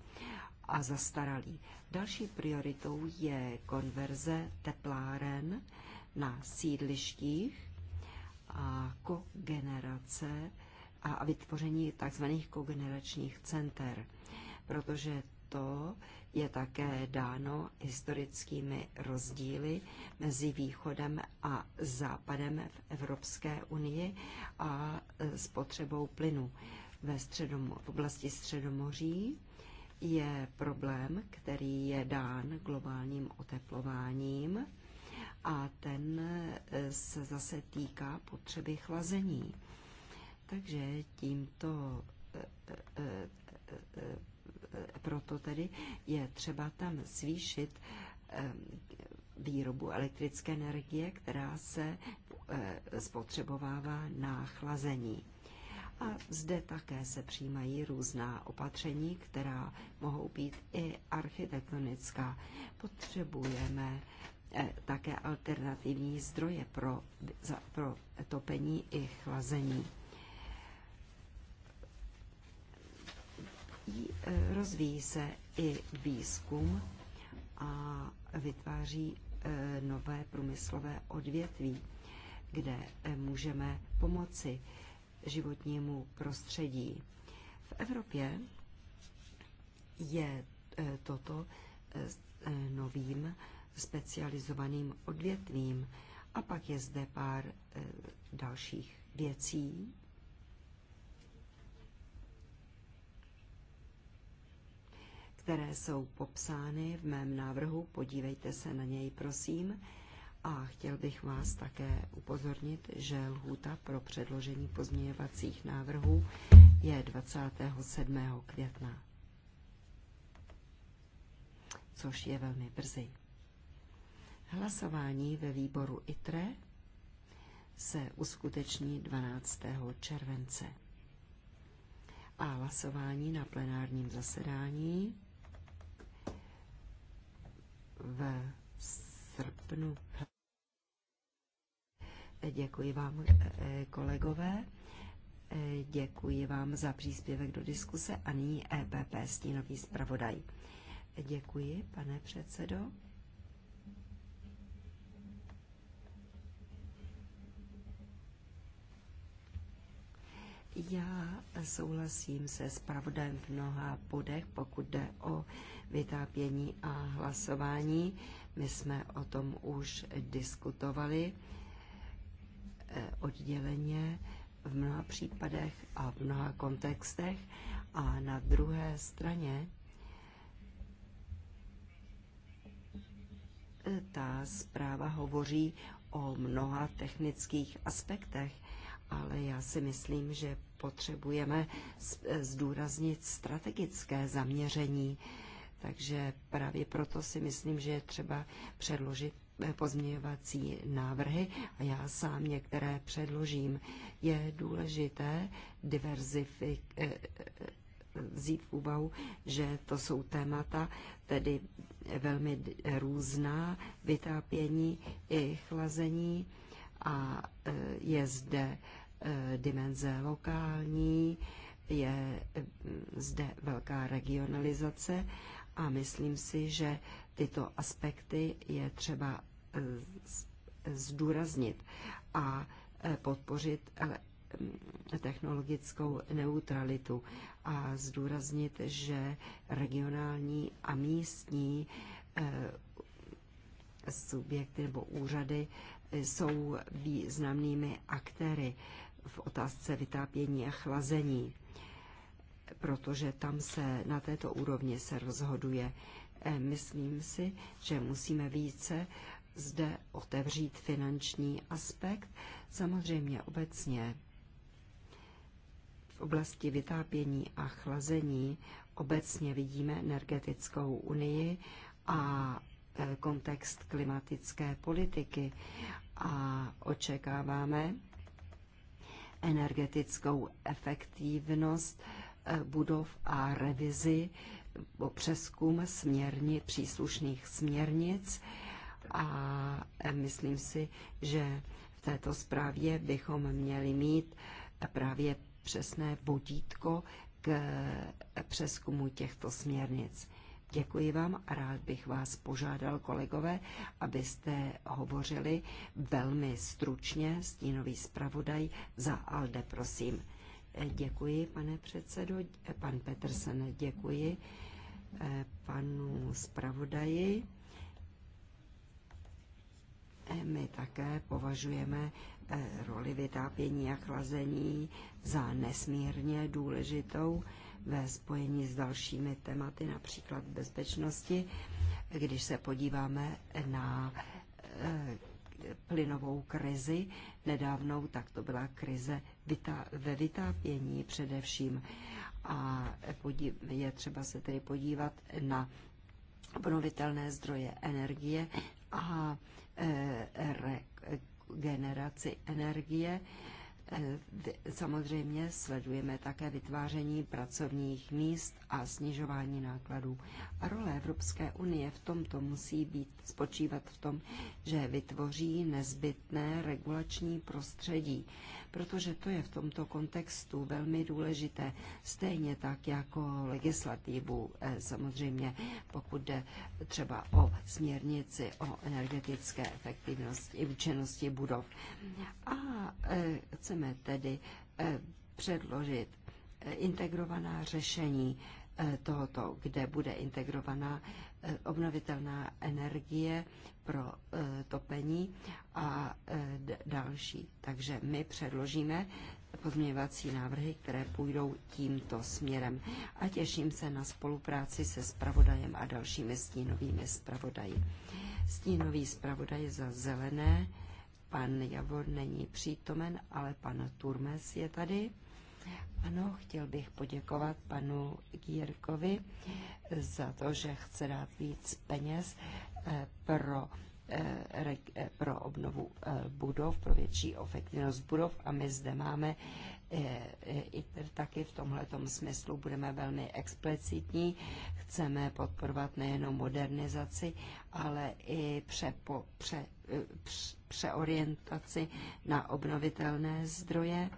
a zastaralý. Další prioritou je konverze tepláren na sídlištích a kogenerace a vytvoření tzv. kogeneračních center, protože to je také dáno historickými rozdíly mezi východem a západem v Evropské unii a e, spotřebou plynu ve středomo- v oblasti Středomoří je problém, který je dán globálním oteplováním a ten e, se zase týká potřeby chlazení. Takže tímto e, Eh, proto tedy je třeba tam zvýšit eh, výrobu elektrické energie, která se eh, spotřebovává na chlazení. A zde také se přijímají různá opatření, která mohou být i architektonická. Potřebujeme také alternativní zdroje pro, za, pro topení i chlazení. Eh, rozvíjí se i výzkum a vytváří eh, nové průmyslové odvětví, kde eh, můžeme pomoci životnímu prostředí. V Evropě je toto novým specializovaným odvětvím. A pak je zde pár dalších věcí, které jsou popsány v mém návrhu. Podívejte se na něj, prosím. A chtěl bych vás také upozornit, že lhůta pro předložení pozměňovacích návrhů je 27. května, což je velmi brzy. Hlasování ve výboru ITRE se uskuteční 12. července a hlasování na plenárním zasedání v srpnu. Děkuji vám, eh, kolegové. Eh, děkuji vám za příspěvek do diskuse a nyní EPP Stínový zpravodaj. Děkuji, pane předsedo. Já souhlasím se zpravodajem v mnoha bodech, pokud jde o vytápění a hlasování. My jsme o tom už diskutovali eh, odděleně v mnoha případech a v mnoha kontextech. A na druhé straně eh, ta zpráva hovoří o mnoha technických aspektech, ale já si myslím, že potřebujeme zdůraznit strategické zaměření. Takže právě proto si myslím, že je třeba předložit eh, pozměňovací návrhy a já sám některé předložím. Je důležité diverzifik, eh, eh, vzít v úvahu, že to jsou témata tedy velmi různá, vytápění i chlazení a je zde Eh, dimenze lokální, je eh, zde velká regionalizace a myslím si, že tyto aspekty je třeba eh, zdůraznit a podpořit mm, technologickou neutralitu a zdůraznit, že regionální a místní subjekty nebo úřady jsou významnými aktéry v otázce vytápění a chlazení, protože tam se na této úrovni se rozhoduje. E, myslím si, že musíme více zde otevřít finanční aspekt, samozřejmě obecně. V oblasti vytápění a chlazení obecně vidíme energetickou unii a e, kontext klimatické politiky a očekáváme, energetickou efektivnost eh, budov a revizi o přeskum směrni, příslušných směrnic a eh, myslím si, že v této zprávě bychom měli mít eh, právě přesné vodítko k přeskumu těchto směrnic. Děkuji vám a rád bych vás požádal, kolegové, abyste hovořili velmi stručně, stínový zpravodaj za ALDE, prosím. Eh, děkuji, pane předsedo, eh, pan Petersen, děkuji eh, panu zpravodaji. My také považujeme roli vytápění a chlazení za nesmírně důležitou ve spojení s dalšími tématy, například bezpečnosti. Když se podíváme na eh, plynovou krizi nedávnou, tak to byla krize ve vytápění především. A je třeba se tedy podívat na obnovitelné zdroje energie a eh, regeneraci energie. Eh, samozřejmě sledujeme také vytváření pracovních míst a snižování nákladů. A role Evropské unie v tomto musí být spočívat v tom, že vytvoří nezbytné regulační prostředí protože to je v tomto kontextu velmi důležité, stejně tak jako legislativu, eh, samozřejmě pokud jde třeba o směrnici o energetické efektivnosti, účinnosti budov. A eh, chceme tedy eh, předložit integrovaná řešení tohoto, kde bude integrovaná Eh, obnovitelná energie pro eh, topení a eh, další. Takže my předložíme pozměňovací návrhy, které půjdou tímto směrem. A těším se na spolupráci se spravodajem a dalšími stínovými spravodaji. Stínový spravodaj za zelené, pan Javor není přítomen, ale pan Turmes je tady. Ano, chtěl bych poděkovat panu Gírkovi za to, že chce dát víc peněz eh, pro eh, eh, pro obnovu budov, pro větší efektivnost budov a my zde máme i taky v tomhletom smyslu budeme velmi explicitní. Chceme podporovat nejenom modernizaci, ale i přepo, pře, pře, přeorientaci na obnovitelné zdroje.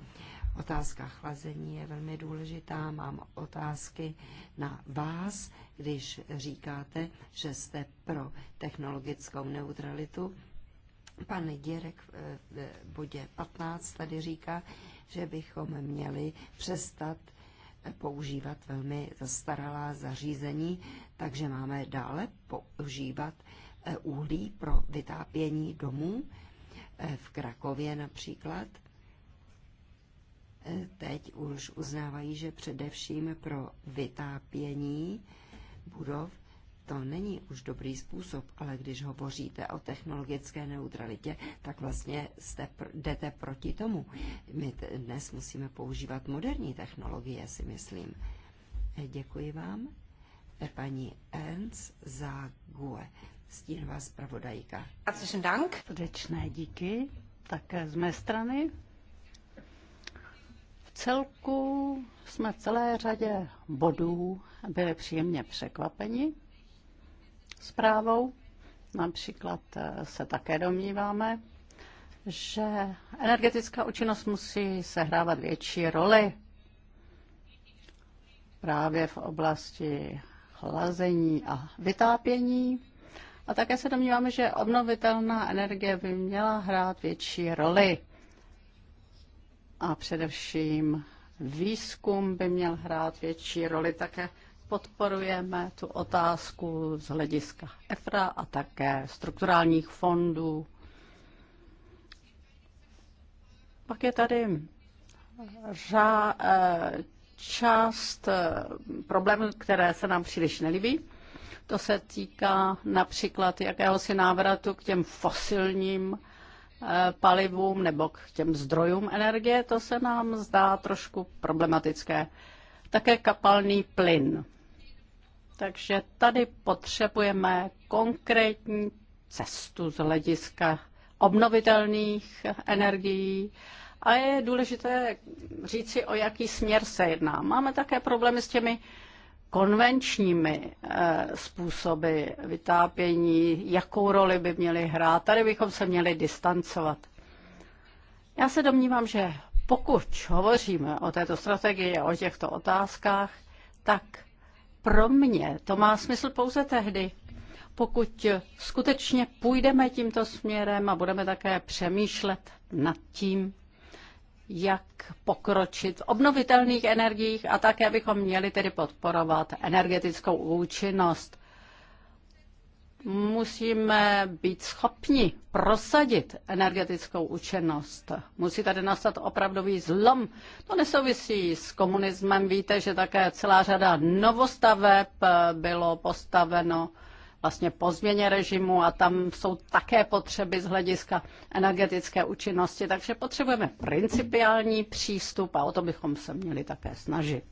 Otázka chlazení je velmi důležitá. Mám otázky na vás, když říkáte, že jste pro technologickou neutralitu. Pan Děrek eh, v bodě 15 tady říká, že bychom měli přestat používat velmi zastaralá zařízení, takže máme dále používat eh, uhlí pro vytápění domů eh, v Krakově například teď už uznávají, že především pro vytápění budov to není už dobrý způsob, ale když hovoříte o technologické neutralitě, tak vlastně jste pr- jdete proti tomu. My dnes musíme používat moderní technologie, si myslím. Děkuji vám, paní Ernst za GUE, stínová zpravodajka. Herzlichen Dank. Srdečné díky také z mé strany celku jsme v celé řadě bodů byli příjemně překvapeni zprávou. Například eh, se také domníváme, že energetická účinnost musí sehrávat větší roli právě v oblasti chlazení a vytápění. A také se domníváme, že obnovitelná energie by měla hrát větší roli a především výzkum by měl hrát větší roli. Také podporujeme tu otázku z hlediska EFRA a také strukturálních fondů. Pak je tady řá, eh, část eh, problémů, které se nám příliš nelíbí. To se týká například jakéhosi návratu k těm fosilním Eh, palivům nebo k těm zdrojům energie, to se nám zdá trošku problematické. Také kapalný plyn. Takže tady potřebujeme konkrétní cestu z hlediska obnovitelných energií a je důležité říci, o jaký směr se jedná. Máme také problémy s těmi konvenčními eh, způsoby vytápění, jakou roli by měly hrát. Tady bychom se měli distancovat. Já se domnívám, že pokud hovoříme o této strategii a o těchto otázkách, tak pro mě to má smysl pouze tehdy, pokud skutečně půjdeme tímto směrem a budeme také přemýšlet nad tím, jak pokročit v obnovitelných energiích a také bychom měli tedy podporovat energetickou účinnost. Musíme být schopni prosadit energetickou účinnost. Musí tady nastat opravdový zlom. To nesouvisí s komunismem. Víte, že také celá řada novostaveb bylo postaveno vlastně po změně režimu a tam jsou také potřeby z hlediska energetické účinnosti, takže potřebujeme principiální přístup a o to bychom se měli také snažit.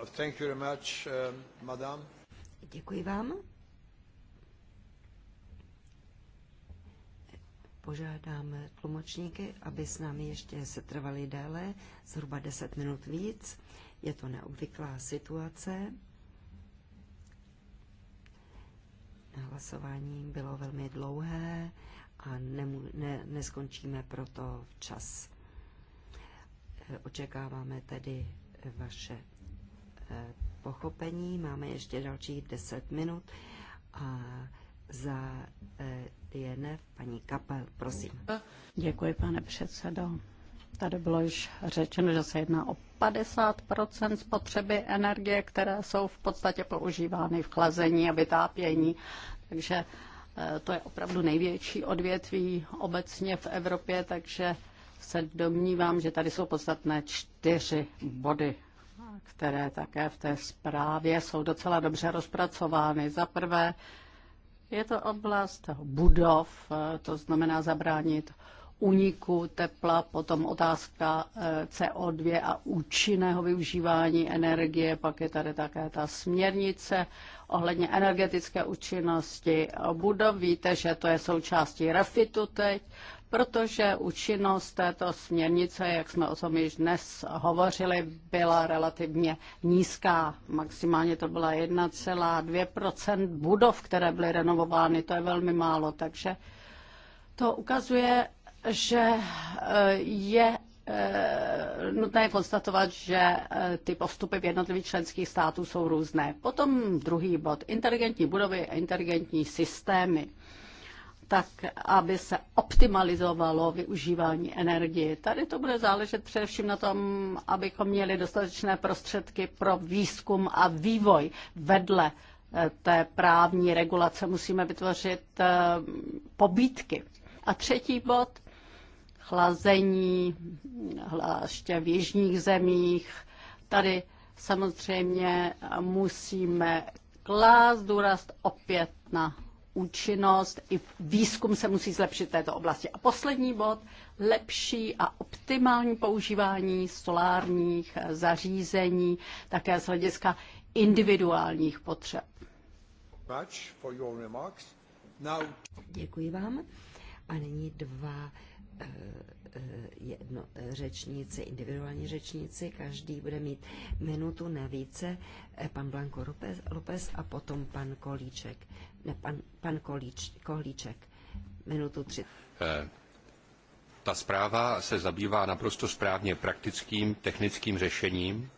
Uh, thank you very much, uh, Děkuji vám. Požádám tlumočníky, aby s námi ještě setrvali déle, zhruba 10 minut víc. Je to neobvyklá situace. Hlasování bylo velmi dlouhé a nemů, ne, neskončíme proto včas. E, očekáváme tedy vaše e, pochopení. Máme ještě dalších 10 minut a za e, DNF paní Kapel, prosím. Děkuji, pane předsedo. Tady bylo již řečeno, že se jedná o 50 spotřeby energie, které jsou v podstatě používány v chlazení a vytápění. Takže eh, to je opravdu největší odvětví obecně v Evropě, takže se domnívám, že tady jsou podstatné čtyři body, které také v té zprávě jsou docela dobře rozpracovány. Za prvé je to oblast budov, eh, to znamená zabránit uniku tepla, potom otázka eh, CO2 a účinného využívání energie, pak je tady také ta směrnice ohledně energetické účinnosti budov. Víte, že to je součástí refitu teď, protože účinnost této směrnice, jak jsme o tom již dnes hovořili, byla relativně nízká. Maximálně to byla 1,2 budov, které byly renovovány, to je velmi málo, takže to ukazuje, že eh, je eh, nutné konstatovat, že eh, ty postupy v jednotlivých členských států jsou různé. Potom druhý bod, inteligentní budovy a inteligentní systémy tak, aby se optimalizovalo využívání energie. Tady to bude záležet především na tom, abychom měli dostatečné prostředky pro výzkum a vývoj vedle té právní regulace. Musíme vytvořit pobítky. A třetí bod – chlazení, ještě v jižních zemích. Tady samozřejmě musíme klást důraz opět na účinnost, i výzkum se musí zlepšit v této oblasti. A poslední bod, lepší a optimální používání solárních zařízení, také z hlediska individuálních potřeb. Děkuji vám. A nyní dva Eh, eh, jedno, eh, řečníci, individuální řečníci, každý bude mít minutu navíce, pan Blanco López a potom pan Kolíček, ne, pan, pan Kolíč, Kolíček, minutu tři. Ta zpráva se zabývá naprosto správně praktickým technickým řešením,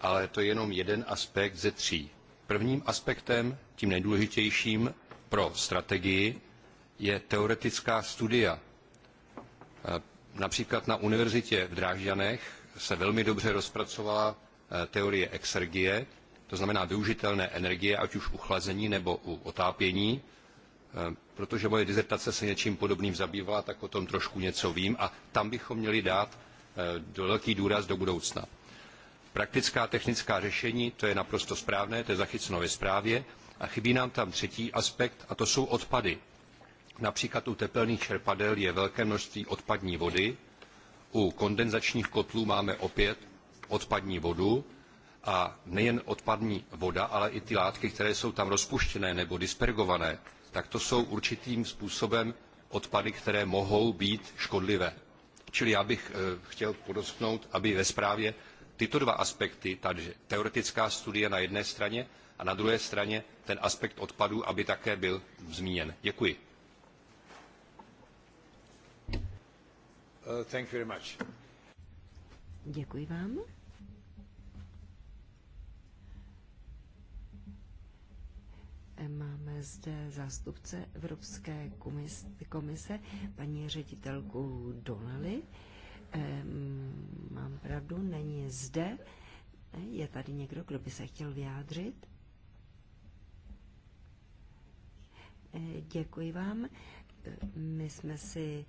ale to je jenom jeden aspekt ze tří. Prvním aspektem, tím nejdůležitějším pro strategii, je teoretická studia Eh, například na univerzitě v Drážďanech se velmi dobře rozpracovala eh, teorie exergie, to znamená využitelné energie, ať už u chlazení nebo u otápění. Eh, protože moje dizertace se něčím podobným zabývala, tak o tom trošku něco vím a tam bychom měli dát velký důraz do budoucna. Praktická technická řešení, to je naprosto správné, to je zachyceno ve zprávě. A chybí nám tam třetí aspekt, a to jsou odpady. Například u tepelných čerpadel je velké množství odpadní vody, u kondenzačních kotlů máme opět odpadní vodu a nejen odpadní voda, ale i ty látky, které jsou tam rozpuštěné nebo dispergované, tak to jsou určitým způsobem odpady, které mohou být škodlivé. Čili já bych eh, chtěl podotknout, aby ve zprávě tyto dva aspekty, ta teoretická studie na jedné straně a na druhé straně ten aspekt odpadů, aby také byl zmíněn. Děkuji. Uh, thank you very much. Děkuji vám. Máme zde zástupce Evropské komise, komise paní ředitelku Donnelly. Mám pravdu, není zde. Je tady někdo, kdo by se chtěl vyjádřit? Děkuji vám. My jsme si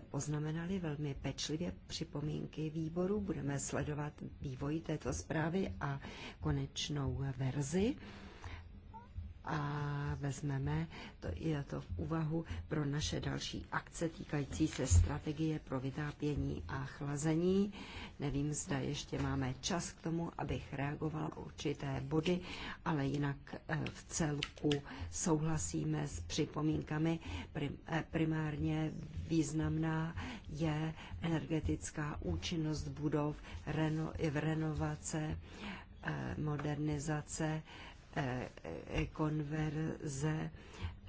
poznamenali velmi pečlivě připomínky výboru. Budeme sledovat vývoj této zprávy a konečnou verzi a vezmeme to, je to v úvahu pro naše další akce týkající se strategie pro vytápění a chlazení. Nevím, zda ještě máme čas k tomu, abych reagovala určité body, ale jinak eh, v celku souhlasíme s připomínkami. Eh, primárně významná je energetická účinnost budov, reno, v renovace, eh, modernizace, E, e, konverze.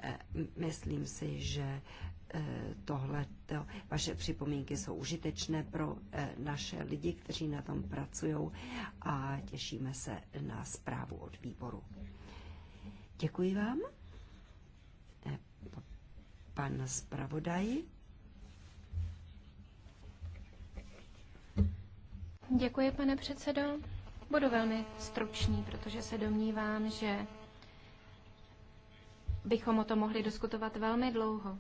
E, myslím si, že tohle Vaše připomínky jsou užitečné pro naše lidi, kteří na tom pracují a těšíme se na zprávu od výboru. Děkuji vám. Pan zpravodaj. Děkuji, pane předsedo. Budu velmi stručný, protože se domnívám, že bychom o tom mohli diskutovat velmi dlouho.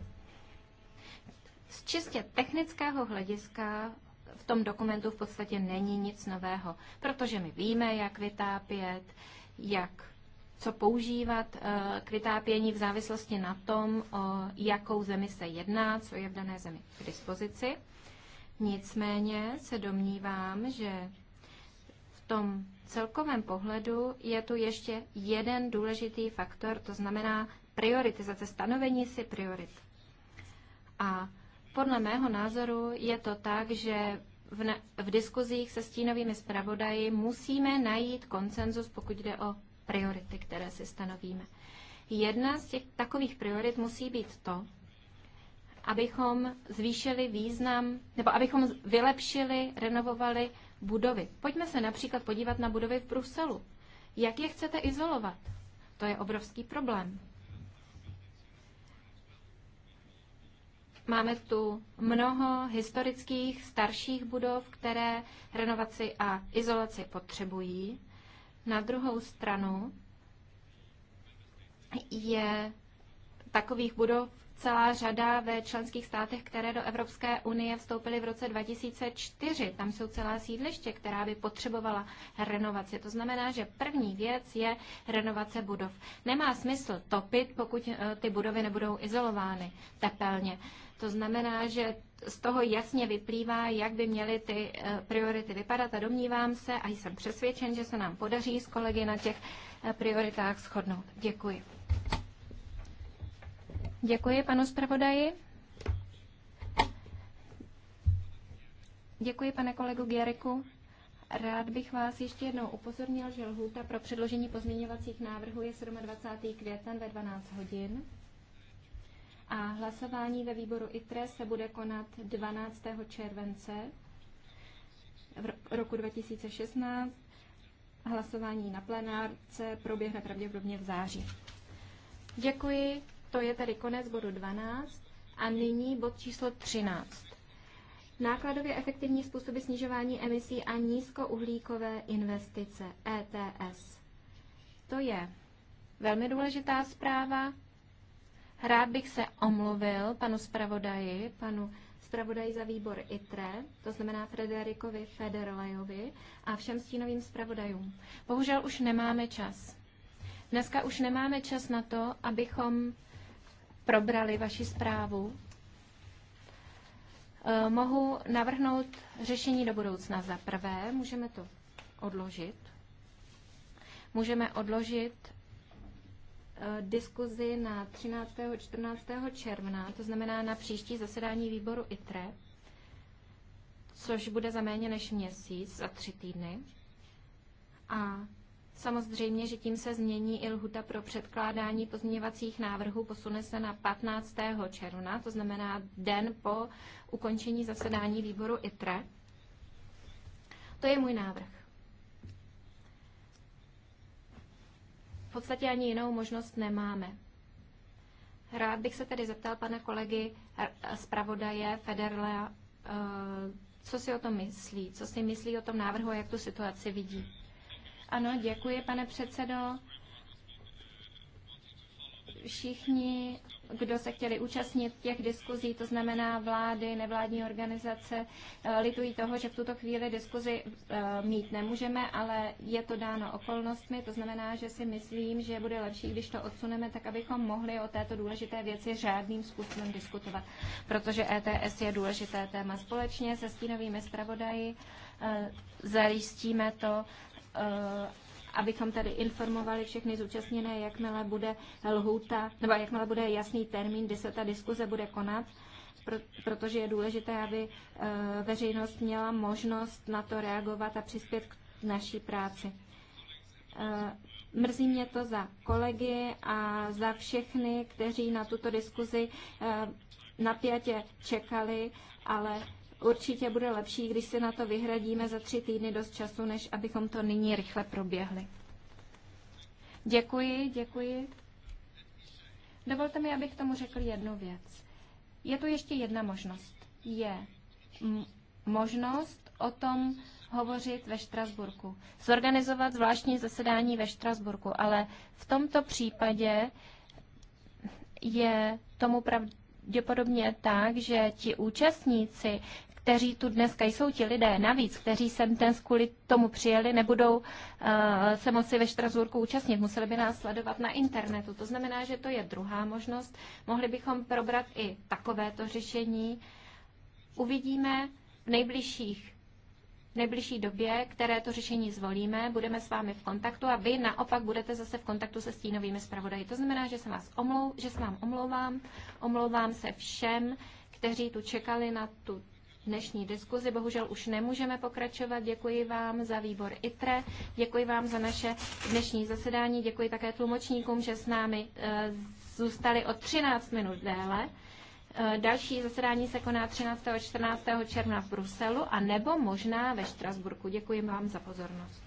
Z čistě technického hlediska v tom dokumentu v podstatě není nic nového, protože my víme, jak vytápět, jak co používat eh, k vytápění v závislosti na tom, o jakou zemi se jedná, co je v dané zemi k dispozici. Nicméně se domnívám, že tom celkovém pohledu je tu ještě jeden důležitý faktor, to znamená prioritizace, stanovení si priorit. A podle mého názoru je to tak, že v, na, v diskuzích se stínovými zpravodaji musíme najít konsenzus, pokud jde o priority, které si stanovíme. Jedna z těch takových priorit musí být to, abychom zvýšili význam, nebo abychom vylepšili, renovovali budovy. Pojďme se například podívat na budovy v Bruselu. Jak je chcete izolovat? To je obrovský problém. Máme tu mnoho historických starších budov, které renovaci a izolaci potřebují. Na druhou stranu je takových budov celá řada ve členských státech, které do Evropské unie vstoupily v roce 2004. Tam jsou celá sídliště, která by potřebovala renovaci. To znamená, že první věc je renovace budov. Nemá smysl topit, pokud eh, ty budovy nebudou izolovány tepelně. To znamená, že z toho jasně vyplývá, jak by měly ty eh, priority vypadat a domnívám se a jsem přesvědčen, že se nám podaří s kolegy na těch eh, prioritách shodnout. Děkuji. Děkuji panu zpravodaji. Děkuji, pane kolego Gieriku. Rád bych vás ještě jednou upozornil, že lhůta pro předložení pozměňovacích návrhů je 27. květen ve 12 hodin a hlasování ve výboru ITRE se bude konat 12. července v roku 2016. Hlasování na plenárce proběhne pravděpodobně v září. Děkuji. To je tedy konec bodu 12 a nyní bod číslo 13. Nákladově efektivní způsoby snižování emisí a nízkouhlíkové investice ETS. To je velmi důležitá zpráva. Rád bych se omluvil panu zpravodaji, panu zpravodaji za výbor ITRE, to znamená Frederikovi Federlejovi a všem stínovým zpravodajům. Bohužel už nemáme čas. Dneska už nemáme čas na to, abychom probrali vaši zprávu. Eh, mohu navrhnout řešení do budoucna. Za prvé, můžeme to odložit. Můžeme odložit eh, diskuzi na 13. 14. června, to znamená na příští zasedání výboru ITRE, což bude za méně než měsíc, za tři týdny. A Samozřejmě, že tím se změní i lhuta pro předkládání pozměňovacích návrhů, posune se na 15. června, to znamená den po ukončení zasedání výboru ITRE. To je můj návrh. V podstatě ani jinou možnost nemáme. Rád bych se tedy zeptal pana kolegy zpravodaje Federlea, eh, co si o tom myslí, co si myslí o tom návrhu a jak tu situaci vidí. Ano, děkuji, pane předsedo. Všichni, kdo se chtěli účastnit těch diskuzí, to znamená vlády, nevládní organizace, eh, litují toho, že v tuto chvíli diskuzi eh, mít nemůžeme, ale je to dáno okolnostmi, to znamená, že si myslím, že bude lepší, když to odsuneme, tak abychom mohli o této důležité věci řádným způsobem diskutovat, protože ETS je důležité téma. Společně se stínovými zpravodaji eh, zajistíme to, Eh, abychom tady informovali všechny zúčastněné, jakmile bude lhůta, nebo jakmile bude jasný termín, kdy se ta diskuze bude konat, protože je důležité, aby eh, veřejnost měla možnost na to reagovat a přispět k naší práci. Eh, mrzí mě to za kolegy a za všechny, kteří na tuto diskuzi napjatě čekali, ale Určitě bude lepší, když se na to vyhradíme za tři týdny dost času, než abychom to nyní rychle proběhli. Děkuji, děkuji. Dovolte mi, abych tomu řekl jednu věc. Je tu ještě jedna možnost. Je možnost o tom hovořit ve Štrasburku. Zorganizovat zvláštní zasedání ve Štrasburku, ale v tomto případě je tomu pravděpodobně tak, že ti účastníci, kteří tu dneska jsou, ti lidé navíc, kteří sem ten kvůli tomu přijeli, nebudou uh, se moci ve Štrasburku účastnit, museli by nás sledovat na internetu. To znamená, že to je druhá možnost. Mohli bychom probrat i takovéto řešení. Uvidíme v nejbližších v nejbližší době, které to řešení zvolíme, budeme s vámi v kontaktu a vy naopak budete zase v kontaktu se stínovými zpravodaji. To znamená, že se, vás omlou, že se vám omlouvám, omlouvám se všem, kteří tu čekali na tu dnešní diskuzi. Bohužel už nemůžeme pokračovat. Děkuji vám za výbor ITRE, děkuji vám za naše dnešní zasedání, děkuji také tlumočníkům, že s námi eh, zůstali o 13 minut déle. Eh, další zasedání se koná 13. a 14. června v Bruselu a nebo možná ve Štrasburku. Děkuji vám za pozornost.